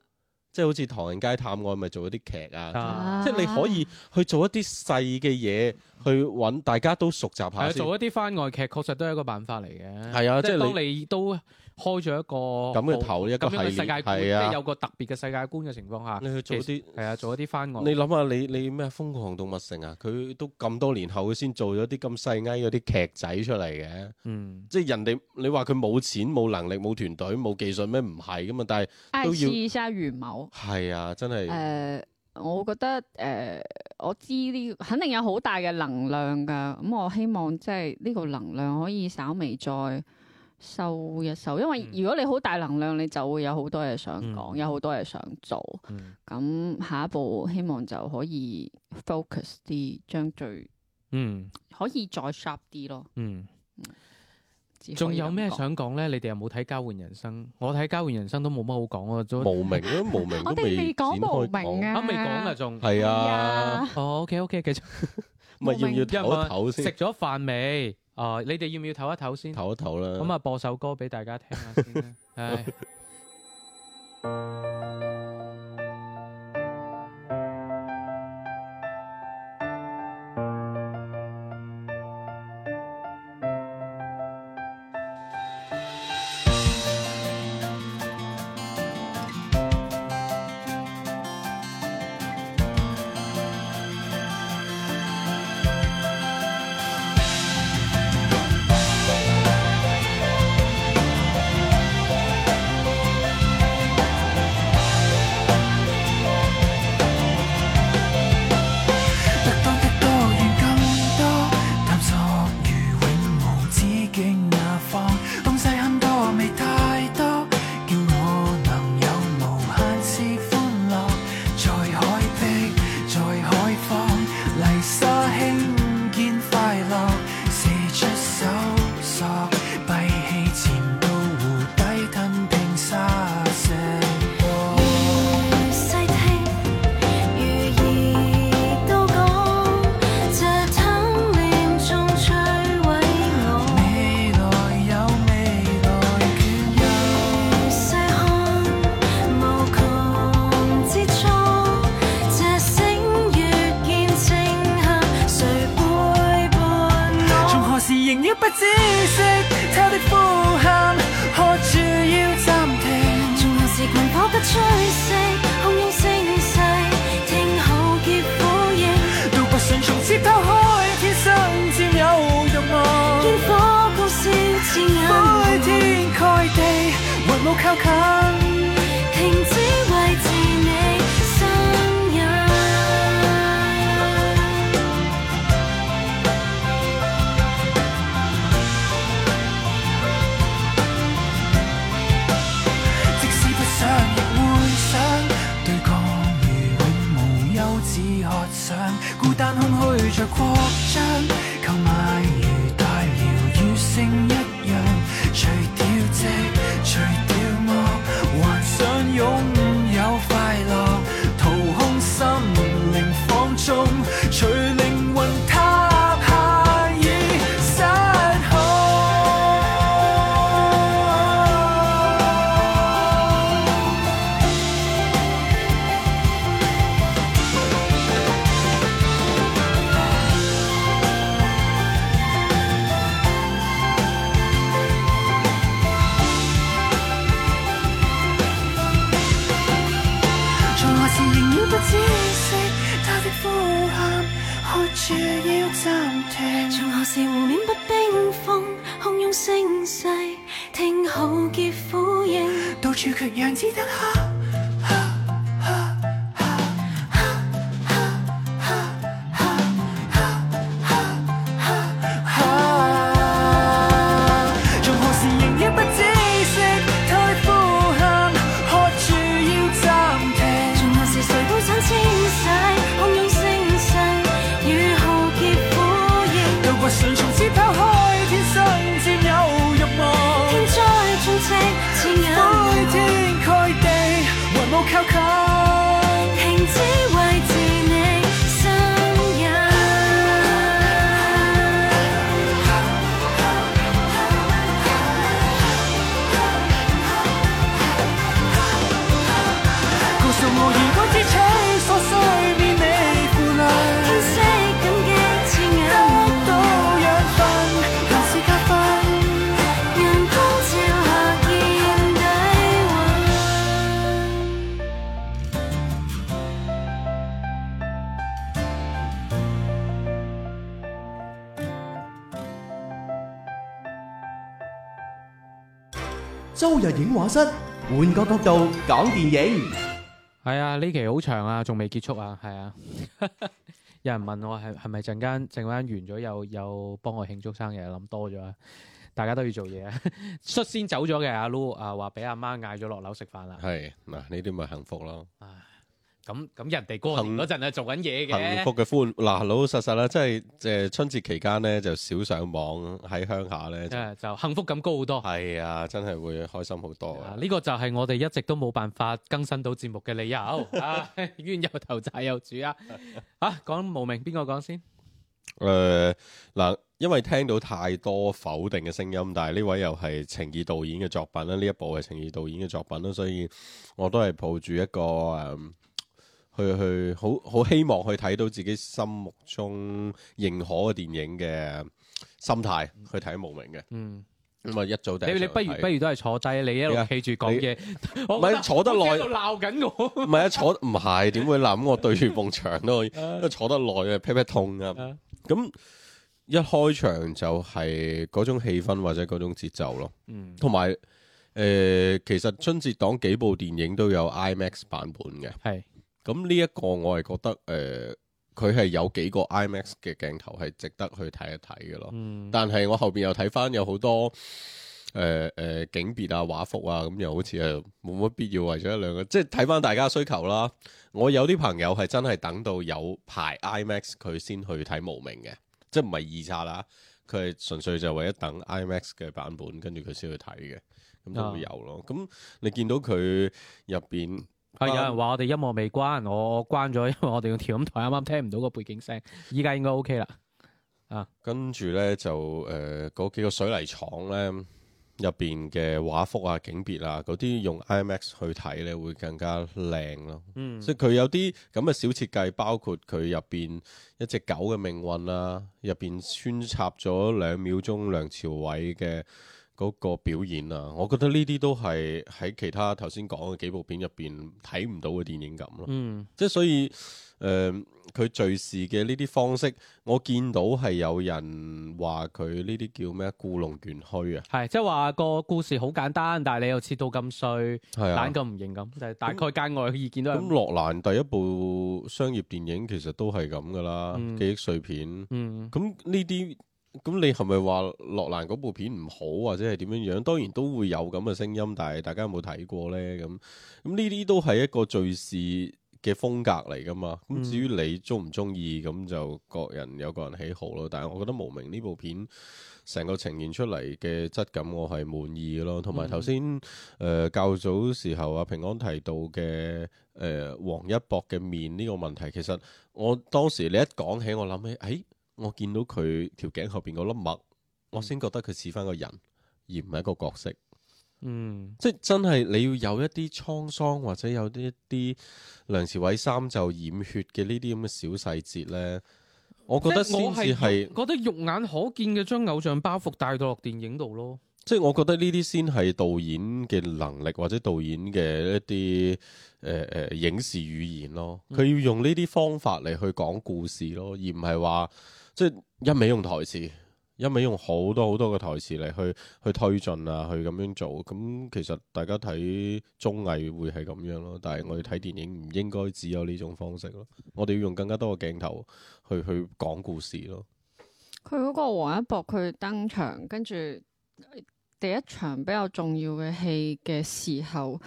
即係好似唐人街探案，咪做一啲劇啊，即係你可以去做一啲細嘅嘢，去揾大家都熟習下先。做一啲番外劇，確實都係一個辦法嚟嘅。係啊的，即係當你都。開咗一個咁嘅頭，一個咁世界觀，即係、啊、有個特別嘅世界觀嘅情況下，你去做啲係啊，做一啲翻案。你諗下，你你咩《瘋狂動物城》啊？佢都咁多年後，佢先做咗啲咁細埃嗰啲劇仔出嚟嘅。嗯，即係人哋你話佢冇錢、冇能力、冇團隊、冇技術咩？唔係㗎嘛，但係都要。要下預某。係啊，真係。誒、呃，我覺得誒、呃，我知呢、這個，肯定有好大嘅能量㗎。咁、嗯、我希望即係呢個能量可以稍微再。收一收，因為如果你好大能量，你就會有好多嘢想講，嗯、有好多嘢想做。咁、嗯、下一步希望就可以 focus 啲，將最嗯可以再 sharp 啲咯。嗯，仲有咩想講咧？你哋有冇睇交換人生？我睇交換人生都冇乜好講啊，都無，無名都因為無名都未展開講啊，我哋未講無名啊，未講啊，仲係啊。哦，OK OK，繼續。咪要唔要唞唞先？食咗飯未？ 哦，你哋要唔要唞一唞先？唞一唞啦。咁啊，播首歌畀大家聽下先。唉。講電影係啊，呢期好長啊，仲未結束啊，係啊。 有人問我係係咪陣間剩翻完咗，又有，有幫我慶祝生日諗多咗，大家都要做嘢。啊， 率先走咗嘅阿 Lu 啊，話俾阿媽嗌咗落樓食飯啦。係嗱，呢啲咪幸福咯。咁咁人哋過年嗰陣咧做緊嘢嘅，幸福嘅歡嗱老老實實啦，即係即係春節期間咧就少上網喺鄉下咧，嗯，就幸福感高好多。係啊、哎，真係會開心好多啊！呢、嗯這個就係我哋一直都冇辦法更新到節目嘅理由 啊，冤有頭債有主啊！吓、啊，講無名邊個講先講？誒、呃，嗱、呃，因為聽到太多否定嘅聲音，但係呢位又係程耳導演嘅作品啦，呢一部係程耳導演嘅作品啦，所以我都係抱住一個誒。嗯去去，好好希望去睇到自己心目中認可嘅電影嘅心態去睇《無名》嘅。嗯，咁啊一早第你你不如不如都係坐低，你一路企住講嘢，唔係坐得耐鬧緊我。唔係啊，坐唔係點會諗？我對住埲牆都可以，坐得耐嘅劈劈痛啊。咁一開場就係嗰種氣氛或者嗰種節奏咯。同埋誒，其實春節檔幾部電影都有 IMAX 版本嘅，係。咁呢一個我係覺得誒，佢、呃、係有幾個 IMAX 嘅鏡頭係值得去睇一睇嘅咯。嗯、但係我後邊又睇翻有好多誒誒、呃呃、景別啊、畫幅啊，咁、嗯、又好似係冇乜必要為咗一兩個，即係睇翻大家需求啦。我有啲朋友係真係等到有排 IMAX 佢先去睇無名嘅，即係唔係二刷啦，佢係純粹就為咗等 IMAX 嘅版本，跟住佢先去睇嘅，咁、嗯啊、都會有咯。咁你見到佢入邊。係、嗯、有人話我哋音樂未關，我關咗，因為我哋用調音台啱啱聽唔到個背景聲，依家應該 OK 啦。啊、嗯，跟住咧就誒，嗰、呃、幾個水泥廠咧入邊嘅畫幅啊、景別啊，嗰啲用 IMAX 去睇咧會更加靚咯。嗯，即係佢有啲咁嘅小設計，包括佢入邊一隻狗嘅命運啊，入邊穿插咗兩秒鐘梁朝偉嘅。嗰個表演啊，我覺得呢啲都係喺其他頭先講嘅幾部片入邊睇唔到嘅電影感咯。嗯，即係所以，誒佢敘事嘅呢啲方式，我見到係有人話佢呢啲叫咩故弄玄虛啊，係即係話個故事好簡單，但係你又切到咁碎，係啊，懶咁唔認咁，就係、是、大概界外嘅意見都係咁那。諾蘭第一部商業電影其實都係咁噶啦，嗯《記憶碎片》嗯。嗯，咁呢啲。咁你係咪話諾蘭嗰部片唔好或者係點樣樣？當然都會有咁嘅聲音，但係大家有冇睇過呢？咁咁呢啲都係一個敘事嘅風格嚟噶嘛？咁、嗯、至於你中唔中意，咁就各人有各人喜好咯。但係我覺得無名呢部片成個呈現出嚟嘅質感，我係滿意咯。同埋頭先誒較早時候啊平安提到嘅誒王一博嘅面呢個問題，其實我當時你一講起，我諗起誒。欸我見到佢條頸後邊嗰粒墨，我先覺得佢似返個人，而唔係一個角色。嗯，即係真係你要有一啲滄桑，或者有啲一啲梁朝偉三就染血嘅呢啲咁嘅小細節咧，我覺得先至係覺得肉眼可見嘅，將偶像包袱帶到落電影度咯。即係我覺得呢啲先係導演嘅能力，或者導演嘅一啲誒誒影視語言咯。佢要用呢啲方法嚟去講故事咯，而唔係話。即係一味用台詞，一味用好多好多個台詞嚟去去推進啊，去咁樣做。咁其實大家睇綜藝會係咁樣咯，但係我哋睇電影唔應該只有呢種方式咯。我哋要用更加多嘅鏡頭去去講故事咯。佢嗰個王一博佢登場，跟住第一場比較重要嘅戲嘅時候。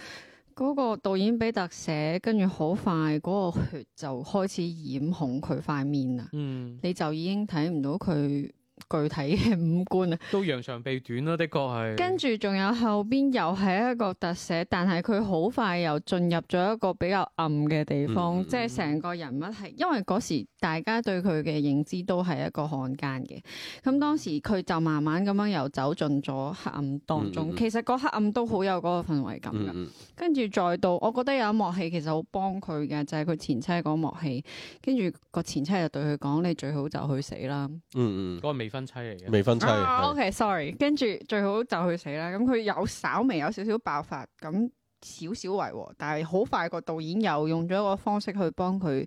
嗰個導演畀特寫，跟住好快嗰個血就開始染紅佢塊面喇，嗯、你就已經睇唔到佢具體嘅五官啊，都揚長避短咯，的確係。跟住仲有後邊又係一個特寫，但係佢好快又進入咗一個比較暗嘅地方，嗯嗯、即係成個人物係，因為嗰時大家對佢嘅認知都係一個漢奸嘅。咁當時佢就慢慢咁樣又走進咗黑暗當中，嗯嗯、其實個黑暗都好有嗰個氛圍感噶。嗯嗯、跟住再到，我覺得有一幕戲其實好幫佢嘅，就係、是、佢前妻嗰幕戲，跟住個前妻又對佢講：，你最好就去死啦、嗯。嗯嗯，嗰個未婚。嗯未婚妻。OK，sorry、啊。跟住是、okay, 最好就去死啦。咁佢有稍微有少少爆發，咁少少違和，但係好快個導演又用咗一個方式去幫佢。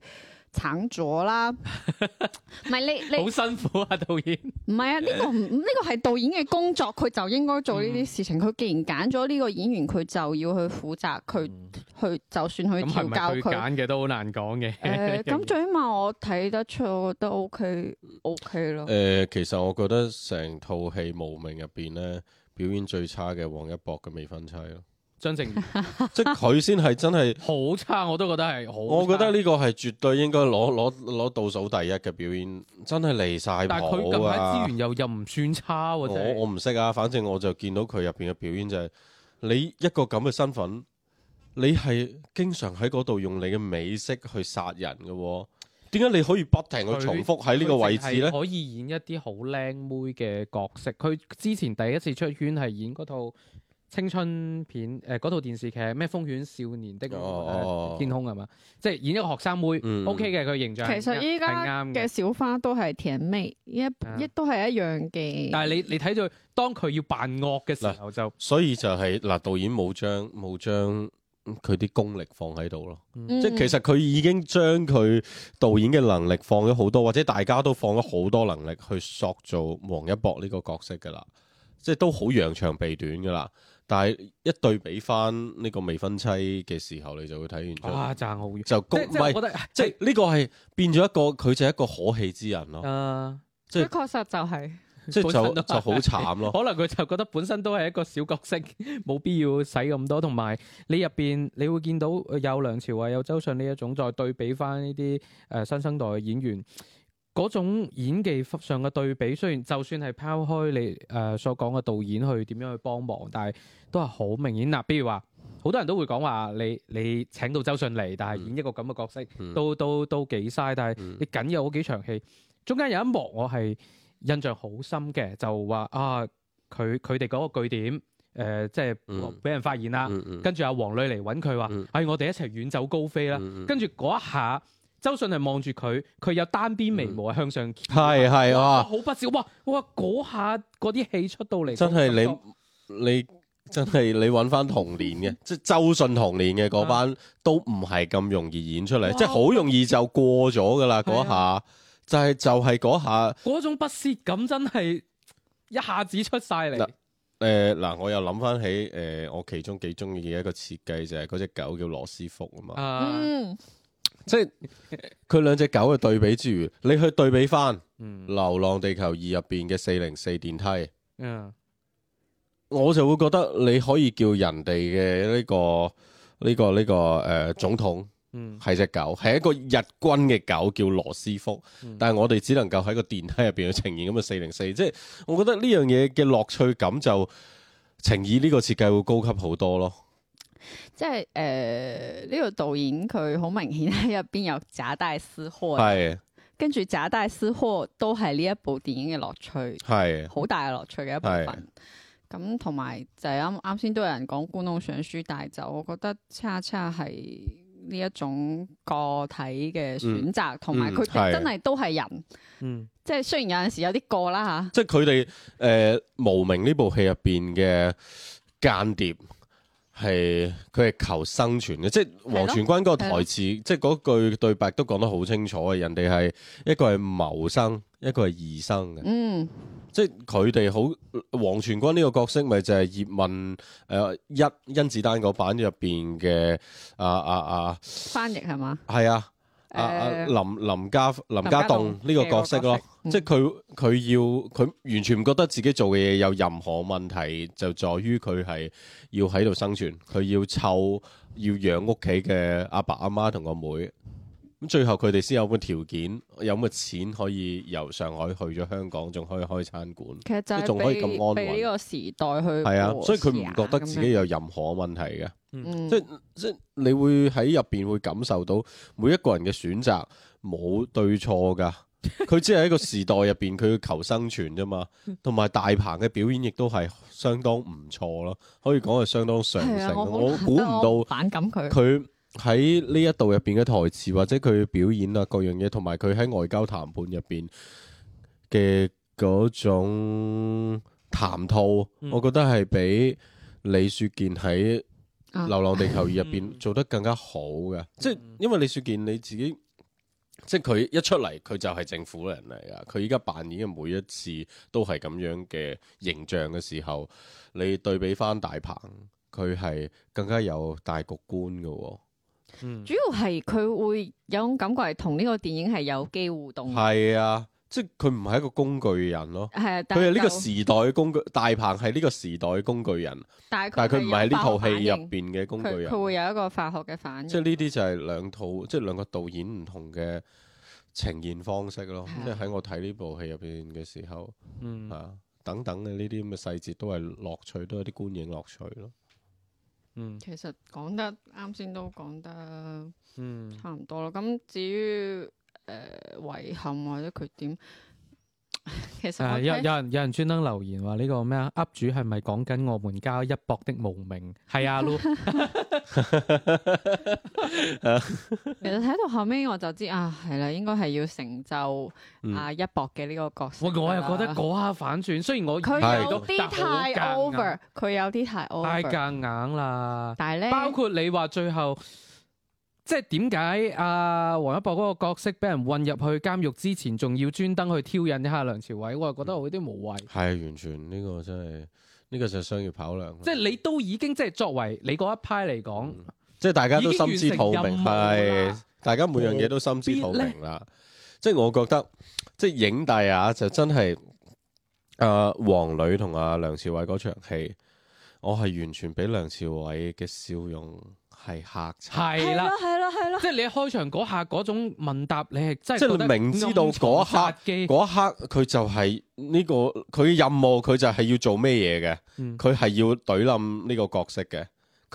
剷咗啦，唔係 你你好辛苦啊，導演。唔 係啊，呢、這個呢個係導演嘅工作，佢就應該做呢啲事情。佢、嗯、既然揀咗呢個演員，佢就要去負責佢去，嗯、就算去調教佢。咁係咪佢揀嘅都好難講嘅？誒、呃，咁最起碼我睇得出，我覺得 OK OK 咯。誒、呃，其實我覺得成套戲無名入邊咧，表演最差嘅王一博嘅未婚妻咯。張 即係佢先係真係好差，我都覺得係好。我覺得呢個係絕對應該攞攞攞倒數第一嘅表演，真係離晒譜啊！但佢近排資源又又唔算差，我我唔識啊。反正我就見到佢入邊嘅表演就係你一個咁嘅身份，你係經常喺嗰度用你嘅美式去殺人嘅，啊。點解你可以不停去重複喺呢個位置咧？可以演一啲好靚妹嘅角色。佢之前第一次出圈係演嗰套青春片，誒嗰套電視劇咩《風犬少年的天空》係嘛？哦哦？即係演一個學生妹，O K 嘅佢形象，其實依家嘅小花都係甜美，一亦、嗯、都係一樣嘅。但係你你睇到當佢要扮惡嘅時候就，就所以就係、是、嗱，導演冇將冇將佢啲功力放喺度咯，嗯、即係其實佢已經將佢導演嘅能力放咗好多，或者大家都放咗好多能力去塑造王一博呢個角色㗎啦，即係都好揚長避短㗎啦。但係一對比翻呢個未婚妻嘅時候，你就會睇完哇，讚好就谷，即係不即覺得即係呢個係變咗一個佢就係一個可氣之人咯。啊、呃，即係佢確實就係、是，即係就就好慘咯。可能佢就覺得本身都係一個小角色，冇 必要使咁多。同埋你入邊你會見到有梁朝偉、有周迅呢一種，再對比翻呢啲誒新生代嘅演員。嗰種演技上嘅對比，雖然就算係拋開你誒所講嘅導演去點樣去幫忙，但係都係好明顯嗱，比如話，好多人都會講話你你請到周迅嚟，但係演一個咁嘅角色都都都幾嘥。但係你僅有嗰幾場戲，中間有一幕我係印象好深嘅，就話啊佢佢哋嗰個據點、呃、即係俾人發現啦。跟住阿黃磊嚟揾佢話，係、哎、我哋一齊遠走高飛啦。跟住嗰一下。周迅係望住佢，佢有單邊眉毛向上翹，係係啊，好不屑，哇哇！嗰下嗰啲戲出到嚟，真係你你真係你揾翻童年嘅，即係周迅童年嘅嗰班都唔係咁容易演出嚟，即係好容易就過咗噶啦嗰下，就係就係嗰下嗰種不屑感真係一下子出晒嚟。誒嗱，我又諗翻起誒，我其中幾中意嘅一個設計就係嗰隻狗叫羅斯福啊嘛。即係佢兩隻狗嘅對比之餘你去對比翻《流浪地球二》入邊嘅四零四電梯，Yeah. 我就會覺得你可以叫人哋嘅呢個呢、呢個呢、呢個誒、呃、總統係隻狗，係一個日軍嘅狗叫羅斯福，但係我哋只能夠喺個電梯入邊去呈現咁嘅四零四。即係我覺得呢樣嘢嘅樂趣感就，以呢個設計會高級好多咯。即係誒，呢、呃呢個導演佢好明顯喺入邊有夾帶私貨，係是跟住夾帶私貨都係呢一部電影嘅樂趣，係好是大嘅樂趣嘅一部分。咁同埋就係啱啱先都有人講觀眾上書帶走，我覺得恰恰係呢一種個體嘅選擇，同埋佢哋真係都係人，嗯，即係雖然有陣時有啲過啦吓，嗯、即係佢哋誒無名呢部戲入邊嘅間諜。係佢係求生存嘅，即係黃全軍個台詞，的即係嗰句對白都講得好清楚啊！人哋係一個係謀生，一個係疑生嘅。嗯，即係佢哋好黃全軍呢個角色葉，咪就係葉問誒一甄子丹嗰版入邊嘅啊啊啊！翻譯係嘛？係啊。阿、啊、林林家林家棟呢個角色咯， 即係佢佢要佢完全唔覺得自己做嘅嘢有任何問題，就在於佢係要喺度生存，佢要湊要養屋企嘅阿爸阿媽同個妹。咁最後佢哋先有乜條件，有乜錢可以由上海去咗香港，仲可以開餐館，即係仲可以咁安穩。俾個時代去、啊，係啊，所以佢唔覺得自己有任何問題嘅。嗯、即即你會喺入邊會感受到每一個人嘅選擇冇對錯噶，佢只係一個時代入邊佢要求生存啫嘛。同埋大鵬嘅表演亦都係相當唔錯咯，可以講係相當上乘，啊。我估唔到反感佢佢喺呢一度入邊嘅台詞或者佢嘅表演啊各樣嘢，同埋佢喺外交談判入邊嘅嗰種談吐，我覺得係比李雪健喺。流浪地球二入邊做得更加好嘅，嗯、即係因為李雪健你自己，即係佢一出嚟，佢就係政府嘅人嚟噶佢而家扮演嘅每一次都係咁樣嘅形象嘅時候，你對比翻大鵬，佢係更加有大局觀嘅。嗯，主要係佢會有種感覺係同呢個電影係有機互動、嗯。係啊。即係佢唔係一個工具人咯，係啊，佢係呢個時代嘅工具。大鵬係呢個時代嘅工具人，概但係佢唔係呢套戲入邊嘅工具人。佢會有一個化學嘅反應。即係呢啲就係兩套，即係兩個導演唔同嘅呈現方式咯。即係喺我睇呢部戲入邊嘅時候，嗯啊等等嘅呢啲咁嘅細節都係樂趣，都係啲觀影樂趣咯。嗯，其實講得啱先都講得，嗯，差唔多咯。咁至於。誒，遺、呃、憾或者缺點， 其實我有有人有人專登留言話呢個咩啊？up 主係咪講緊我們家一博的無名？係啊，其實睇到後尾我就知啊，係啦，應該係要成就啊、嗯、成就啊一博嘅呢個角色。我又覺得嗰下反轉，雖然我佢有啲太 over，佢有啲太 over，太夾硬啦。但係呢咧，包括你話最後。即係點解阿王一博嗰個角色俾人混入去監獄之前，仲要專登去挑釁一下梁朝偉？我係覺得有啲無謂，係完全呢個真係呢個就商業考量。即係你都已經即係作為你嗰一派嚟講、嗯，即係大家都心知肚明，係大家每樣嘢都心知肚明啦。呢即係我覺得，即係影帝啊，就真係阿黃磊同阿梁朝偉嗰場戲，我係完全俾梁朝偉嘅笑容。係吓，係啦，係啦，係啦，啦，即係你開場嗰刻嗰種問答，你係真係即係明知道嗰刻嗰、嗯、刻佢就係呢、個佢任務，佢就係要做咩嘢嘅，佢係要懟冧呢個角色嘅。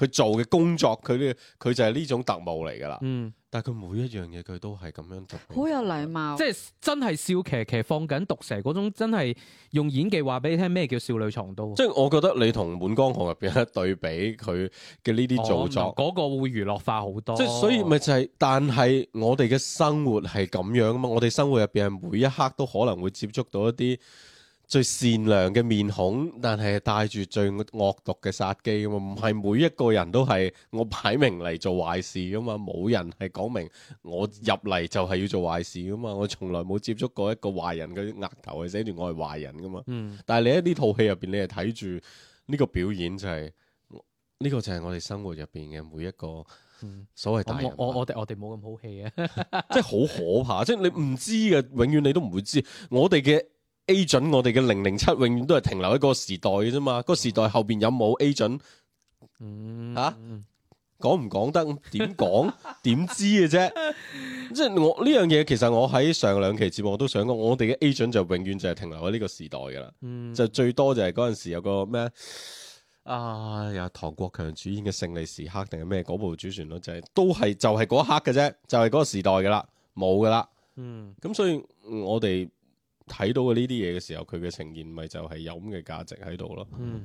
佢做嘅工作，佢咧佢就係呢種特務嚟噶啦。嗯，但係佢每一樣嘢佢都係咁樣做，好有禮貌，即係真係笑騎騎放緊毒蛇嗰種，真係用演技話俾你聽咩叫少女藏刀。即係我覺得你同《滿江紅》入邊一對比佢嘅呢啲做作，嗰個會娛樂化好多。即係所以咪就係，但係我哋嘅生活係咁樣啊嘛，我哋生活入邊係每一刻都可能會接觸到一啲，最善良嘅面孔，但係帶住最惡毒嘅殺機啊嘛！唔係每一個人都係我擺明嚟做壞事噶嘛，冇人係講明我入嚟就係要做壞事噶嘛，我從來冇接觸過一個壞人嘅額頭係寫住我係壞人噶嘛。但係你喺呢套戲入邊，你係睇住呢個表演就係呢個就係我哋生活入邊嘅每一個所謂大、嗯、我我我哋我哋冇咁好戲啊！ 即係好可怕，即係你唔知嘅，永遠你都唔會知我哋嘅。A 准我哋嘅零零七永遠都係停留喺個時代嘅啫嘛，個時代後邊有冇 A 准？吓、啊，講唔講得？點講？點知嘅啫？ 即係我呢樣嘢，其實我喺上兩期節目我都想講，我哋嘅 A 准就永遠就係停留喺呢個時代噶啦，嗯、就最多就係嗰陣時有個咩啊，有唐國強主演嘅勝利時刻定係咩嗰部主旋律就係都係就係嗰刻嘅啫，就係、是、嗰、就是就是就是、個時代噶啦，冇噶啦。嗯，咁所以我哋。睇到嘅呢啲嘢嘅時候，佢嘅呈現咪就係有咁嘅價值喺度咯。嗯，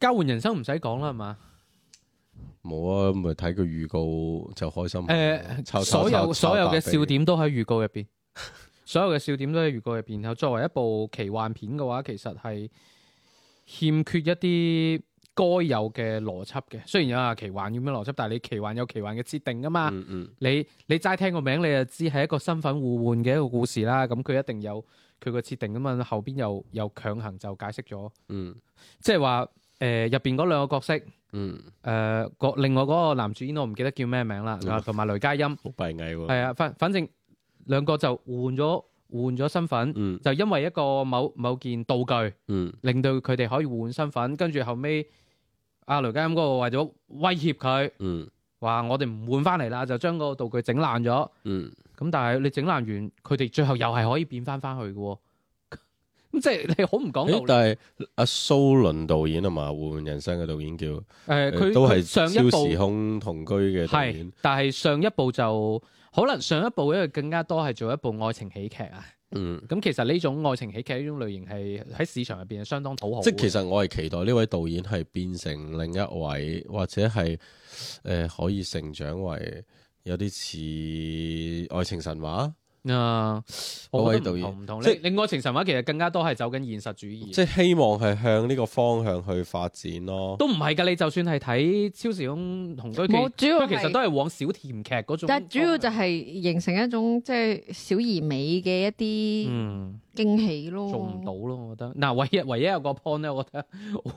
交換、嗯、人生唔使講啦，係嘛、嗯？冇啊，咁咪睇個預告就開心。誒、呃，所有所有嘅笑點都喺預告入邊，所有嘅笑點都喺預告入邊。然後作為一部奇幻片嘅話，其實係欠缺一啲該有嘅邏輯嘅，雖然有啊奇幻咁樣邏輯，但係你奇幻有奇幻嘅設定㗎嘛。嗯嗯，你你齋聽個名，你就知係一個身份互換嘅一個故事啦。咁、嗯、佢、嗯、一定有佢個設定㗎嘛。後邊又又強行就解釋咗，即係話誒入邊嗰兩個角色，誒個、嗯呃、另外嗰個男主角我唔記得叫咩名啦，同埋雷佳音，好閉翳喎。 嗯、 係啊，反反正兩個就換咗換咗身份，嗯、就因為一個某某件道具，嗯、令到佢哋可以換身份，跟住後尾，阿雷佳音嗰個為咗威脅佢，話、嗯、我哋唔換翻嚟啦，就將個道具整爛咗。咁、嗯、但係你整爛完，佢哋最後又係可以變翻翻去嘅。咁 即係你好唔講道理、欸、但係阿蘇倫導演同埋《交換人生》嘅導演叫，誒、呃，上一部都係超時空同居嘅導演。但係上一部就可能上一部因為更加多係做一部愛情喜劇啊。嗯，咁其實呢種愛情喜劇呢種類型係喺市場入邊係相當討好、嗯。即係其實我係期待呢位導演係變成另一位，或者係誒、呃、可以成長為有啲似愛情神話。啊，我係唔唔同，唔唔同即係你愛情神話其實更加多係走緊現實主義，即係希望係向呢個方向去發展咯。都唔係㗎，你就算係睇《超時空同居》，佢其實都係往小甜劇嗰種。但係主要就係形成一種即係、就係、小而美嘅一啲驚喜咯。嗯、做唔到咯，我覺得。嗱，唯一唯一有個 point 咧，我覺得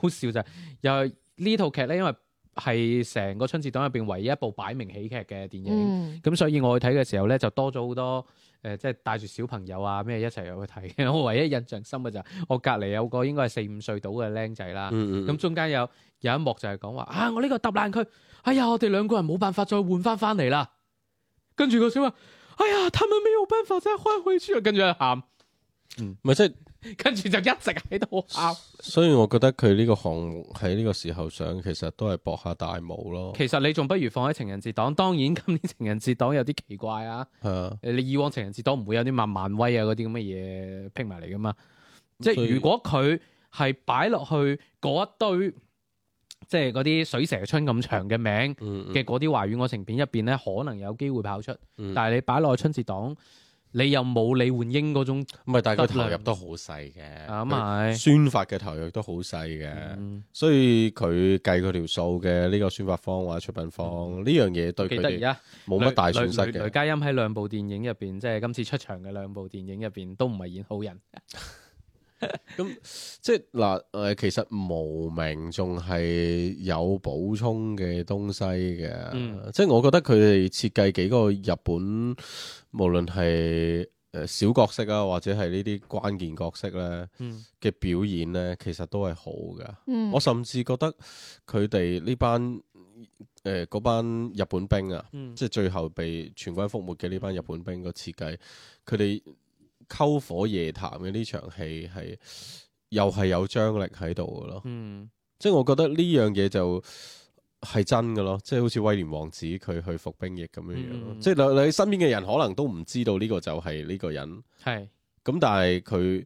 好笑就係又係呢套劇咧，因為係成個春節檔入邊唯一一部擺明喜劇嘅電影，咁、嗯、所以我去睇嘅時候咧就多咗好多。誒，即係帶住小朋友啊，咩一齊入去睇。我唯一印象深嘅就係我隔籬有個應該係四五歲到嘅僆仔啦。咁、嗯嗯、中間有有一幕就係講話啊，我呢個揼爛佢。哎呀，我哋兩個人冇辦法再換翻翻嚟啦。跟住個小朋友，哎呀，他們沒有辦法再換回去，跟住就喊。嗯，咪即跟住就一直喺度拗，所以我覺得佢呢個項目喺呢個時候上，其實都係博下大霧咯。其實你仲不如放喺情人節檔，當然今年情人節檔有啲奇怪啊。誒，是啊、你以往情人節檔唔會有啲乜漫，漫威啊嗰啲咁嘅嘢拼埋嚟噶嘛？所以 即係如果佢係擺落去嗰一堆，即係嗰啲水蛇春咁長嘅名嘅嗰啲華語愛情片入邊咧，可能有機會跑出。嗯、但係你擺落去春節檔。你又冇李煥英嗰種，唔係，大家投入都好細嘅，咁係、嗯、宣發嘅投入都好細嘅，嗯、所以佢計佢條數嘅呢、呢個宣發方或者出品方呢、嗯、樣嘢對佢哋而家冇乜大損失嘅。雷佳音喺兩部電影入邊，即、就、係、是、今次出場嘅兩部電影入邊，都唔係演好人。 咁即係嗱，誒， 其實無名仲係有補充嘅東西嘅，嗯、即係我覺得佢哋設計幾個日本，無論係誒小角色啊，或者係呢啲關鍵角色咧嘅表演咧，其實都係好噶。嗯、我甚至覺得佢哋呢班誒嗰、呃、班日本兵啊，嗯、即係最後被全軍覆沒嘅呢班日本兵個設計，佢哋、嗯。篝火夜談嘅呢場戲係又係有張力喺度嘅咯，即係我覺得呢樣嘢就係真嘅咯，即係好似威廉王子佢去服兵役咁樣樣，嗯、即係你你身邊嘅人可能都唔知道呢個就係呢個人，係咁是、嗯、但係佢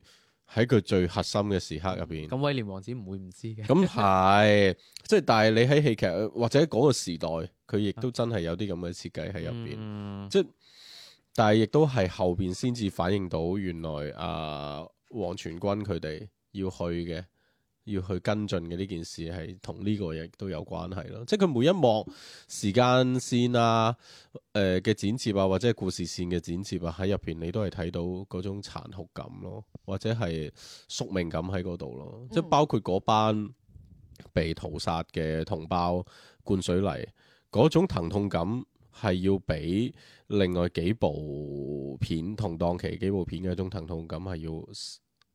喺佢最核心嘅時刻入邊，咁威廉王子唔會唔知嘅，咁 係、嗯、即係但係你喺戲劇或者嗰個時代，佢亦都真係有啲咁嘅設計喺入邊，嗯、即係。但係亦都係後邊先至反映到原來啊黃泉君佢哋要去嘅，要去跟進嘅呢件事係同呢個亦都有關係咯。即係佢每一幕時間線啊、誒、呃、嘅剪接啊，或者故事線嘅剪接啊，喺入邊你都係睇到嗰種殘酷感咯，或者係宿命感喺嗰度咯。嗯、即係包括嗰班被屠殺嘅同胞灌水泥嗰種疼痛感。係要比另外幾部片同檔期幾部片嘅一種疼痛感係要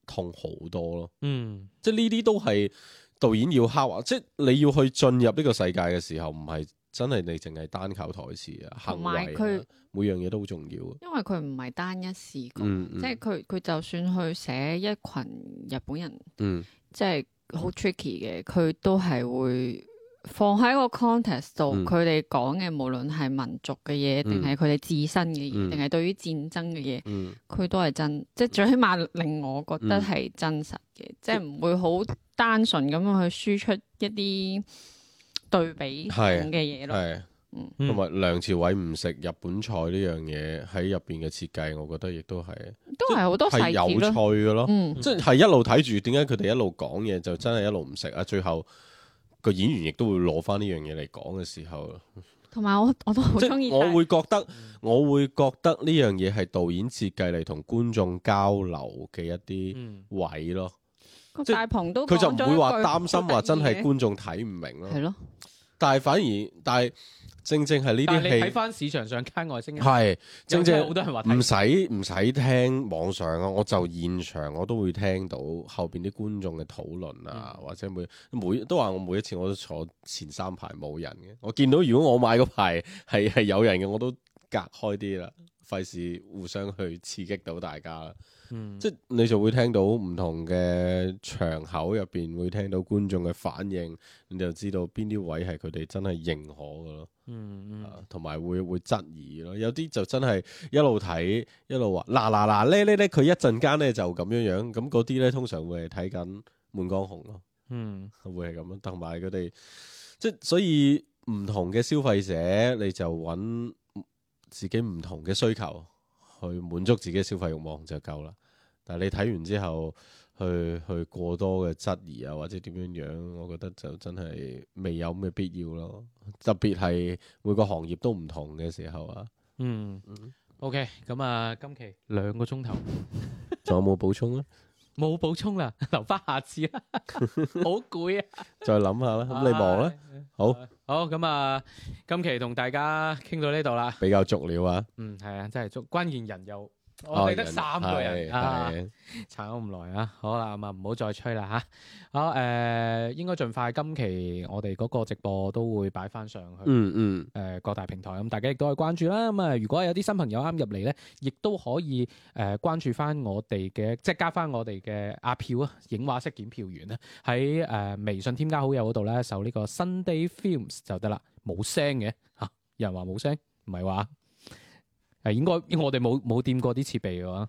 痛好多咯。嗯，即係呢啲都係導演要考慮，即係你要去進入呢個世界嘅時候，唔係真係你淨係單靠台詞啊，行佢每樣嘢都好重要。因為佢唔係單一視角，嗯嗯，即係佢佢就算去寫一群日本人，嗯，即係好 tricky 嘅，佢、嗯、都係會。放喺個 context 度，佢哋講嘅無論係民族嘅嘢，定係佢哋自身嘅嘢，定係對於戰爭嘅嘢，佢都係真，即係最起碼令我覺得係真實嘅，即係唔會好單純咁樣去輸出一啲對比性嘅嘢咯。係，同埋梁朝偉唔食日本菜呢樣嘢喺入邊嘅設計，我覺得亦都係，都係好多細節咯。即係一路睇住，點解佢哋一路講嘢就真係一路唔食啊？最後。個演員亦都會攞翻呢樣嘢嚟講嘅時候，同埋我我都好中意，我會覺得、嗯、我會覺得呢樣嘢係導演設計嚟同觀眾交流嘅一啲位咯。嗯、即係大鵬都佢就唔會話擔心話真係觀眾睇唔明咯。係咯的，但係反而但係。正正係呢啲戲，但你睇返市場上卡外星人係，是正正好多人話唔使唔使聽網上啊，我就現場我都會聽到後邊啲觀眾嘅討論啊，嗯、或者每每都話我每一次我都坐前三排冇人嘅，我見到如果我買嗰排係係有人嘅，我都隔開啲啦，費事互相去刺激到大家。嗯，即係你就會聽到唔同嘅場口入邊會聽到觀眾嘅反應，你就知道邊啲位係佢哋真係認可噶咯。嗯嗯，啊，同埋會會質疑咯，有啲就真係一路睇一路話嗱嗱嗱呢呢呢，佢一陣間咧就咁樣樣，咁嗰啲咧通常會係睇緊滿江紅咯。嗯，會係咁樣，同埋佢哋即係所以唔同嘅消費者，你就揾自己唔同嘅需求去滿足自己嘅消費慾望就夠啦。但係你睇完之後，去去過多嘅質疑啊，或者點樣樣，我覺得就真係未有咩必要咯。特別係每個行業都唔同嘅時候啊。嗯，嗯，OK，咁啊，今期兩個鐘頭，仲 有冇補充啊？冇補充啦，留翻下次啦。好攰啊，再諗下啦。咁你忙啦？好好，咁啊，今期同大家傾到呢度啦。比較足料啊。嗯，係啊，真係足，關鍵人又。我哋得三個人、哦、啊，撐咗咁耐啊，好啦，咁啊唔好再吹啦吓，好，誒、呃，應該盡快今期我哋嗰個直播都會擺翻上去，嗯嗯，誒、嗯呃、各大平台咁，大家亦都可以關注啦，咁啊如果有啲新朋友啱入嚟咧，亦都可以誒、呃、關注翻我哋嘅，即係加翻我哋嘅阿票啊，映畫室檢票員啦，喺誒、呃、微信添加好友嗰度咧搜呢個 Sunday Films 就得啦，冇聲嘅吓，啊、有人話冇聲，唔係話。誒，應該我哋冇冇掂過啲設備嘅話，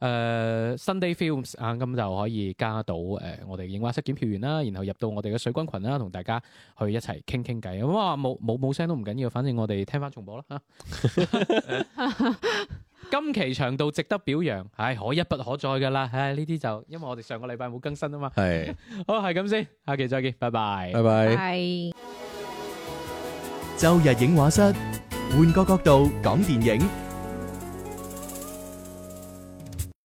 誒，Sunday Films 啊，咁就可以加到誒，我哋影畫室檢票員啦，然後入到我哋嘅水軍群啦，同大家去一齊傾傾偈。咁啊，冇冇冇聲都唔緊要，反正我哋聽翻重播啦。哈，今期長度值得表揚，係，可一不可再噶啦，唉，呢啲就因為我哋上個禮拜冇更新啊嘛。係，好，係咁先，下期再見，拜拜，拜拜，係。週日影畫室，換個角度講電影。